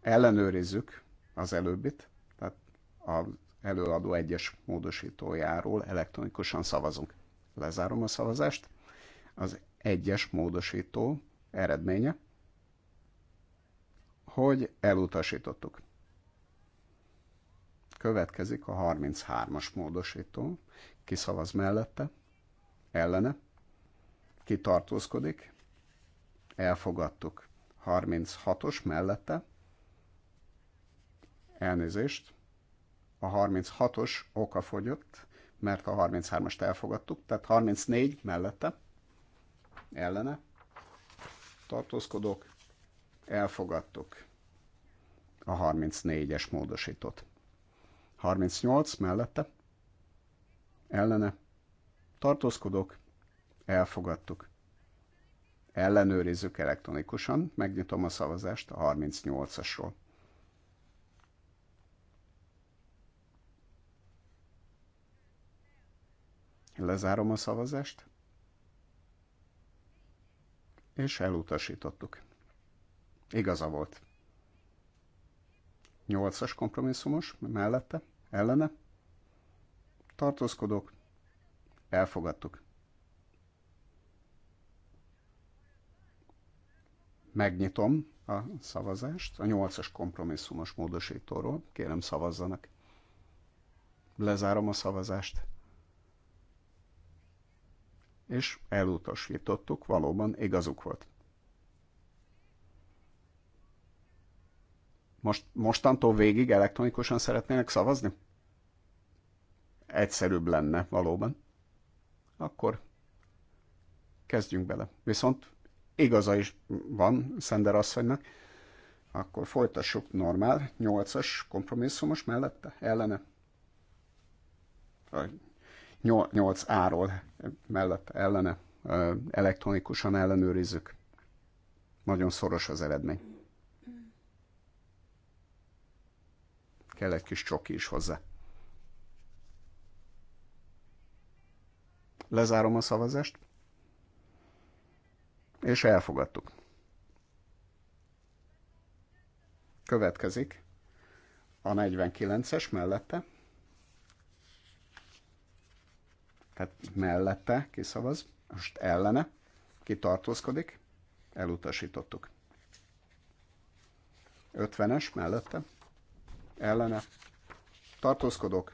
ellenőrizzük az előbbit, tehát az előadó egyes módosítójáról elektronikusan szavazunk. Lezárom a szavazást. Az egyes módosító eredménye, hogy elutasítottuk. Következik a 33-as módosító. Kiszavaz mellette, ellene, kitartózkodik, elfogadtuk. 36-os mellette, elnézést, a 36-os oka fogyott, mert a 33-ast elfogadtuk, tehát 34 mellette, ellene, tartózkodok, elfogadtuk a 34-es módosítót. 38 mellette, ellene, Tartózkodok. elfogadtuk. Ellenőrizzük elektronikusan, megnyitom a szavazást a 38-asról. Lezárom a szavazást, és elutasítottuk. Igaza volt nyolcas kompromisszumos mellette, ellene. Tartózkodok, elfogadtuk. Megnyitom a szavazást a nyolcas kompromisszumos módosítóról. Kérem szavazzanak. Lezárom a szavazást és elutasítottuk, valóban igazuk volt. Most, mostantól végig elektronikusan szeretnének szavazni? Egyszerűbb lenne valóban. Akkor kezdjünk bele. Viszont igaza is van Szender asszonynak, akkor folytassuk normál, 8-as kompromisszumos mellette, ellene. 8A-ról mellett ellene elektronikusan ellenőrizzük. Nagyon szoros az eredmény. kell egy kis csoki is hozzá. Lezárom a szavazást, és elfogadtuk. Következik a 49-es mellette. Tehát mellette kiszavaz, most ellene, kitartózkodik, elutasítottuk. 50-es mellette ellene tartózkodók,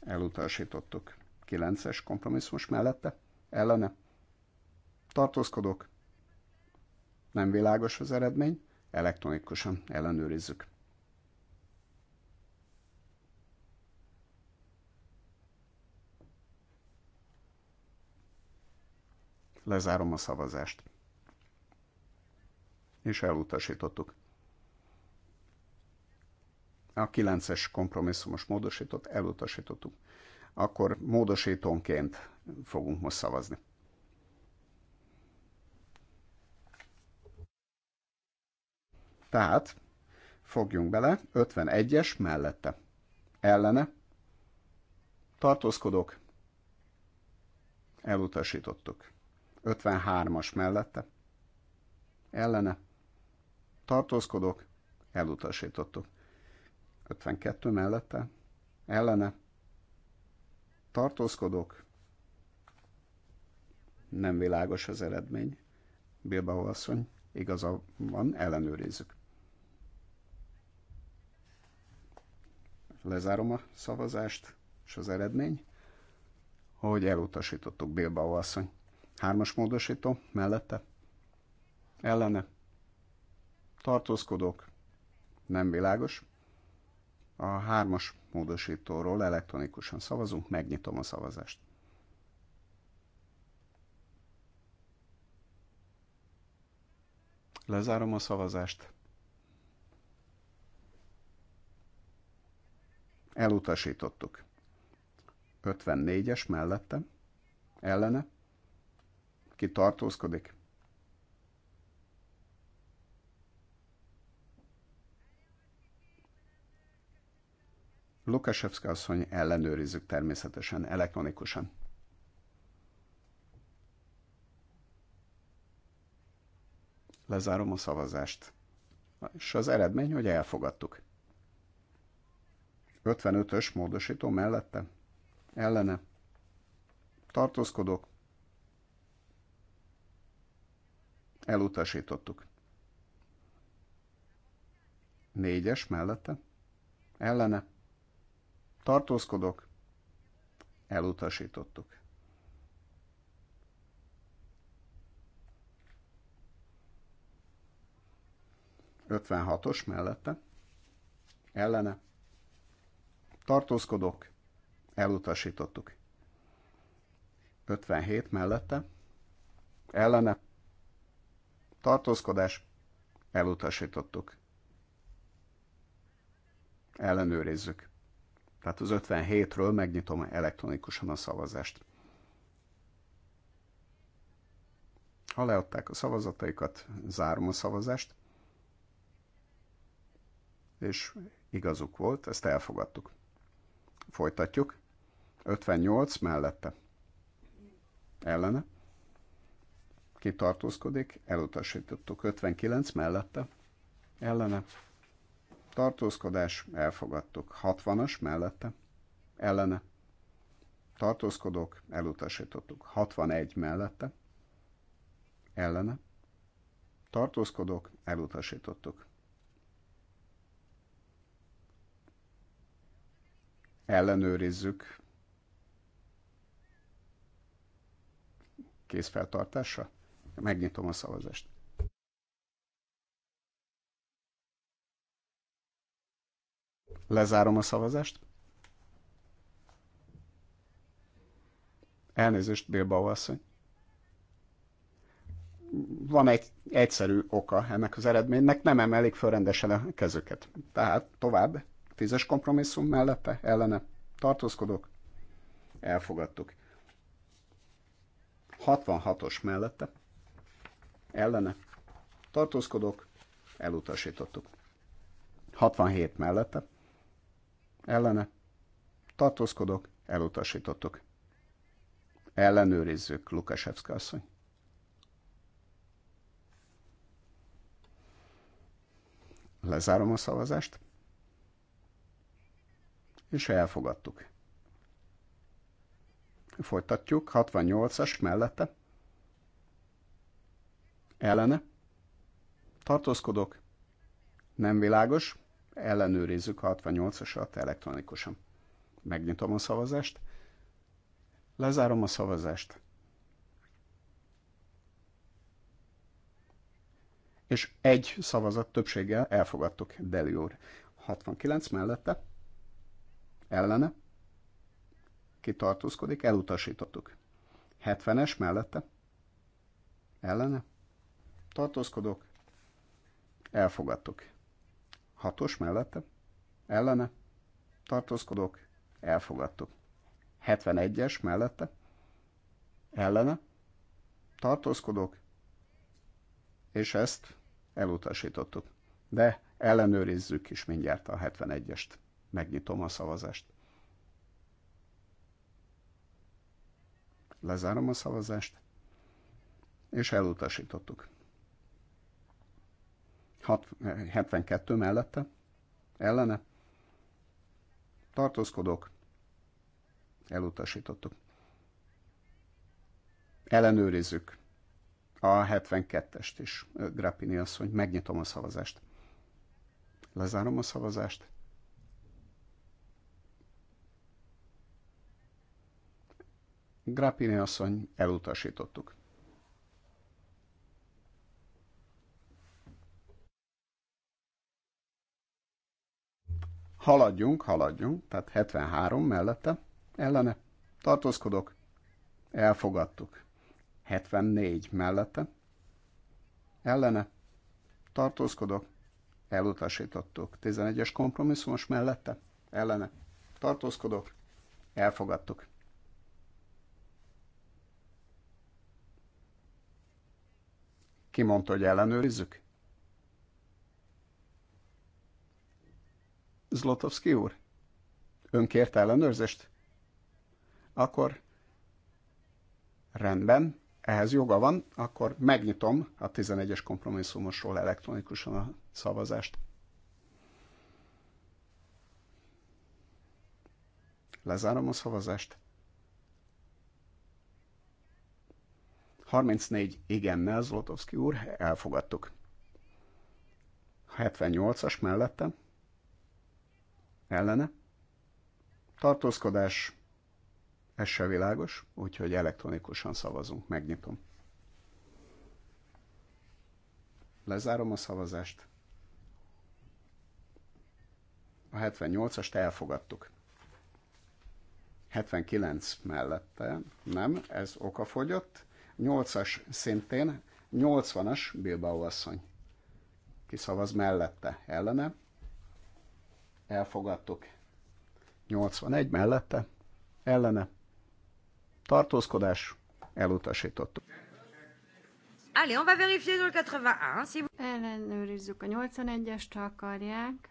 elutasítottuk. 9-es kompromisszumos mellette, ellene tartózkodók, nem világos az eredmény, elektronikusan ellenőrizzük. Lezárom a szavazást. És elutasítottuk a 9-es kompromisszumos módosítót elutasítottuk. Akkor módosítónként fogunk most szavazni. Tehát fogjunk bele, 51-es mellette. Ellene. Tartózkodok. Elutasítottuk. 53-as mellette. Ellene. Tartózkodok. Elutasítottuk. 52 mellette, ellene, tartózkodok, nem világos az eredmény. Bilbao asszony, igaza van, ellenőrizzük. Lezárom a szavazást, és az eredmény, hogy elutasítottuk Bilbao asszony. Hármas módosító, mellette, ellene, tartózkodok, nem világos, a hármas módosítóról elektronikusan szavazunk, megnyitom a szavazást. Lezárom a szavazást. Elutasítottuk. 54-es mellette, ellene, ki tartózkodik, Lukasevszka asszony ellenőrizzük természetesen elektronikusan. Lezárom a szavazást. És az eredmény, hogy elfogadtuk. 55-ös módosító mellette. Ellene. Tartózkodok. Elutasítottuk. Négyes mellette. Ellene tartózkodok, elutasítottuk. Ötvenhatos mellette, ellene, tartózkodok, elutasítottuk. 57 mellette, ellene, tartózkodás, elutasítottuk. Ellenőrizzük. Tehát az 57-ről megnyitom elektronikusan a szavazást. Ha leadták a szavazataikat, zárom a szavazást, és igazuk volt, ezt elfogadtuk. Folytatjuk. 58 mellette. Ellene. Kitartózkodik, elutasítottuk. 59 mellette. Ellene tartózkodás, elfogadtuk. 60-as mellette, ellene, tartózkodók, elutasítottuk. 61 mellette, ellene, tartózkodók, elutasítottuk. Ellenőrizzük készfeltartásra. Megnyitom a szavazást. Lezárom a szavazást. Elnézést, Bilbao asszony. Van egy egyszerű oka ennek az eredménynek, nem emelik föl rendesen a kezüket. Tehát tovább, tízes kompromisszum mellette, ellene tartózkodok, elfogadtuk. 66-os mellette, ellene tartózkodok, elutasítottuk. 67 mellette, ellene, tartózkodok, elutasítottuk. Ellenőrizzük, Lukasevszka asszony. Lezárom a szavazást, és elfogadtuk. Folytatjuk, 68-as mellette. Ellene. Tartózkodok. Nem világos ellenőrizzük a 68-asat elektronikusan. Megnyitom a szavazást, lezárom a szavazást, és egy szavazat többséggel elfogadtuk Deli úr. 69 mellette, ellene, kitartózkodik, elutasítottuk. 70-es mellette, ellene, tartózkodok, elfogadtuk. Hatos mellette, ellene, Tartózkodok? elfogadtuk. 71-es mellette, ellene, Tartózkodok? és ezt elutasítottuk. De ellenőrizzük is mindjárt a 71-est. Megnyitom a szavazást. Lezárom a szavazást, és elutasítottuk. 72 mellette, ellene, tartózkodok, elutasítottuk. Ellenőrizzük a 72-est is, Grappini hogy megnyitom a szavazást. Lezárom a szavazást. Grappini asszony, elutasítottuk. Haladjunk, haladjunk, tehát 73 mellette, ellene, tartózkodok, elfogadtuk. 74 mellette, ellene, tartózkodok, elutasítottuk. 11-es kompromisszumos mellette, ellene, tartózkodok, elfogadtuk. Ki mondta, hogy ellenőrizzük? Zlotowski úr? Ön kérte ellenőrzést? Akkor rendben, ehhez joga van, akkor megnyitom a 11-es kompromisszumosról elektronikusan a szavazást. Lezárom a szavazást. 34 igennel, Zlotowski úr, elfogadtuk. 78-as mellettem ellene. Tartózkodás, ez se világos, úgyhogy elektronikusan szavazunk, megnyitom. Lezárom a szavazást. A 78-ast elfogadtuk. 79 mellette, nem, ez okafogyott. 8-as szintén, 80-as Bilbao asszony. Ki szavaz mellette, ellene, elfogadtuk. 81 mellette, ellene, tartózkodás, elutasítottuk. Allez, on va vérifier le 81. Si vous... Ellenőrizzük a 81-est, ha akarják.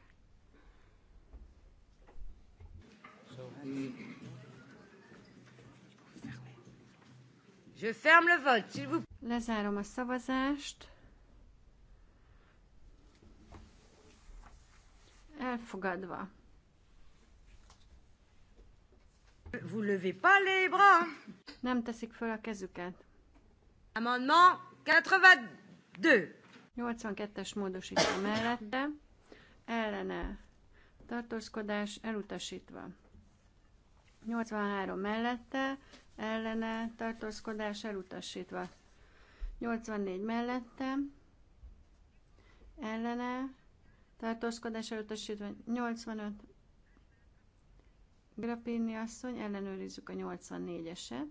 Je ferme le vote, s'il vous... Lezárom a szavazást. Elfogadva. Vous levez pas les bras. Nem teszik föl a kezüket. Amendement 82. 82-es módosítva mellette. Ellene. Tartózkodás elutasítva. 83 mellette. Ellene. Tartózkodás elutasítva. 84 mellette. Ellene tartózkodás a 85. Grapini asszony, ellenőrizzük a 84-eset.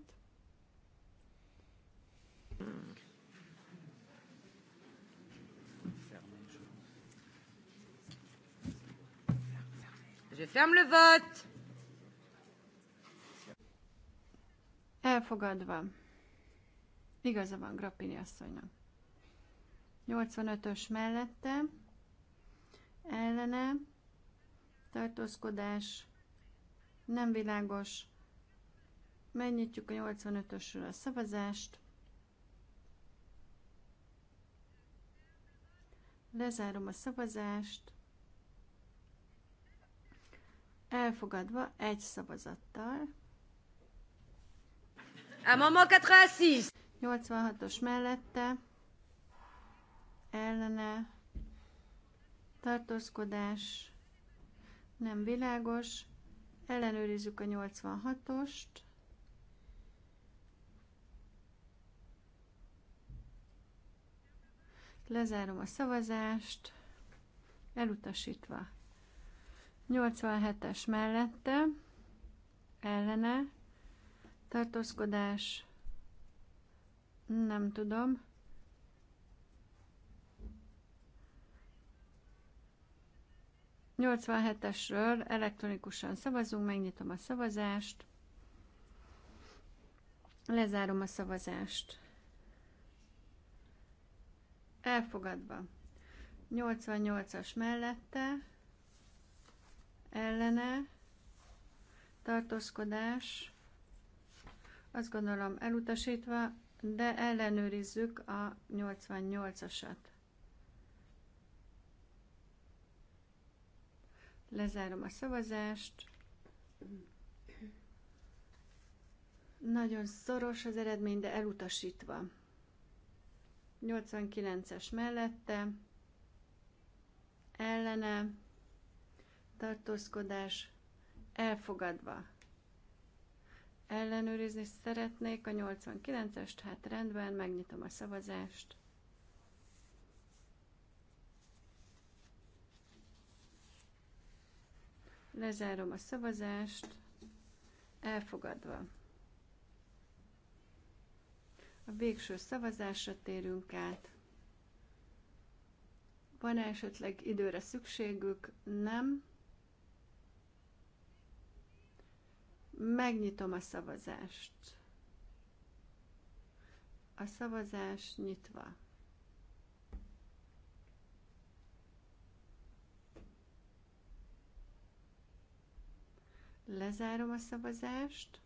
Je ferme le vote. Elfogadva. Igaza van Grappini asszonynak. 85-ös mellette ellene, tartózkodás, nem világos. Megnyitjuk a 85-ösről a szavazást. Lezárom a szavazást. Elfogadva egy szavazattal. Amendment 86. 86-os mellette. Ellene tartózkodás nem világos, ellenőrizzük a 86-ost, lezárom a szavazást, elutasítva. 87-es mellette, ellene, tartózkodás, nem tudom, 87-esről elektronikusan szavazunk, megnyitom a szavazást, lezárom a szavazást. Elfogadva. 88-as mellette, ellene, tartózkodás, azt gondolom elutasítva, de ellenőrizzük a 88-asat. Lezárom a szavazást. Nagyon szoros az eredmény, de elutasítva. 89-es mellette, ellene, tartózkodás, elfogadva. Ellenőrizni szeretnék a 89-est, hát rendben, megnyitom a szavazást. Lezárom a szavazást. Elfogadva. A végső szavazásra térünk át. Van -e esetleg időre szükségük? Nem. Megnyitom a szavazást. A szavazás nyitva. Lezárom a szavazást.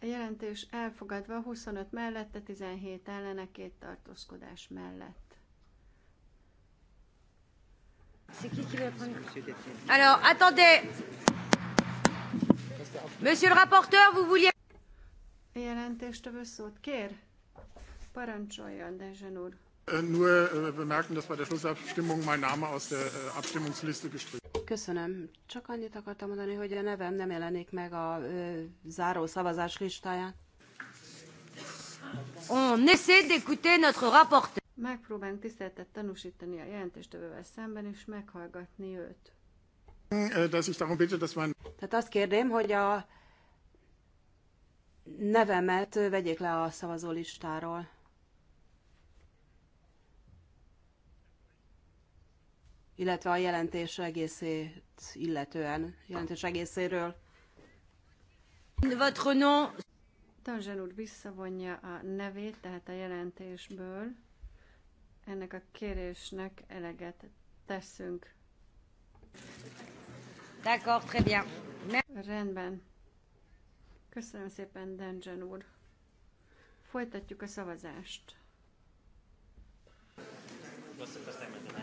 A jelentés elfogadva 25 mellette, 17 ellene, két tartózkodás mellett. Alors, attendez. Monsieur le rapporteur, vous vouliez... Jelentéstevő szót kér? Parancsoljon, Dezsen úr. Äh, nur äh, bemerken, dass bei der Schlussabstimmung mein Name aus der äh, Abstimmungsliste gestrichen Köszönöm. Csak annyit akartam mondani, hogy a nevem nem jelenik meg a ö, záró szavazás listáján. On essaie d'écouter notre rapporteur. Megpróbálunk tiszteletet tanúsítani a jelentéstevővel szemben, és meghallgatni őt. Tehát azt kérném, hogy a nevemet vegyék le a szavazólistáról. illetve a jelentés egészét illetően, jelentés egészéről. Votre nom... Tanzsán úr visszavonja a nevét, tehát a jelentésből. Ennek a kérésnek eleget teszünk. D'accord, très bien. Rendben. Köszönöm szépen, Danzsen úr. Folytatjuk a szavazást. Köszönöm.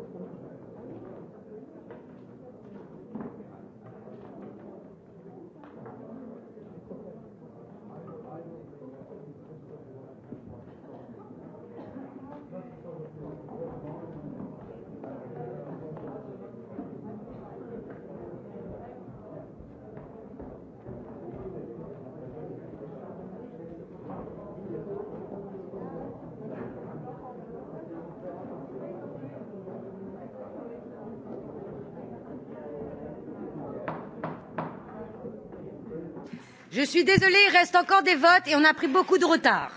Je suis désolée, il reste encore des votes et on a pris beaucoup de retard.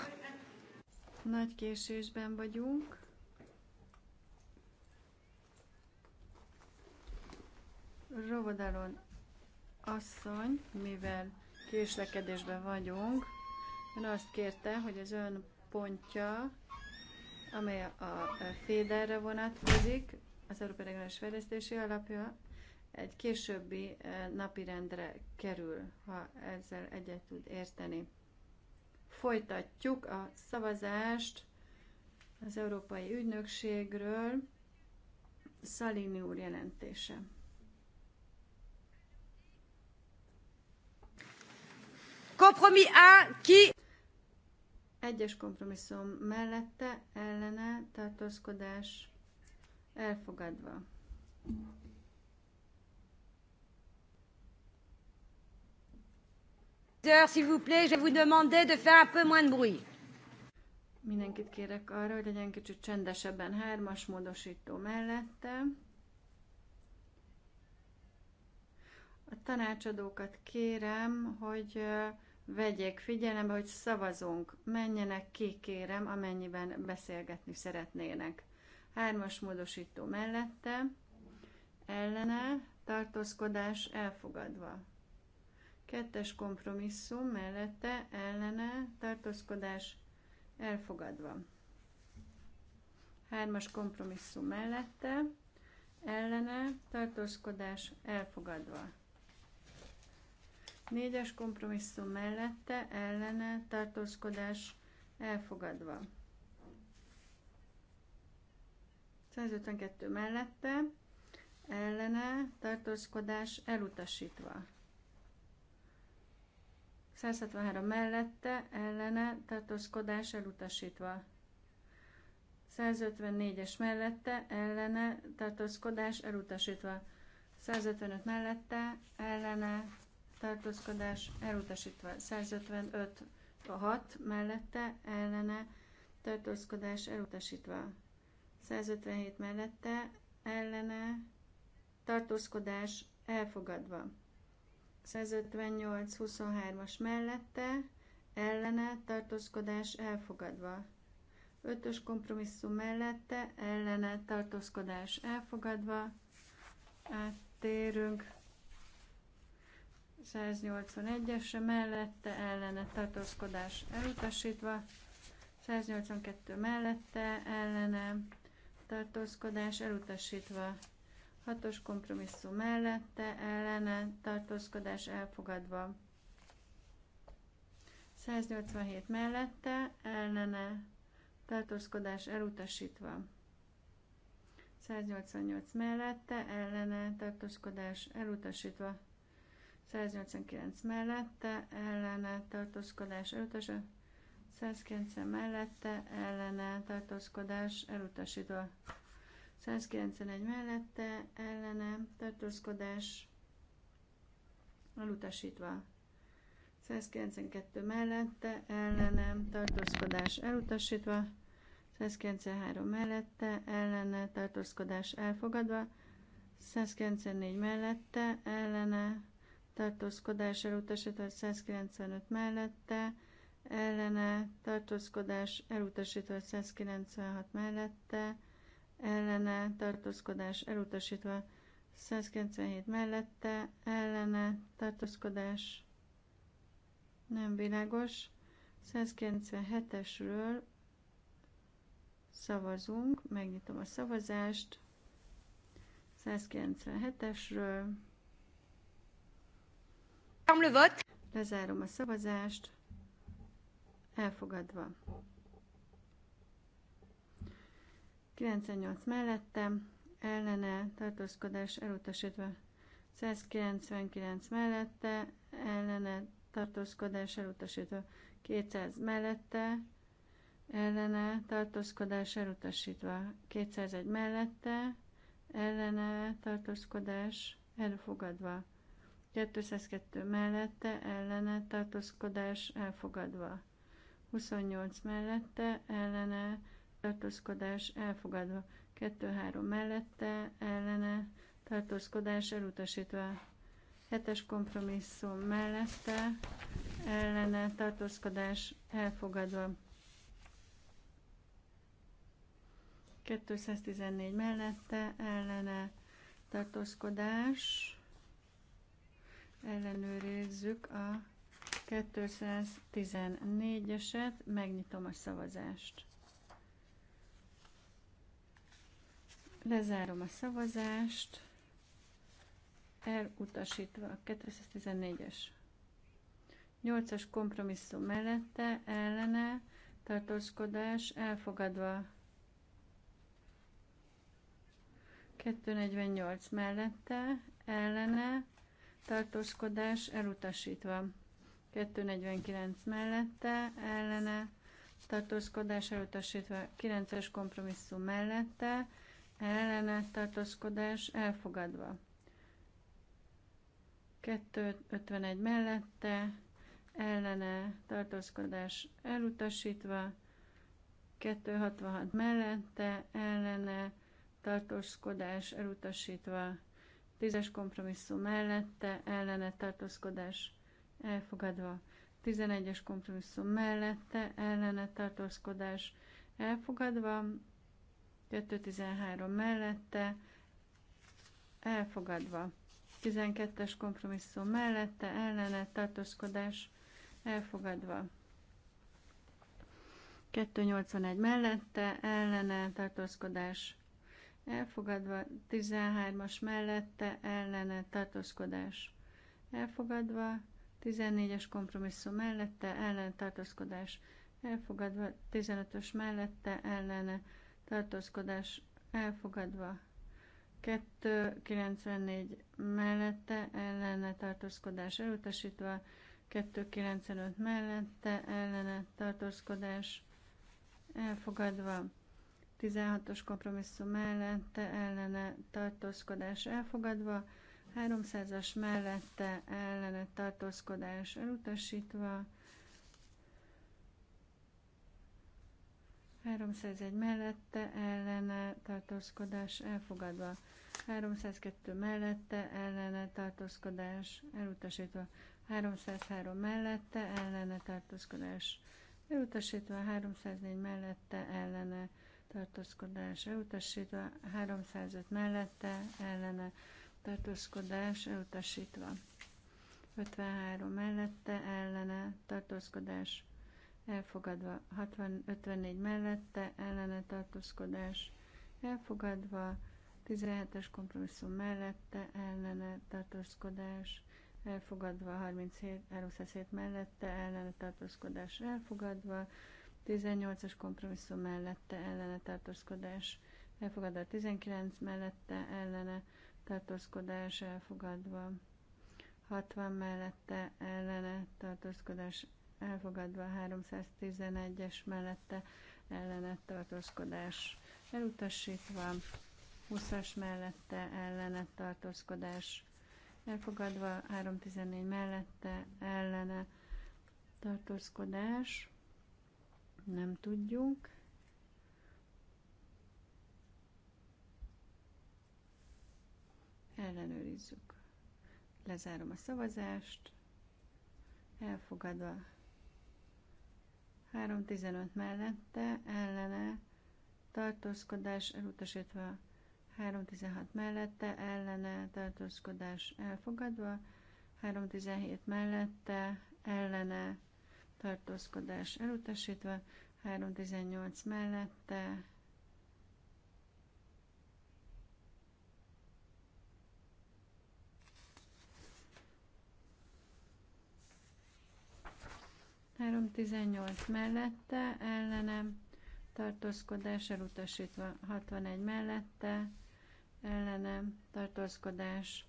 Nagy késésben vagyunk. Rovodalon asszony, mivel késlekedésben vagyunk, ön azt kérte, hogy az ön pontja, amely a Féderre vonatkozik, az Európai Regionális Fejlesztési Alapja, egy későbbi eh, napirendre kerül, ha ezzel egyet tud érteni. Folytatjuk a szavazást az Európai Ügynökségről. Szalini úr jelentése. Kompromis A, ki? Egyes kompromisszum mellette, ellene, tartózkodás elfogadva. S'il vous plaît, je vais vous demander de faire un peu moins de bruit. Mindenkit kérek arra, hogy legyen kicsit csendesebben hármas módosító mellette. A tanácsadókat kérem, hogy vegyék figyelembe, hogy szavazunk, menjenek ki, kérem, amennyiben beszélgetni szeretnének. Hármas módosító mellette, ellene, tartózkodás elfogadva. Kettes kompromisszum mellette ellene tartózkodás elfogadva. Hármas kompromisszum mellette ellene tartózkodás elfogadva. Négyes kompromisszum mellette ellene tartózkodás elfogadva. 152 mellette ellene tartózkodás elutasítva. 173 mellette, ellene, tartózkodás elutasítva. 154-es mellette, ellene, tartózkodás elutasítva. 155 mellette, ellene, tartózkodás elutasítva. 155 6 mellette, ellene, tartózkodás elutasítva. 157 mellette, ellene, tartózkodás elfogadva. 158-23-as mellette, ellene, tartózkodás elfogadva. 5-ös kompromisszum mellette, ellene, tartózkodás elfogadva. Áttérünk 181-esre mellette, ellene, tartózkodás elutasítva. 182 mellette, ellene, tartózkodás elutasítva. Hatos kompromisszum mellette, ellene, tartózkodás elfogadva. 187 mellette, ellene, tartózkodás elutasítva. 188 mellette, ellene, tartózkodás elutasítva. 189 mellette, ellene, tartózkodás elutasítva. 190 mellette, ellene, tartózkodás elutasítva. 191 mellette ellene tartózkodás elutasítva. 192 mellette ellene tartózkodás elutasítva. 193 mellette ellene tartózkodás elfogadva. 194 mellette ellene tartózkodás elutasítva. 195 mellette ellene tartózkodás elutasítva. 196 mellette ellene tartózkodás elutasítva, 197 mellette ellene tartózkodás nem világos, 197-esről szavazunk, megnyitom a szavazást, 197-esről, Lezárom a szavazást, elfogadva. 98 mellette, ellene tartózkodás elutasítva. 199 mellette, ellene tartózkodás elutasítva. 200 mellette, ellene tartózkodás elutasítva. 201 mellette, ellene tartózkodás elfogadva. 202 mellette, ellene tartózkodás elfogadva. 28 mellette, ellene tartózkodás elfogadva, kettő-három mellette, ellene, tartózkodás elutasítva, hetes kompromisszum mellette, ellene, tartózkodás elfogadva, 214 mellette, ellene, tartózkodás, ellenőrizzük a 214-eset, megnyitom a szavazást. Lezárom a szavazást. Elutasítva a 214-es. 8-as kompromisszum mellette, ellene, tartózkodás, elfogadva. 248 mellette, ellene, tartózkodás, elutasítva. 249 mellette, ellene, tartózkodás, elutasítva. 9-es kompromisszum mellette, ellenállt tartózkodás elfogadva. 251 mellette ellene tartózkodás elutasítva, 266 mellette ellene tartózkodás elutasítva, 10-es kompromisszum mellette ellene tartózkodás elfogadva, 11-es kompromisszum mellette ellene tartózkodás elfogadva, 213 mellette, elfogadva. 12-es kompromisszum mellette, ellene, tartózkodás, elfogadva. 281 mellette, ellene, tartózkodás, elfogadva. 13-as mellette, ellene, tartózkodás, elfogadva. 14-es kompromisszum mellette, ellene, tartózkodás, elfogadva. 15-ös mellette, ellene, tartózkodás elfogadva. 294 mellette ellene tartózkodás elutasítva, 295 mellette ellene tartózkodás elfogadva, 16-os kompromisszum mellette ellene tartózkodás elfogadva, 300-as mellette ellene tartózkodás elutasítva, 301 mellette ellene tartózkodás elfogadva. 302 mellette ellene tartózkodás elutasítva. 303 mellette ellene tartózkodás elutasítva. 304 mellette ellene tartózkodás elutasítva. 305 mellette ellene tartózkodás elutasítva. 53 mellette ellene tartózkodás elfogadva 6054 54 mellette, ellene tartózkodás elfogadva, 17-es kompromisszum mellette, ellene tartózkodás elfogadva, 37, 307 mellette, ellene tartózkodás elfogadva, 18-as kompromisszum mellette, ellene tartózkodás elfogadva, 19 mellette, ellene tartózkodás elfogadva, 60 mellette, ellene tartózkodás elfogadva 311-es mellette ellenet tartózkodás elutasítva, 20-as mellette ellenet tartózkodás elfogadva, 314 mellette ellene tartózkodás, nem tudjuk. Ellenőrizzük. Lezárom a szavazást. Elfogadva 3.15 mellette, ellene, tartózkodás elutasítva. 3.16 mellette, ellene, tartózkodás elfogadva. 3.17 mellette, ellene, tartózkodás elutasítva. 3.18 mellette, 318 mellette, ellenem, tartózkodás elutasítva 61 mellette, ellenem, tartózkodás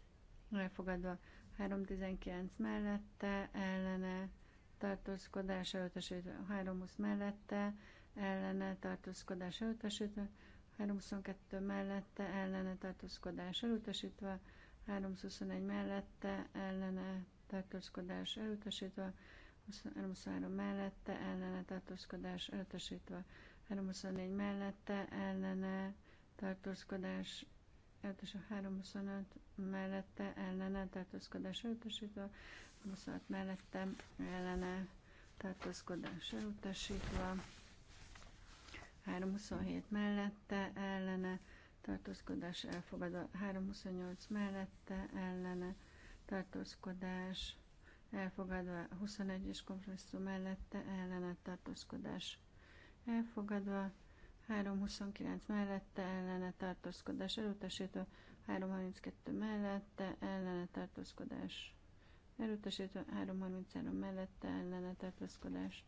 elfogadva 319 mellette, ellene, tartózkodás elutasítva 320 mellette, ellene, tartózkodás elutasítva 322 mellette, ellene, tartózkodás elutasítva 321 mellette, ellene, tartózkodás elutasítva 23 mellette ellene tartózkodás eltesítve. 324 mellette ellene tartózkodás elutasítva, 325 mellette ellene tartózkodás eltesítve. 26 mellette ellene tartózkodás elutasítva, 327 mellette ellene tartózkodás elfogadva, 328 mellette ellene tartózkodás elfogadva a 21-es kompromisszum mellette ellenet tartózkodás elfogadva, 329 mellette ellene tartózkodás elutasítva, 332 mellette ellene tartózkodás elutasítva, 333 mellette ellene tartózkodás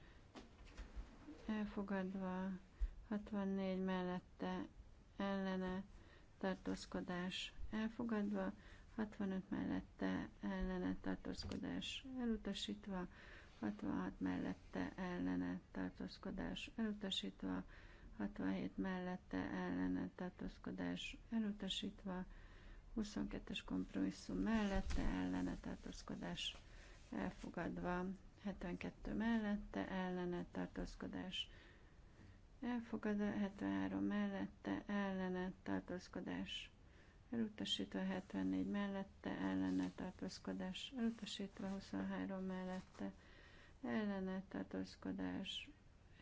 elfogadva, 64 mellette ellene tartózkodás elfogadva, 65 mellette ellene tartózkodás elutasítva, 66 mellette ellene tartózkodás elutasítva, 67 mellette ellene tartózkodás elutasítva, 22-es kompromisszum mellette ellene tartózkodás elfogadva, 72 mellette ellene tartózkodás elfogadva, 73 mellette ellene tartózkodás elutasítva 74 mellette, ellene tartózkodás, elutasítva 23 mellette, ellene tartózkodás,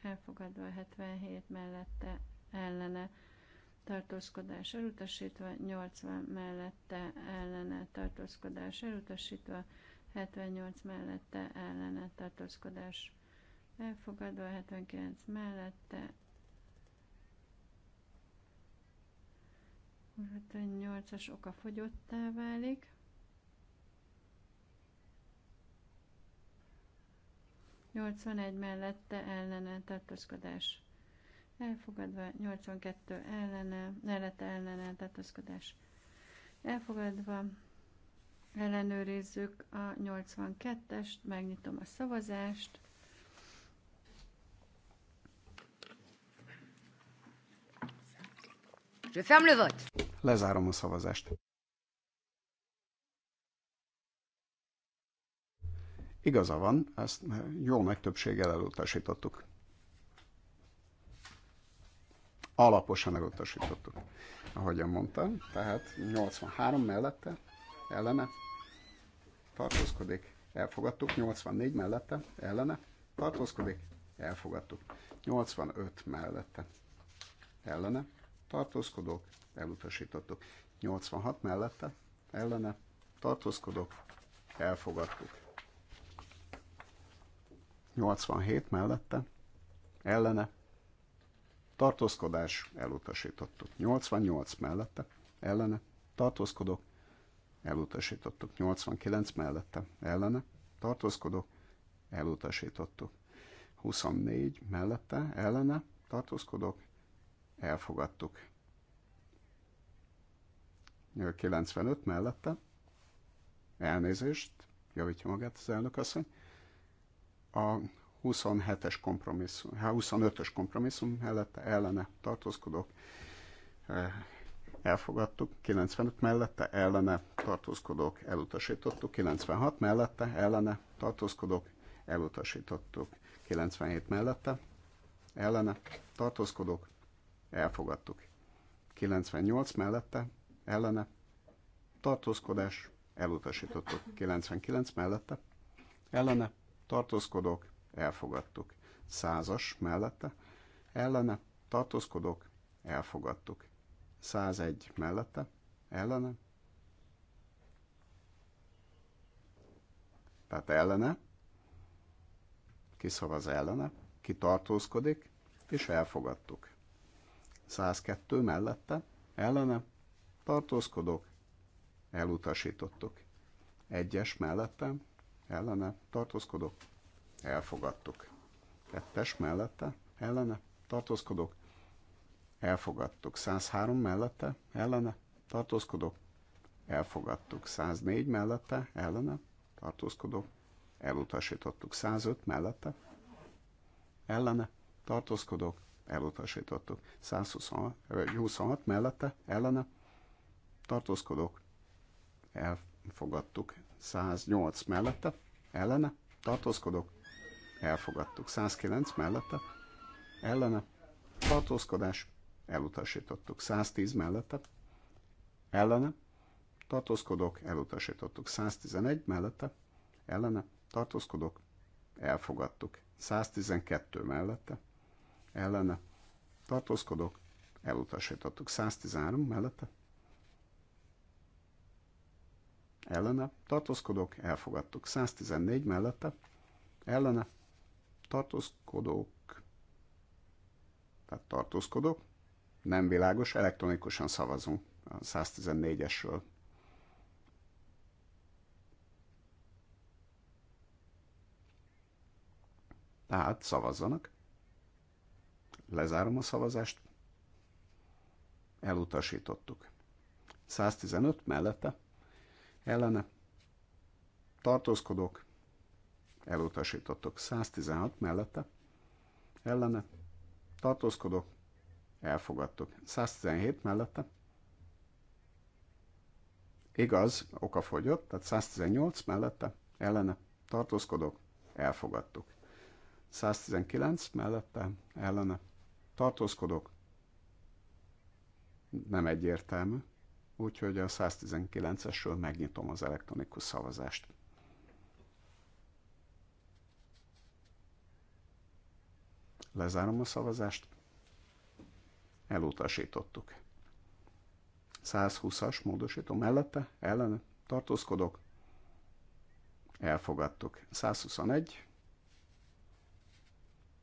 elfogadva 77 mellette, ellene tartózkodás, elutasítva 80 mellette, ellene tartózkodás, elutasítva 78 mellette, ellene tartózkodás, elfogadva 79 mellette, 58-as oka fogyottá válik. egy mellette ellene tartózkodás elfogadva, 82 ellene, mellette ellene tartózkodás elfogadva, ellenőrizzük a 82-est, megnyitom a szavazást, Je ferme le vote. Lezárom a szavazást. Igaza van, ezt jó nagy többséggel elutasítottuk. Alaposan elutasítottuk, ahogyan mondtam. Tehát 83 mellette, ellene tartózkodik, elfogadtuk. 84 mellette, ellene tartózkodik, elfogadtuk. 85 mellette, ellene tartózkodók, elutasítottuk. 86 mellette, ellene, tartózkodok, elfogadtuk. 87 mellette, ellene, tartózkodás, elutasítottuk. 88 mellette, ellene, tartózkodok, elutasítottuk. 89 mellette, ellene, tartózkodok, elutasítottuk. 24 mellette, ellene, tartózkodok, elfogadtuk. 95 mellette, elnézést, javítja magát az elnök asszony, a 27-es kompromisszum, 25-ös kompromisszum mellette ellene tartózkodók eh, elfogadtuk, 95 mellette ellene tartózkodók elutasítottuk, 96 mellette ellene tartózkodók elutasítottuk, 97 mellette ellene tartózkodók elfogadtuk, 98 mellette ellene, tartózkodás, elutasítottuk. 99 mellette, ellene, tartózkodók, elfogadtuk. 100-as mellette, ellene, tartózkodók, elfogadtuk. 101 mellette, ellene, tehát ellene, kiszavaz ellene, kitartózkodik, és elfogadtuk. 102 mellette, ellene, Tartózkodok. elutasítottuk. Egyes mellette, ellene, Tartózkodok. elfogadtuk. Kettes mellette, ellene, Tartózkodok. elfogadtuk. 103 mellette, ellene, Tartózkodok. elfogadtuk. 104 mellette, ellene, Tartózkodok. elutasítottuk. 105 mellette, ellene, Tartózkodok. elutasítottuk. 126 mellette, ellene, tartózkodók, elfogadtuk 108 mellette, ellene, tartózkodók, elfogadtuk 109 mellette, ellene, tartózkodás, elutasítottuk 110 mellette, ellene, tartózkodók, elutasítottuk 111 mellette, ellene, tartózkodók, elfogadtuk 112 mellette, ellene, tartózkodók, elutasítottuk 113 mellette, ellene tartózkodók, elfogadtuk. 114 mellette, ellene tartózkodók, tehát tartózkodók, nem világos, elektronikusan szavazunk a 114-esről. Tehát szavazzanak. Lezárom a szavazást. Elutasítottuk. 115 mellette ellene tartózkodók, elutasítottak 116 mellette, ellene tartózkodók, elfogadtuk. 117 mellette, igaz, oka fogyott, tehát 118 mellette, ellene tartózkodók, elfogadtuk. 119 mellette, ellene tartózkodók, nem egyértelmű, úgyhogy a 119-esről megnyitom az elektronikus szavazást. Lezárom a szavazást. Elutasítottuk. 120-as módosító mellette, ellen tartózkodok. Elfogadtuk. 121.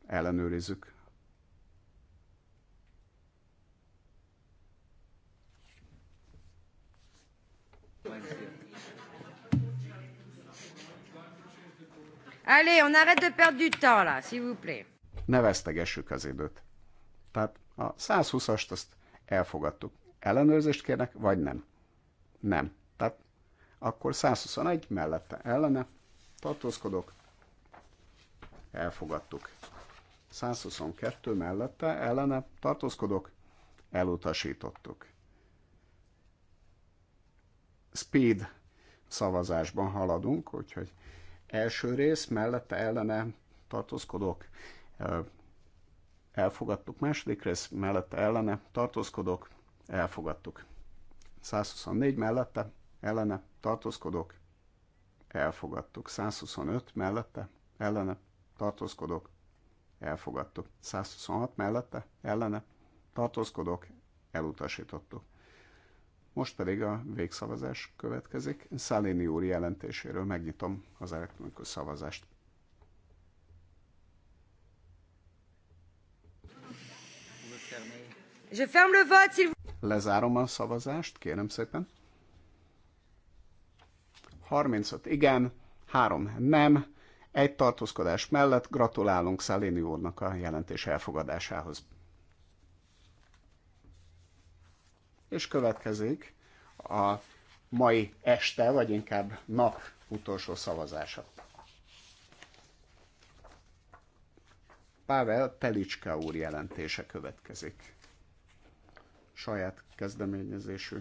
Ellenőrizzük. Allez, on arrête de perdre du temps, là, s'il vous plaît. Ne vesztegessük az időt. Tehát a 120-ast azt elfogadtuk. Ellenőrzést kérnek, vagy nem? Nem. Tehát akkor 121 mellette ellene tartózkodok. Elfogadtuk. 122 mellette ellene tartózkodok. Elutasítottuk. Speed szavazásban haladunk, úgyhogy Első rész mellette ellene tartózkodok, elfogadtuk. Második rész mellette ellene tartózkodok, elfogadtuk. 124 mellette ellene tartózkodok, elfogadtuk. 125 mellette ellene tartózkodok, elfogadtuk. 126 mellette ellene tartózkodok, elutasítottuk. Most pedig a végszavazás következik. Szálini úr jelentéséről megnyitom az elektronikus szavazást. Je ferme le vote, s'il Lezárom a szavazást, kérem szépen. 35 igen, 3 nem, egy tartózkodás mellett gratulálunk Szaléni úrnak a jelentés elfogadásához. és következik a mai este, vagy inkább nap utolsó szavazása. Pável Pelicska úr jelentése következik. Saját kezdeményezésű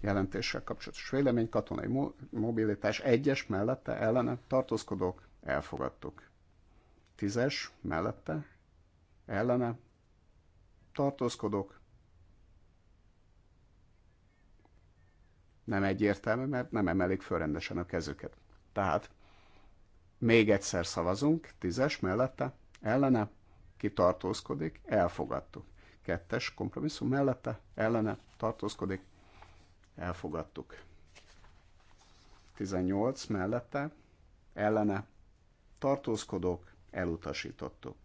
jelentéssel kapcsolatos vélemény, katonai mo mobilitás egyes mellette ellene tartózkodók, elfogadtuk. Tízes mellette ellene tartózkodók, nem egyértelmű, mert nem emelik fölrendesen a kezüket. Tehát még egyszer szavazunk, tízes mellette, ellene, kitartózkodik, elfogadtuk. Kettes kompromisszum mellette, ellene, tartózkodik, elfogadtuk. 18 mellette, ellene, tartózkodók, elutasítottuk.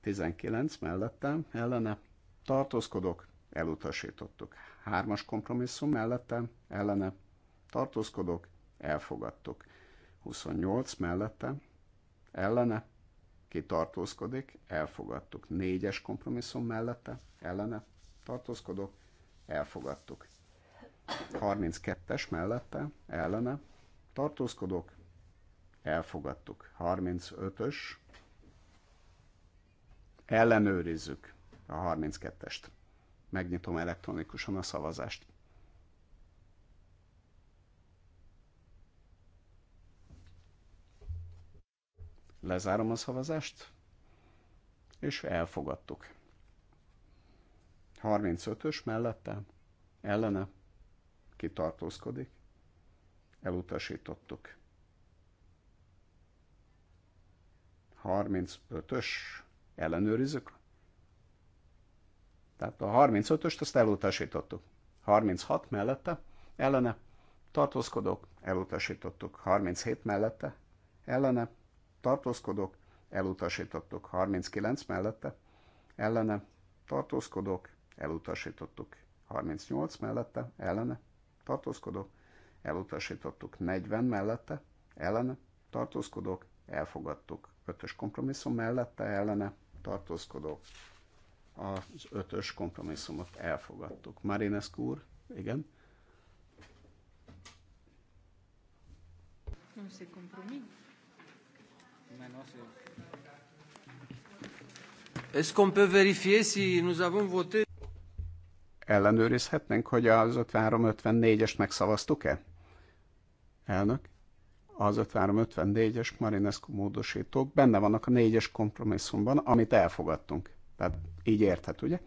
19 mellette, ellene, tartózkodók, elutasítottuk hármas kompromisszum mellette ellene tartózkodok, elfogadtuk. 28 mellette ellene ki tartózkodik, elfogadtuk. Négyes kompromisszum mellette ellene tartózkodok, elfogadtuk. 32-es mellette ellene tartózkodok, elfogadtuk. 35-ös ellenőrizzük a 32-est. Megnyitom elektronikusan a szavazást. Lezárom a szavazást, és elfogadtuk. 35-ös mellette, ellene, kitartózkodik, elutasítottuk. 35-ös, ellenőrizzük, tehát a 35-öst azt elutasítottuk. 36 mellette, ellene, tartózkodok, elutasítottuk. 37 mellette, ellene, tartózkodok, elutasítottuk. 39 mellette, ellene, tartózkodok, elutasítottuk. 38 mellette, ellene, tartózkodok, elutasítottuk. 40 mellette, ellene, tartózkodok, elfogadtuk. 5-ös kompromisszum mellette, ellene, tartózkodok, az ötös kompromisszumot elfogadtuk. Marinescu úr, igen. Est-ce qu'on peut vérifier si nous avons voté? Ellenőrizhetnénk, hogy az 53-54-est megszavaztuk-e? Elnök? az 5354-es Marinescu módosítók benne vannak a négyes kompromisszumban, amit elfogadtunk. Tehát így érthet, ugye?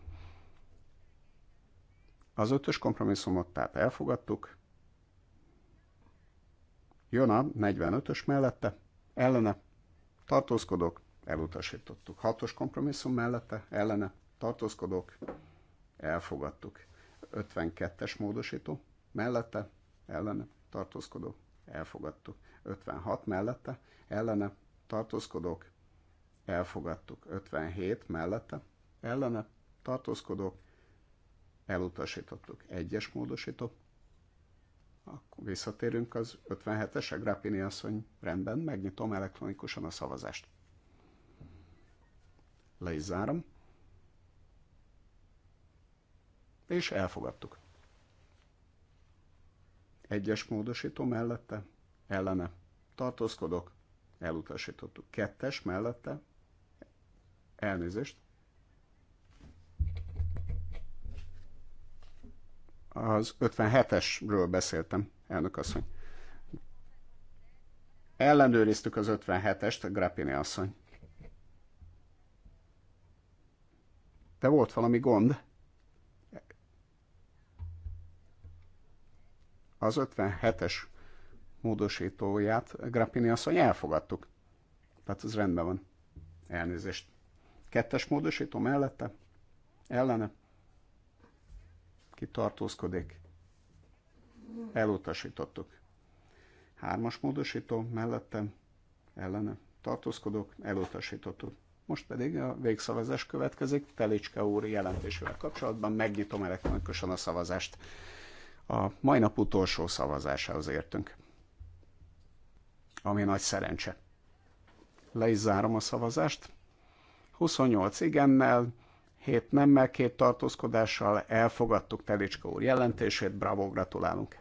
Az ötös kompromisszumot tehát elfogadtuk. Jön a 45-ös mellette, ellene, tartózkodok, elutasítottuk. Hatos kompromisszum mellette, ellene, tartózkodok, elfogadtuk. 52-es módosító, mellette, ellene, tartózkodok, elfogadtuk. 56 mellette, ellene, tartózkodok, elfogadtuk 57 mellette, ellene tartózkodók, elutasítottuk egyes módosító, akkor visszatérünk az 57-esre, Grappini asszony, rendben, megnyitom elektronikusan a szavazást. Le is zárom. És elfogadtuk. Egyes módosító mellette, ellene, tartózkodok, elutasítottuk. Kettes mellette, Elnézést. Az 57-esről beszéltem, elnök asszony. Ellenőriztük az 57-est, Grappini asszony. De volt valami gond? Az 57-es módosítóját Grappini asszony elfogadtuk. Tehát ez rendben van. Elnézést. Kettes módosító mellette, ellene, kitartózkodik, elutasítottuk. Hármas módosító mellette, ellene, tartózkodok, elutasítottuk. Most pedig a végszavazás következik, Telicske úr jelentésével kapcsolatban megnyitom elektronikusan a szavazást. A mai nap utolsó szavazásához értünk, ami nagy szerencse. Le is zárom a szavazást. 28 igennel, 7 nemmel, két tartózkodással elfogadtuk Telicska úr jelentését, bravo, gratulálunk!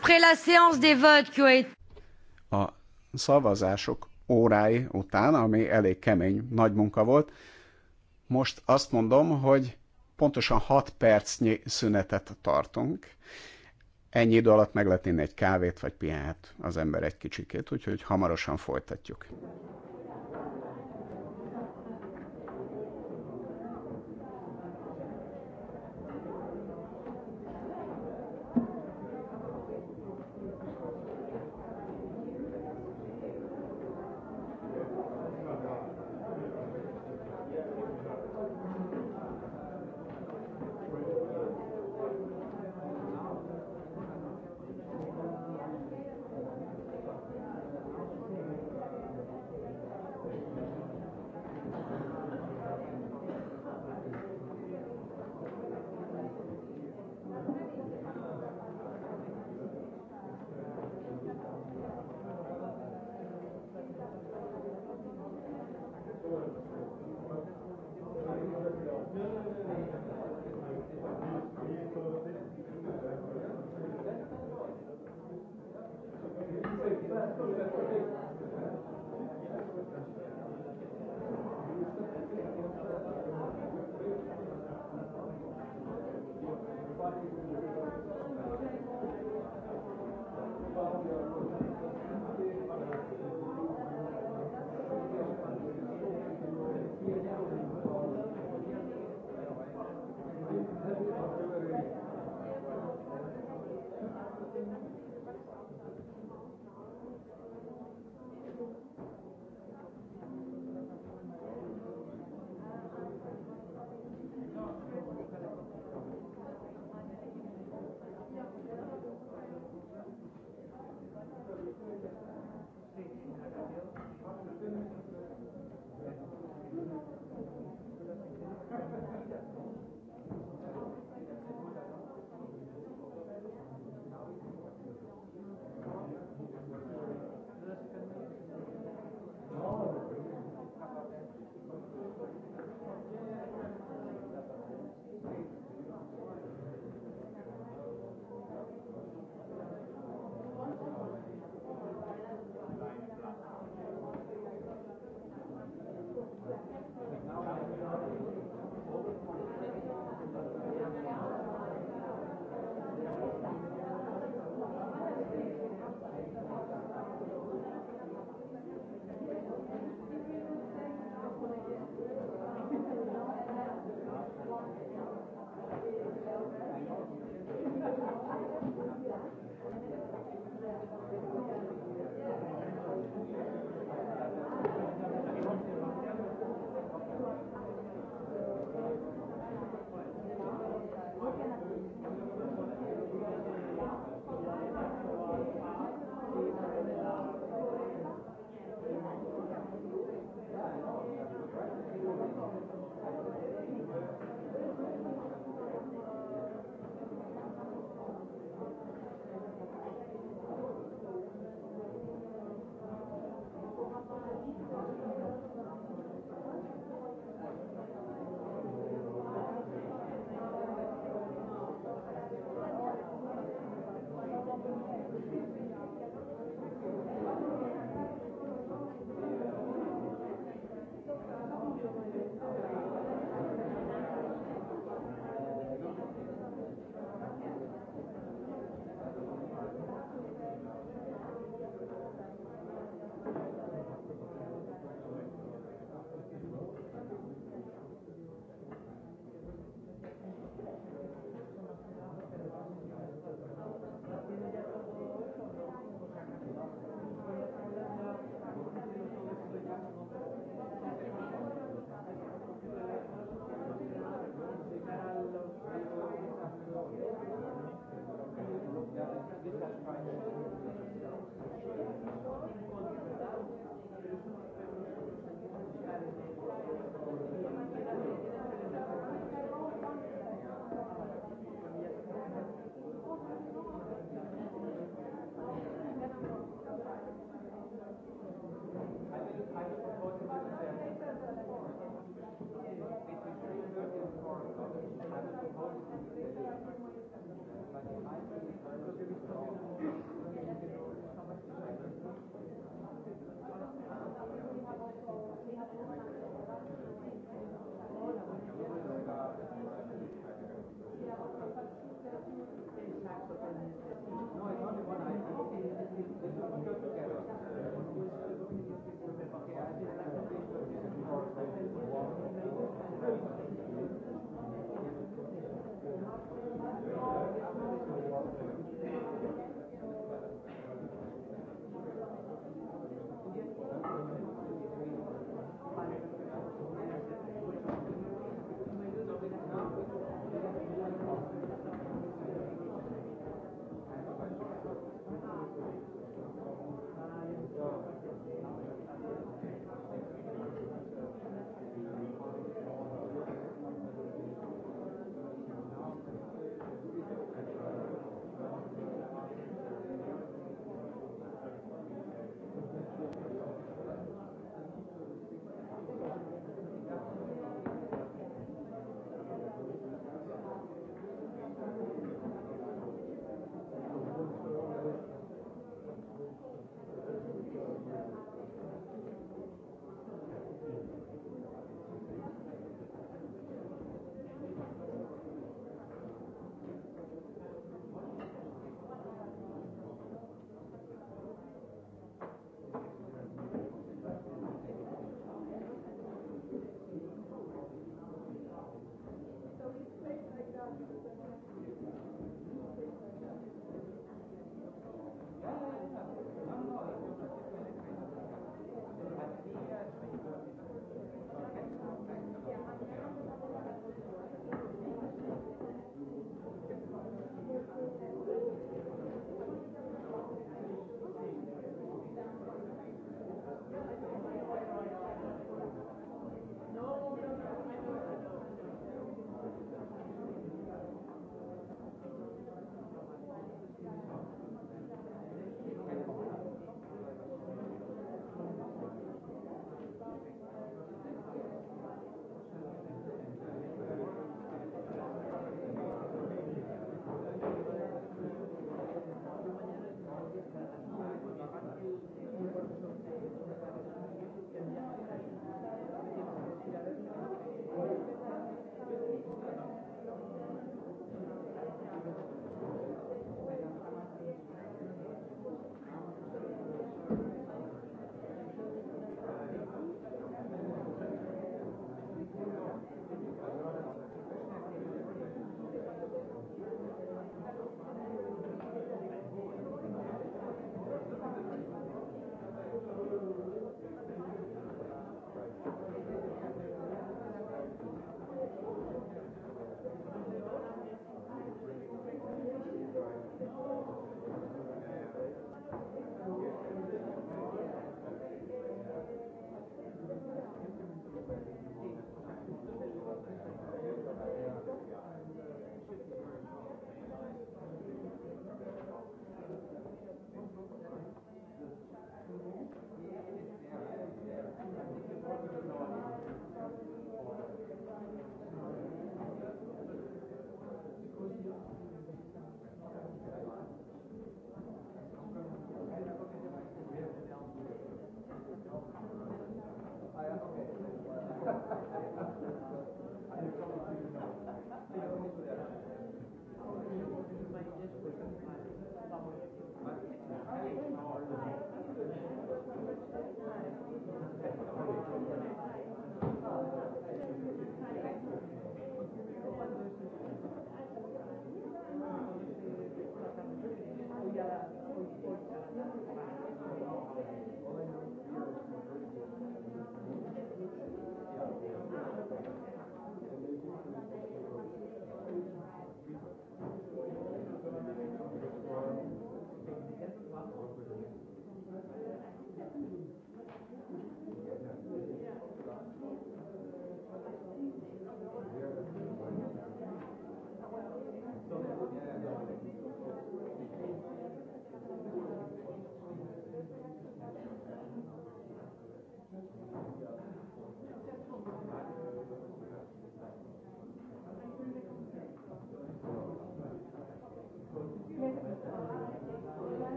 Après la séance des votes qui ont A szavazások órái után, ami elég kemény, nagy munka volt, most azt mondom, hogy pontosan 6 percnyi szünetet tartunk. Ennyi idő alatt meg lehet inni egy kávét, vagy pihenhet az ember egy kicsikét, úgyhogy hamarosan folytatjuk.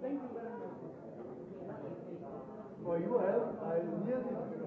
For you help, I nearly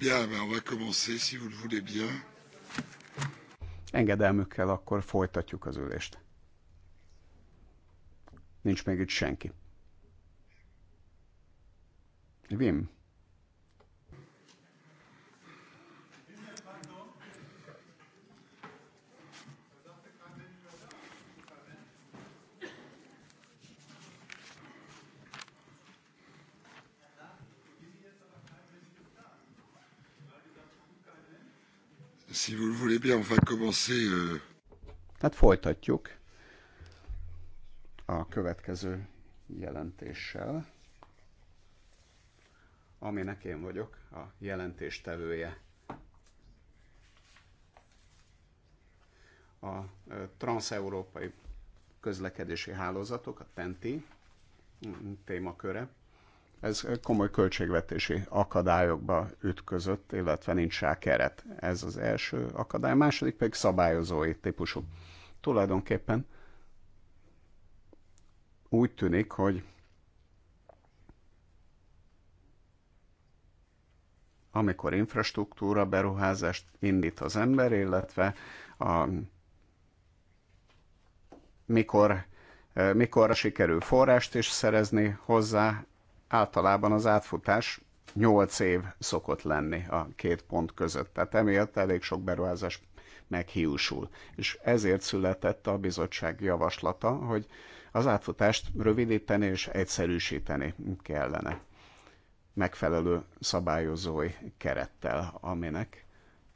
Bien, mais on va commencer, si vous le voulez bien. Engedelmükkel akkor folytatjuk az ülést. Nincs még itt senki. Vim, Tehát folytatjuk a következő jelentéssel, aminek én vagyok a jelentéstevője. A transeurópai közlekedési hálózatok, a TENTI témaköre ez komoly költségvetési akadályokba ütközött, illetve nincs rá keret. Ez az első akadály. A második pedig szabályozói típusú. Tulajdonképpen úgy tűnik, hogy amikor infrastruktúra beruházást indít az ember, illetve a, mikor eh, mikorra sikerül forrást is szerezni hozzá, általában az átfutás 8 év szokott lenni a két pont között. Tehát emiatt elég sok beruházás meghiúsul. És ezért született a bizottság javaslata, hogy az átfutást rövidíteni és egyszerűsíteni kellene megfelelő szabályozói kerettel, aminek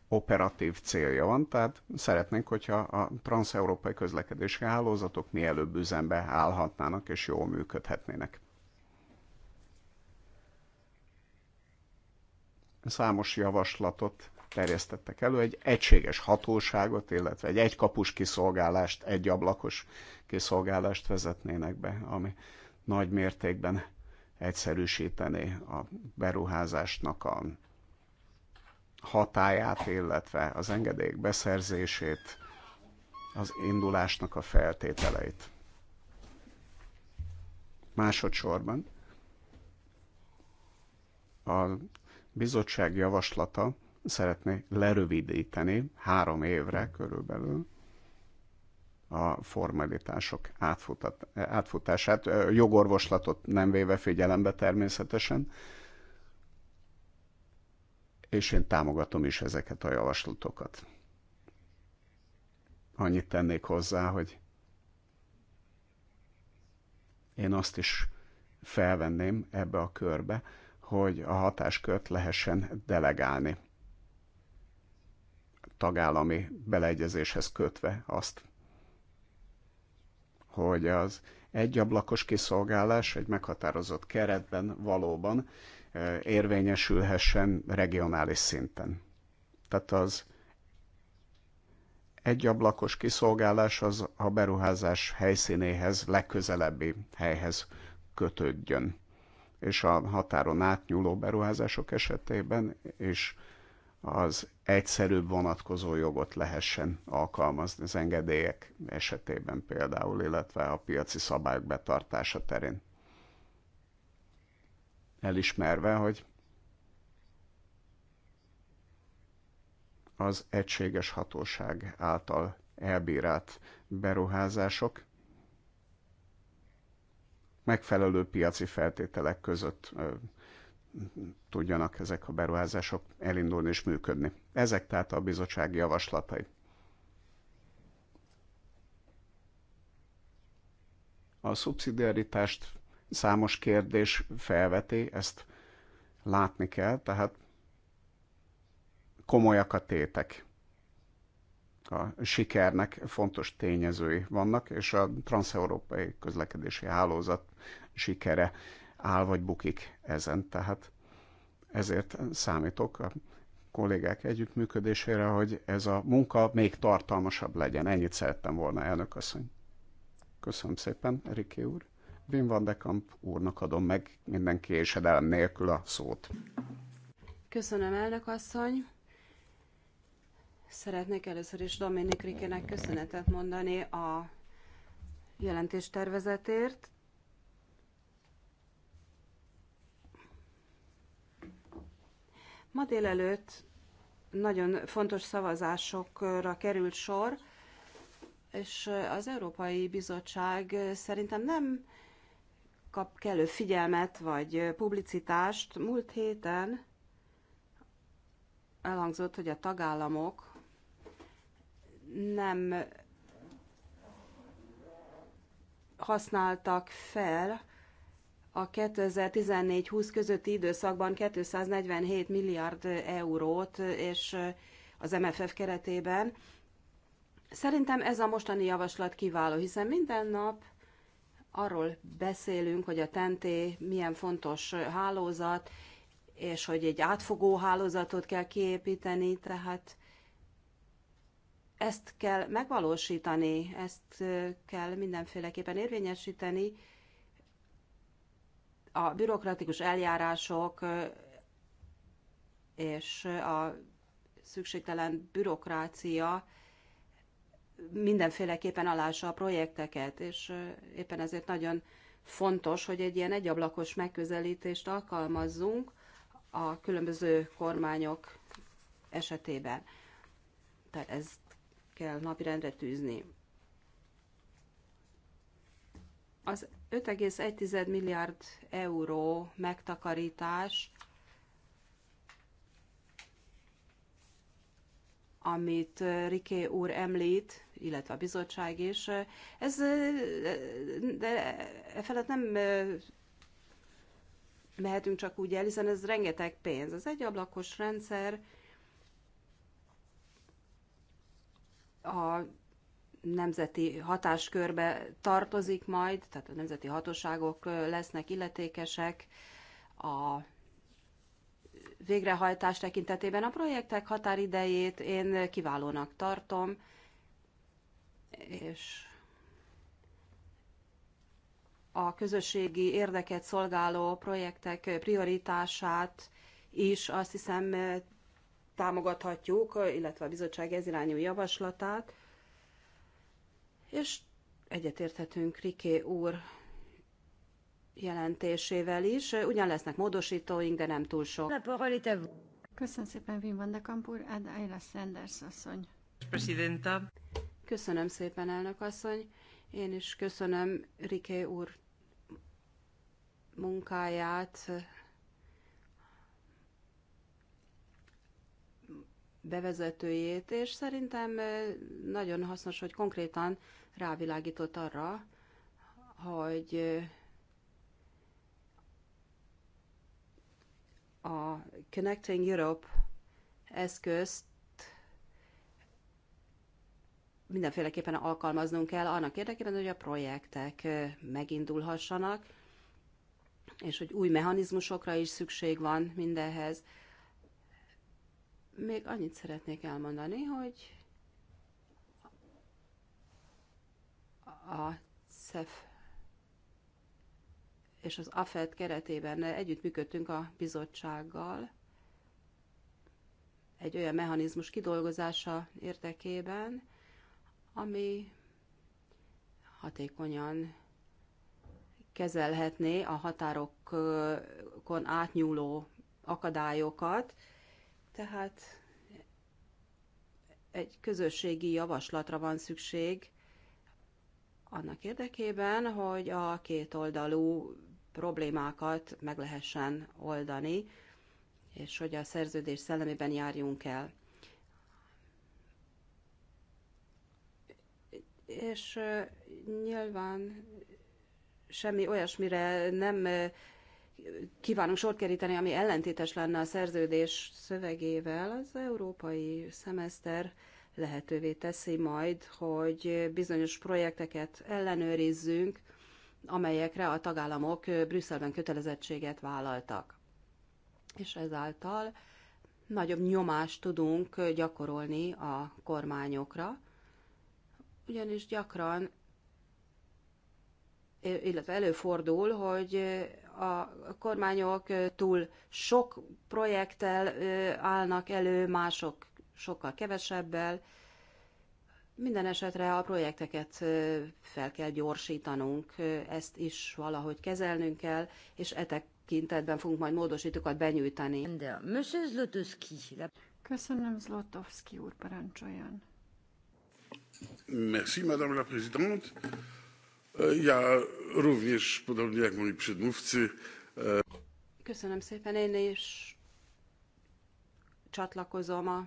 operatív célja van, tehát szeretnénk, hogyha a transeurópai közlekedési hálózatok mielőbb üzembe állhatnának és jól működhetnének. számos javaslatot terjesztettek elő, egy egységes hatóságot, illetve egy egykapus kiszolgálást, egy ablakos kiszolgálást vezetnének be, ami nagy mértékben egyszerűsítené a beruházásnak a hatáját, illetve az engedélyek beszerzését, az indulásnak a feltételeit. Másodszorban a bizottság javaslata szeretné lerövidíteni három évre körülbelül a formalitások átfutat, átfutását, jogorvoslatot nem véve figyelembe természetesen, és én támogatom is ezeket a javaslatokat. Annyit tennék hozzá, hogy én azt is felvenném ebbe a körbe, hogy a hatáskört lehessen delegálni tagállami beleegyezéshez kötve azt, hogy az egyablakos kiszolgálás egy meghatározott keretben valóban érvényesülhessen regionális szinten. Tehát az egyablakos kiszolgálás az a beruházás helyszínéhez, legközelebbi helyhez kötődjön és a határon átnyúló beruházások esetében is az egyszerűbb vonatkozó jogot lehessen alkalmazni az engedélyek esetében például, illetve a piaci szabályok betartása terén. Elismerve, hogy az egységes hatóság által elbírált beruházások megfelelő piaci feltételek között tudjanak ezek a beruházások elindulni és működni. Ezek tehát a bizottsági javaslatai. A szubszidiaritást számos kérdés felveti, ezt látni kell, tehát komolyak a tétek a sikernek fontos tényezői vannak, és a transeurópai közlekedési hálózat sikere áll vagy bukik ezen. Tehát ezért számítok a kollégák együttműködésére, hogy ez a munka még tartalmasabb legyen. Ennyit szerettem volna, elnök asszony. Köszönöm szépen, Riki úr. Wim van de Kamp úrnak adom meg minden késedelem nélkül a szót. Köszönöm, elnök asszony. Szeretnék először is Dominik Rikének köszönetet mondani a jelentéstervezetért. Ma délelőtt nagyon fontos szavazásokra került sor, és az Európai Bizottság szerintem nem kap kellő figyelmet vagy publicitást. Múlt héten elhangzott, hogy a tagállamok nem használtak fel a 2014-20 közötti időszakban 247 milliárd eurót, és az MFF keretében. Szerintem ez a mostani javaslat kiváló, hiszen minden nap arról beszélünk, hogy a tenté milyen fontos hálózat, és hogy egy átfogó hálózatot kell kiépíteni, tehát ezt kell megvalósítani, ezt kell mindenféleképpen érvényesíteni. A bürokratikus eljárások és a szükségtelen bürokrácia mindenféleképpen alása a projekteket, és éppen ezért nagyon fontos, hogy egy ilyen egyablakos megközelítést alkalmazzunk a különböző kormányok esetében. Tehát ez kell napirendre tűzni. Az 5,1 milliárd euró megtakarítás, amit Riké úr említ, illetve a bizottság is, ez de e felett nem mehetünk csak úgy el, hiszen ez rengeteg pénz. Az egyablakos rendszer a nemzeti hatáskörbe tartozik majd, tehát a nemzeti hatóságok lesznek illetékesek a végrehajtás tekintetében. A projektek határidejét én kiválónak tartom, és a közösségi érdeket szolgáló projektek prioritását is azt hiszem támogathatjuk, illetve a bizottság ez irányú javaslatát, és egyetérthetünk Riké úr jelentésével is. Ugyan lesznek módosítóink, de nem túl sok. Köszönöm szépen, Wim van de Kampur, Ayla Sanders asszony. Köszönöm szépen, elnök asszony. Én is köszönöm Riké úr munkáját, bevezetőjét, és szerintem nagyon hasznos, hogy konkrétan rávilágított arra, hogy a Connecting Europe eszközt mindenféleképpen alkalmaznunk kell annak érdekében, hogy a projektek megindulhassanak, és hogy új mechanizmusokra is szükség van mindenhez. Még annyit szeretnék elmondani, hogy a CEF és az AFED keretében együttműködtünk a bizottsággal egy olyan mechanizmus kidolgozása érdekében, ami hatékonyan kezelhetné a határokon átnyúló akadályokat, tehát egy közösségi javaslatra van szükség annak érdekében, hogy a kétoldalú problémákat meg lehessen oldani, és hogy a szerződés szellemében járjunk el. És nyilván semmi olyasmire nem kívánunk sort keríteni, ami ellentétes lenne a szerződés szövegével, az európai szemeszter lehetővé teszi majd, hogy bizonyos projekteket ellenőrizzünk, amelyekre a tagállamok Brüsszelben kötelezettséget vállaltak. És ezáltal nagyobb nyomást tudunk gyakorolni a kormányokra, ugyanis gyakran illetve előfordul, hogy a kormányok túl sok projekttel állnak elő, mások sokkal kevesebbel. Minden esetre a projekteket fel kell gyorsítanunk, ezt is valahogy kezelnünk kell, és e tekintetben fogunk majd módosítókat benyújtani. Köszönöm, Zlotowski úr, parancsoljon. Merci, Madame la Présidente. Ja również, podobnie jak moi przedmówcy. E, Köszönöm szépen, én is csatlakozom a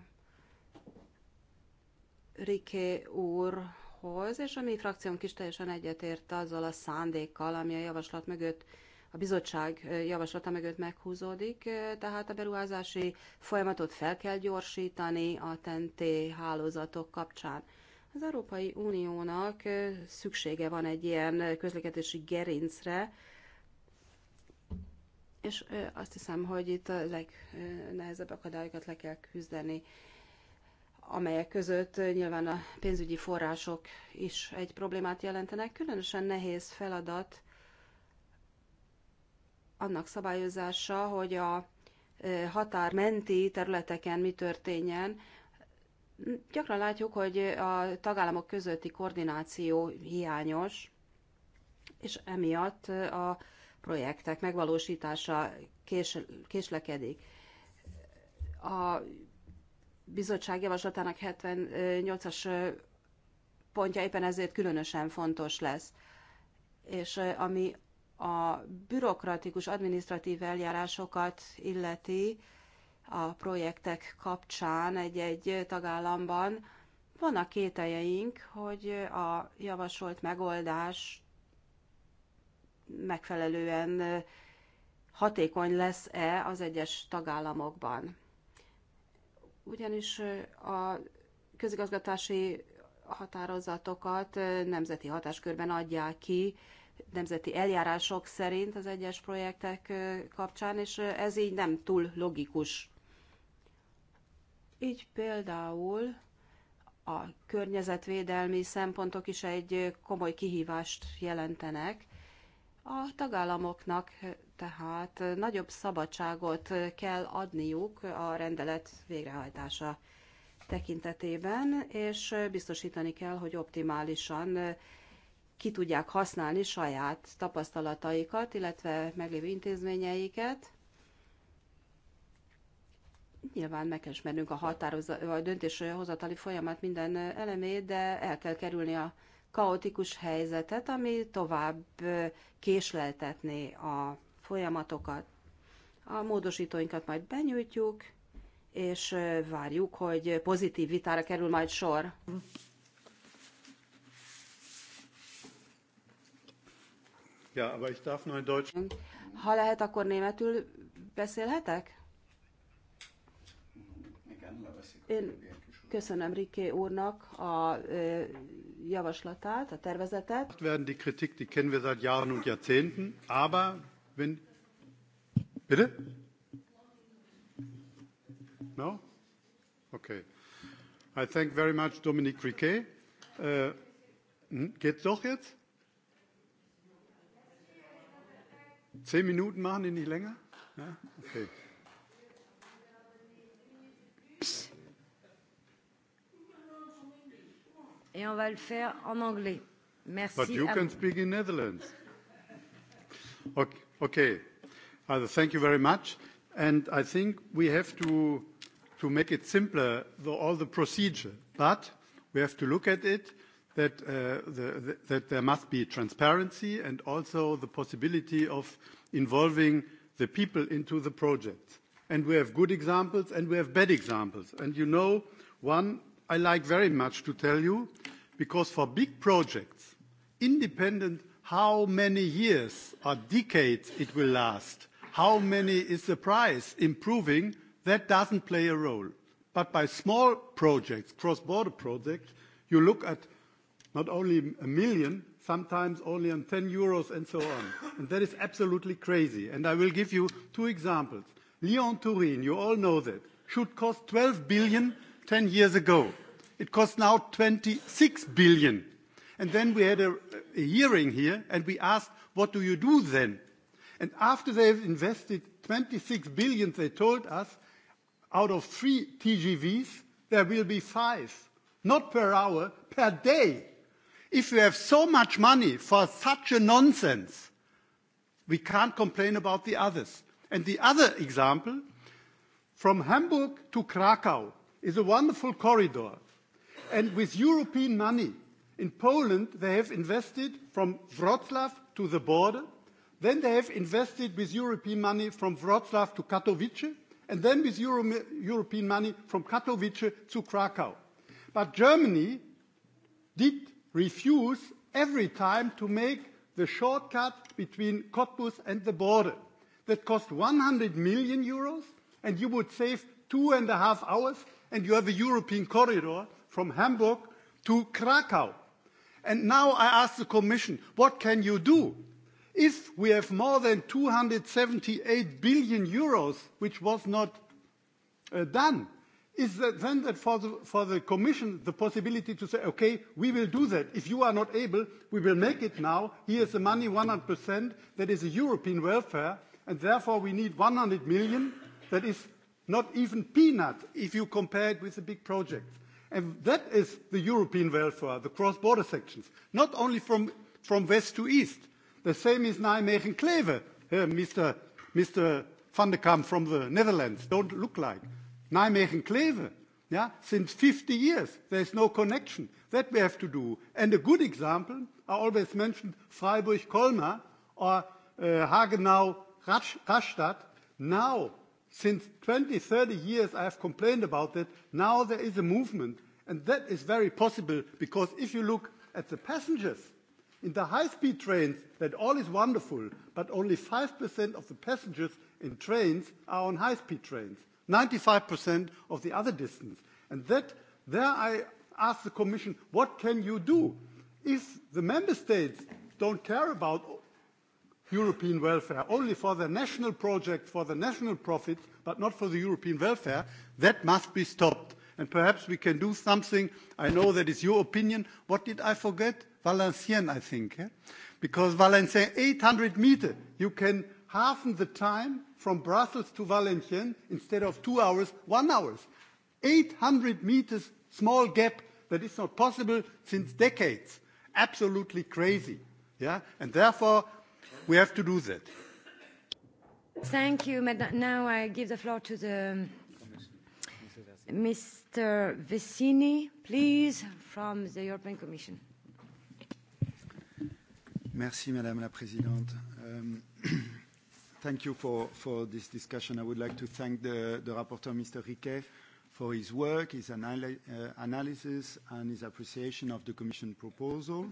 Riké úrhoz, és a mi frakciónk is teljesen egyetért azzal a szándékkal, ami a javaslat mögött, a bizottság javaslata mögött meghúzódik, tehát a beruházási folyamatot fel kell gyorsítani a TNT hálózatok kapcsán. Az Európai Uniónak szüksége van egy ilyen közlekedési gerincre, és azt hiszem, hogy itt a legnehezebb akadályokat le kell küzdeni, amelyek között nyilván a pénzügyi források is egy problémát jelentenek. Különösen nehéz feladat annak szabályozása, hogy a határmenti területeken mi történjen, Gyakran látjuk, hogy a tagállamok közötti koordináció hiányos, és emiatt a projektek megvalósítása kés, késlekedik. A bizottság javaslatának 78-as pontja éppen ezért különösen fontos lesz. És ami a bürokratikus, adminisztratív eljárásokat illeti, a projektek kapcsán egy-egy tagállamban. Vannak kételjeink, hogy a javasolt megoldás megfelelően hatékony lesz-e az egyes tagállamokban. Ugyanis a közigazgatási határozatokat nemzeti hatáskörben adják ki, nemzeti eljárások szerint az egyes projektek kapcsán, és ez így nem túl logikus így például a környezetvédelmi szempontok is egy komoly kihívást jelentenek. A tagállamoknak tehát nagyobb szabadságot kell adniuk a rendelet végrehajtása tekintetében, és biztosítani kell, hogy optimálisan ki tudják használni saját tapasztalataikat, illetve meglévő intézményeiket, nyilván meg kell ismernünk a határozó vagy döntéshozatali folyamat minden elemét, de el kell kerülni a kaotikus helyzetet, ami tovább késleltetné a folyamatokat. A módosítóinkat majd benyújtjuk, és várjuk, hogy pozitív vitára kerül majd sor. Ja, aber ich darf nur Deutsch. Ha lehet, akkor németül beszélhetek? Én köszönöm Riké úrnak a javaslatát, a tervezetet. Werden die Kritik, die kennen wir seit Jahren und Jahrzehnten, aber wenn Bitte? No? Okay. I thank very much Dominique Riquet. Äh, hm, geht's doch jetzt? Zehn Minuten machen die nicht länger? Ja? Okay. et on va le faire en anglais. Merci. But you à... can speak in Netherlands. Okay. okay. Uh, thank you very much. And I think we have to, to make it simpler, the, all the procedure. But we have to look at it that, uh, the, the, that there must be transparency and also the possibility of involving the people into the project. And we have good examples and we have bad examples. And you know, one I like very much to tell you, because for big projects, independent how many years or decades it will last, how many is the price improving, that doesn't play a role. But by small projects, cross-border projects, you look at not only a million, sometimes only on 10 euros and so on. And that is absolutely crazy. And I will give you two examples. Lyon-Turin, you all know that, should cost 12 billion 10 years ago. It costs now 26 billion. And then we had a, a hearing here and we asked, what do you do then? And after they've invested 26 billion, they told us, out of three TGVs, there will be five. Not per hour, per day. If you have so much money for such a nonsense, we can't complain about the others. And the other example, from Hamburg to Krakow, is a wonderful corridor. And with European money, in Poland, they have invested from Wroclaw to the border. Then they have invested with European money from Wroclaw to Katowice, and then with Euro- European money from Katowice to Krakow. But Germany did refuse every time to make the shortcut between Cottbus and the border. That cost 100 million euros, and you would save two and a half hours and you have a European corridor from Hamburg to Krakow. And now I ask the Commission, what can you do? If we have more than 278 billion euros, which was not uh, done, is that then that for the, for the Commission the possibility to say, okay, we will do that. If you are not able, we will make it now. Here is the money, 100%. That is a European welfare, and therefore we need 100 million. That is not even peanut if you compare it with the big projects. And that is the European welfare, the cross-border sections, not only from, from west to east. The same is Nijmegen-Kleve, uh, Mr. Mr. van der Kamp from the Netherlands, don't look like. Nijmegen-Kleve, yeah, since 50 years, there's no connection. That we have to do. And a good example, I always mentioned Freiburg-Colmar or uh, Hagenau-Rastatt. Now Since 20, 30 years I have complained about it. Now there is a movement. And that is very possible because if you look at the passengers in the high-speed trains, that all is wonderful, but only 5% of the passengers in trains are on high-speed trains, 95% of the other distance. And that, there I ask the Commission, what can you do? If the member states don't care about European welfare only for the national project, for the national profit, but not for the European welfare, that must be stopped. And perhaps we can do something. I know that is your opinion. What did I forget? Valenciennes, I think. Yeah? Because Valenciennes, 800 meters, you can halven the time from Brussels to Valenciennes instead of two hours, one hour. 800 meters, small gap that is not possible since decades. Absolutely crazy. Yeah? And therefore, We have to do that. Thank you, Madam. Now I give the floor to the Mr. Um, Vecini, please, from the European Commission. Merci, Madame la Présidente. Um, (clears throat) thank you for, for this discussion. I would like to thank the, the rapporteur, Mr. Riquet, for his work, his anal uh, analysis, and his appreciation of the Commission proposal.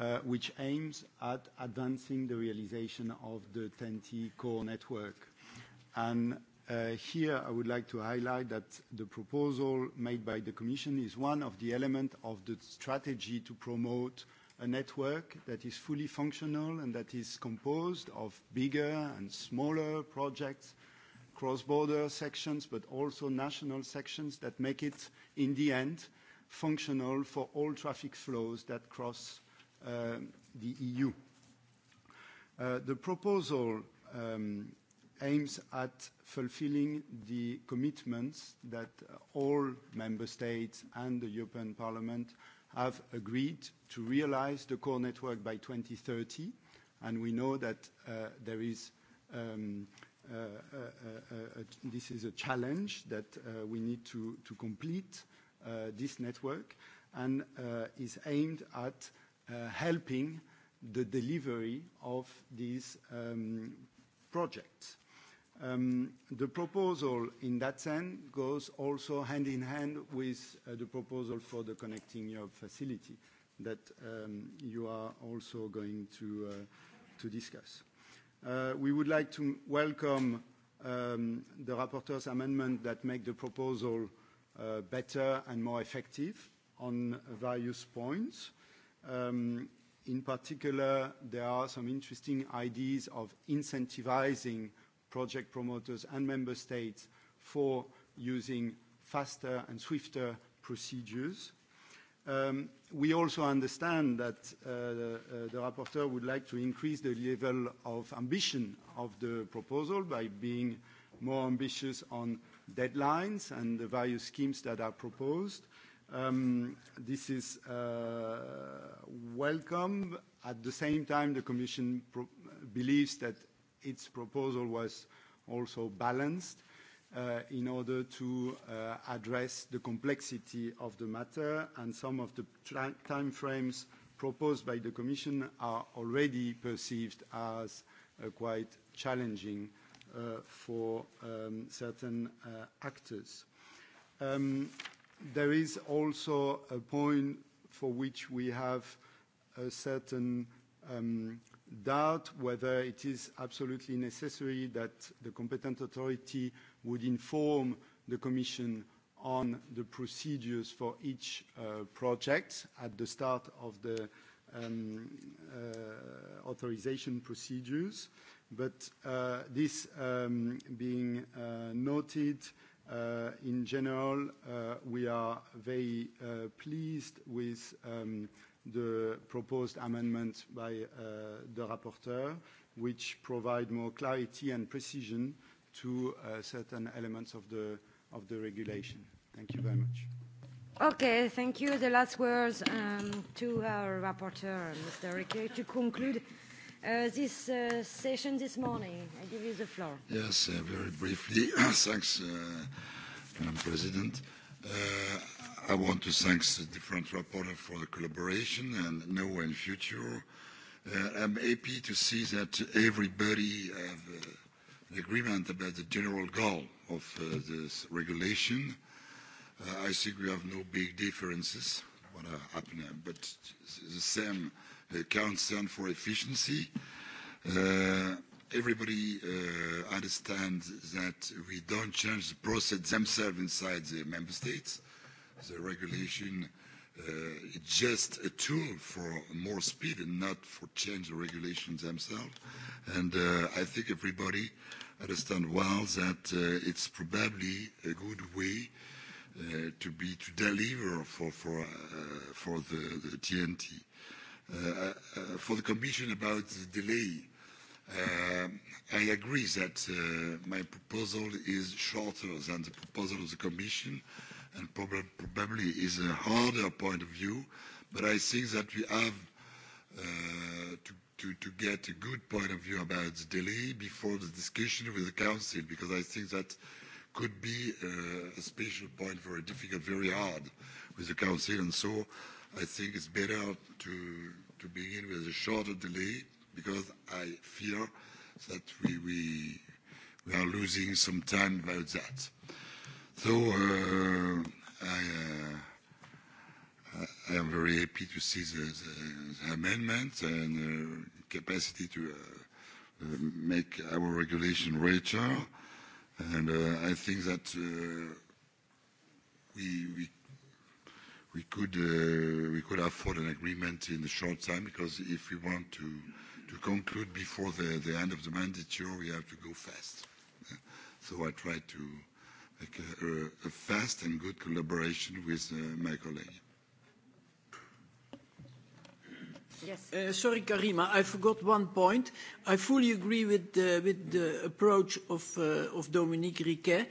Uh, which aims at advancing the realization of the TEN-T core network. And uh, here, I would like to highlight that the proposal made by the Commission is one of the element of the strategy to promote a network that is fully functional and that is composed of bigger and smaller projects, cross-border sections, but also national sections that make it, in the end, functional for all traffic flows that cross Uh, the EU. Uh, the proposal um, aims at fulfilling the commitments that all member states and the European Parliament have agreed to realize the core network by 2030, and we know that uh, there is um, uh, uh, uh, uh, this is a challenge that uh, we need to, to complete uh, this network and uh, is aimed at Uh, helping the delivery of these um, projects. Um, the proposal in that sense goes also hand in hand with uh, the proposal for the Connecting Europe facility that um, you are also going to, uh, discuss. we would like to welcome the rapporteur's amendment that make the proposal better and more effective on various points. Um, in particular, there are some interesting ideas of incentivizing project promoters and member states for using faster and swifter procedures. Um, we also understand that uh, the, uh, the rapporteur would like to increase the level of ambition of the proposal by being more ambitious on deadlines and the various schemes that are proposed. Um, this is uh, welcome. At the same time, the Commission believes that its proposal was also balanced uh, in order to uh, address the complexity of the matter, and some of the time frames proposed by the Commission are already perceived as quite challenging for um, certain actors. Um, there is also a point for which we have a certain um, doubt whether it is absolutely necessary that the competent authority would inform the Commission on the procedures for each uh, project at the start of the um, uh, authorization procedures. But uh, this um, being uh, noted, Uh, in general, uh, we are very uh, pleased with um, the proposed amendment by the rapporteur, which provide more clarity and precision to certain elements of the, regulation. Thank you very much. Okay, thank you. The last words um, to our rapporteur, Mr. Riquet, to conclude Uh, this uh, session this morning, I give you the floor. Yes, uh, very briefly. (coughs) thanks, uh, Madam President. Uh, I want to thank the different rapporteurs for the collaboration and now and future. Uh, I'm happy to see that everybody have uh, an agreement about the general goal of uh, this regulation. Uh, I think we have no big differences, what happened, but the same uh, Uh, concern for efficiency. Uh, everybody uh, understands that we don't change the process themselves inside the member states. The regulation uh, is just a tool for more speed and not for change the regulations themselves. And uh, I think everybody understands well that uh, it's probably a good way uh, to be to deliver for for uh, for the, the TNT. Uh, for the Commission about the delay. Uh, I agree that uh, my proposal is shorter than the proposal of the Commission and prob probably is a harder point of view, but I think that we have uh, to, to, to get a good point of view about the delay before the discussion with the Council, because I think that could be uh, a special point, very difficult, very hard with the Council, and so I think it's better to, to begin with a shorter delay because I fear that we, we, we are losing some time about that. So uh, I, uh, I am very happy to see the, the, the amendment and uh, capacity to uh, uh, make our regulation richer. And uh, I think that uh, we, we we could uh, we could afford an agreement in a short time because if we want to to conclude before the, the end of the mandature, we have to go fast. So I try to make a, a fast and good collaboration with uh, my colleague. Yes. Uh, sorry, Karima, I forgot one point. I fully agree with the, with the approach of, uh, of Dominique Riquet,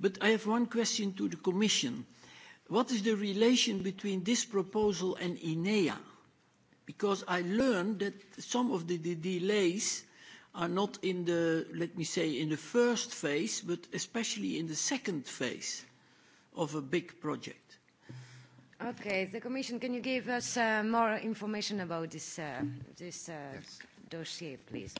but I have one question to the Commission. What is the relation between this proposal and INEA? Because I learned that some of the, the delays are not in the, let me say, in the first phase, but especially in the second phase of a big project. Okay, the Commission, can you give us uh, more information about this, uh, this uh, yes. dossier, please?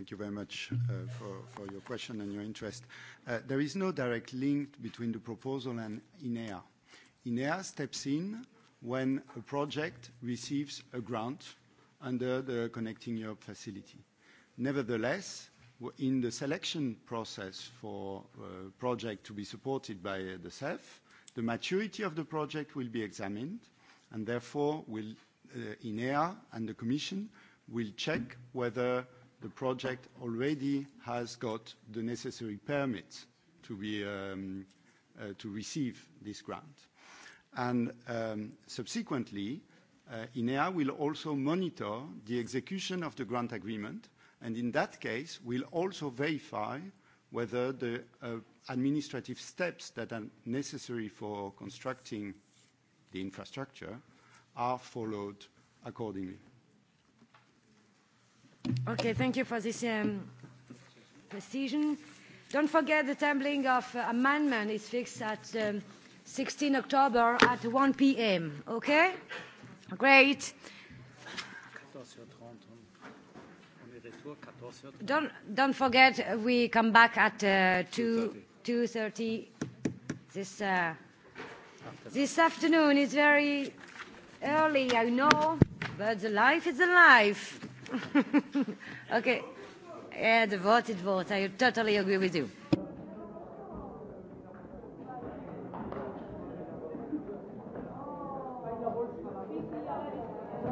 Thank you very much uh, for, your question and your interest. Uh, there is no direct link between the proposal and INEA. INEA steps in when a project receives a grant under the Connecting Europe facility. Nevertheless, in the selection process for a uh, project to be supported by the CEF, the maturity of the project will be examined, and therefore INEA and the Commission will check whether the project already has got the necessary permits to um, uh, receive this grant. And um, subsequently, uh, INEA will also monitor the execution of the grant agreement, and in that case, we'll also verify whether the uh, administrative steps that are necessary for constructing the infrastructure are followed accordingly. Okay, thank you for this um, precision. Don't forget the tabling of uh, amendment is fixed at um, 16 October at 1 p.m. Okay? Great. Don't, don't forget uh, we come back at uh, 2.30 this, uh, this afternoon. It's very early, I know, but the life is the life. (laughs) okay. Ed, what it was, I totally agree with you.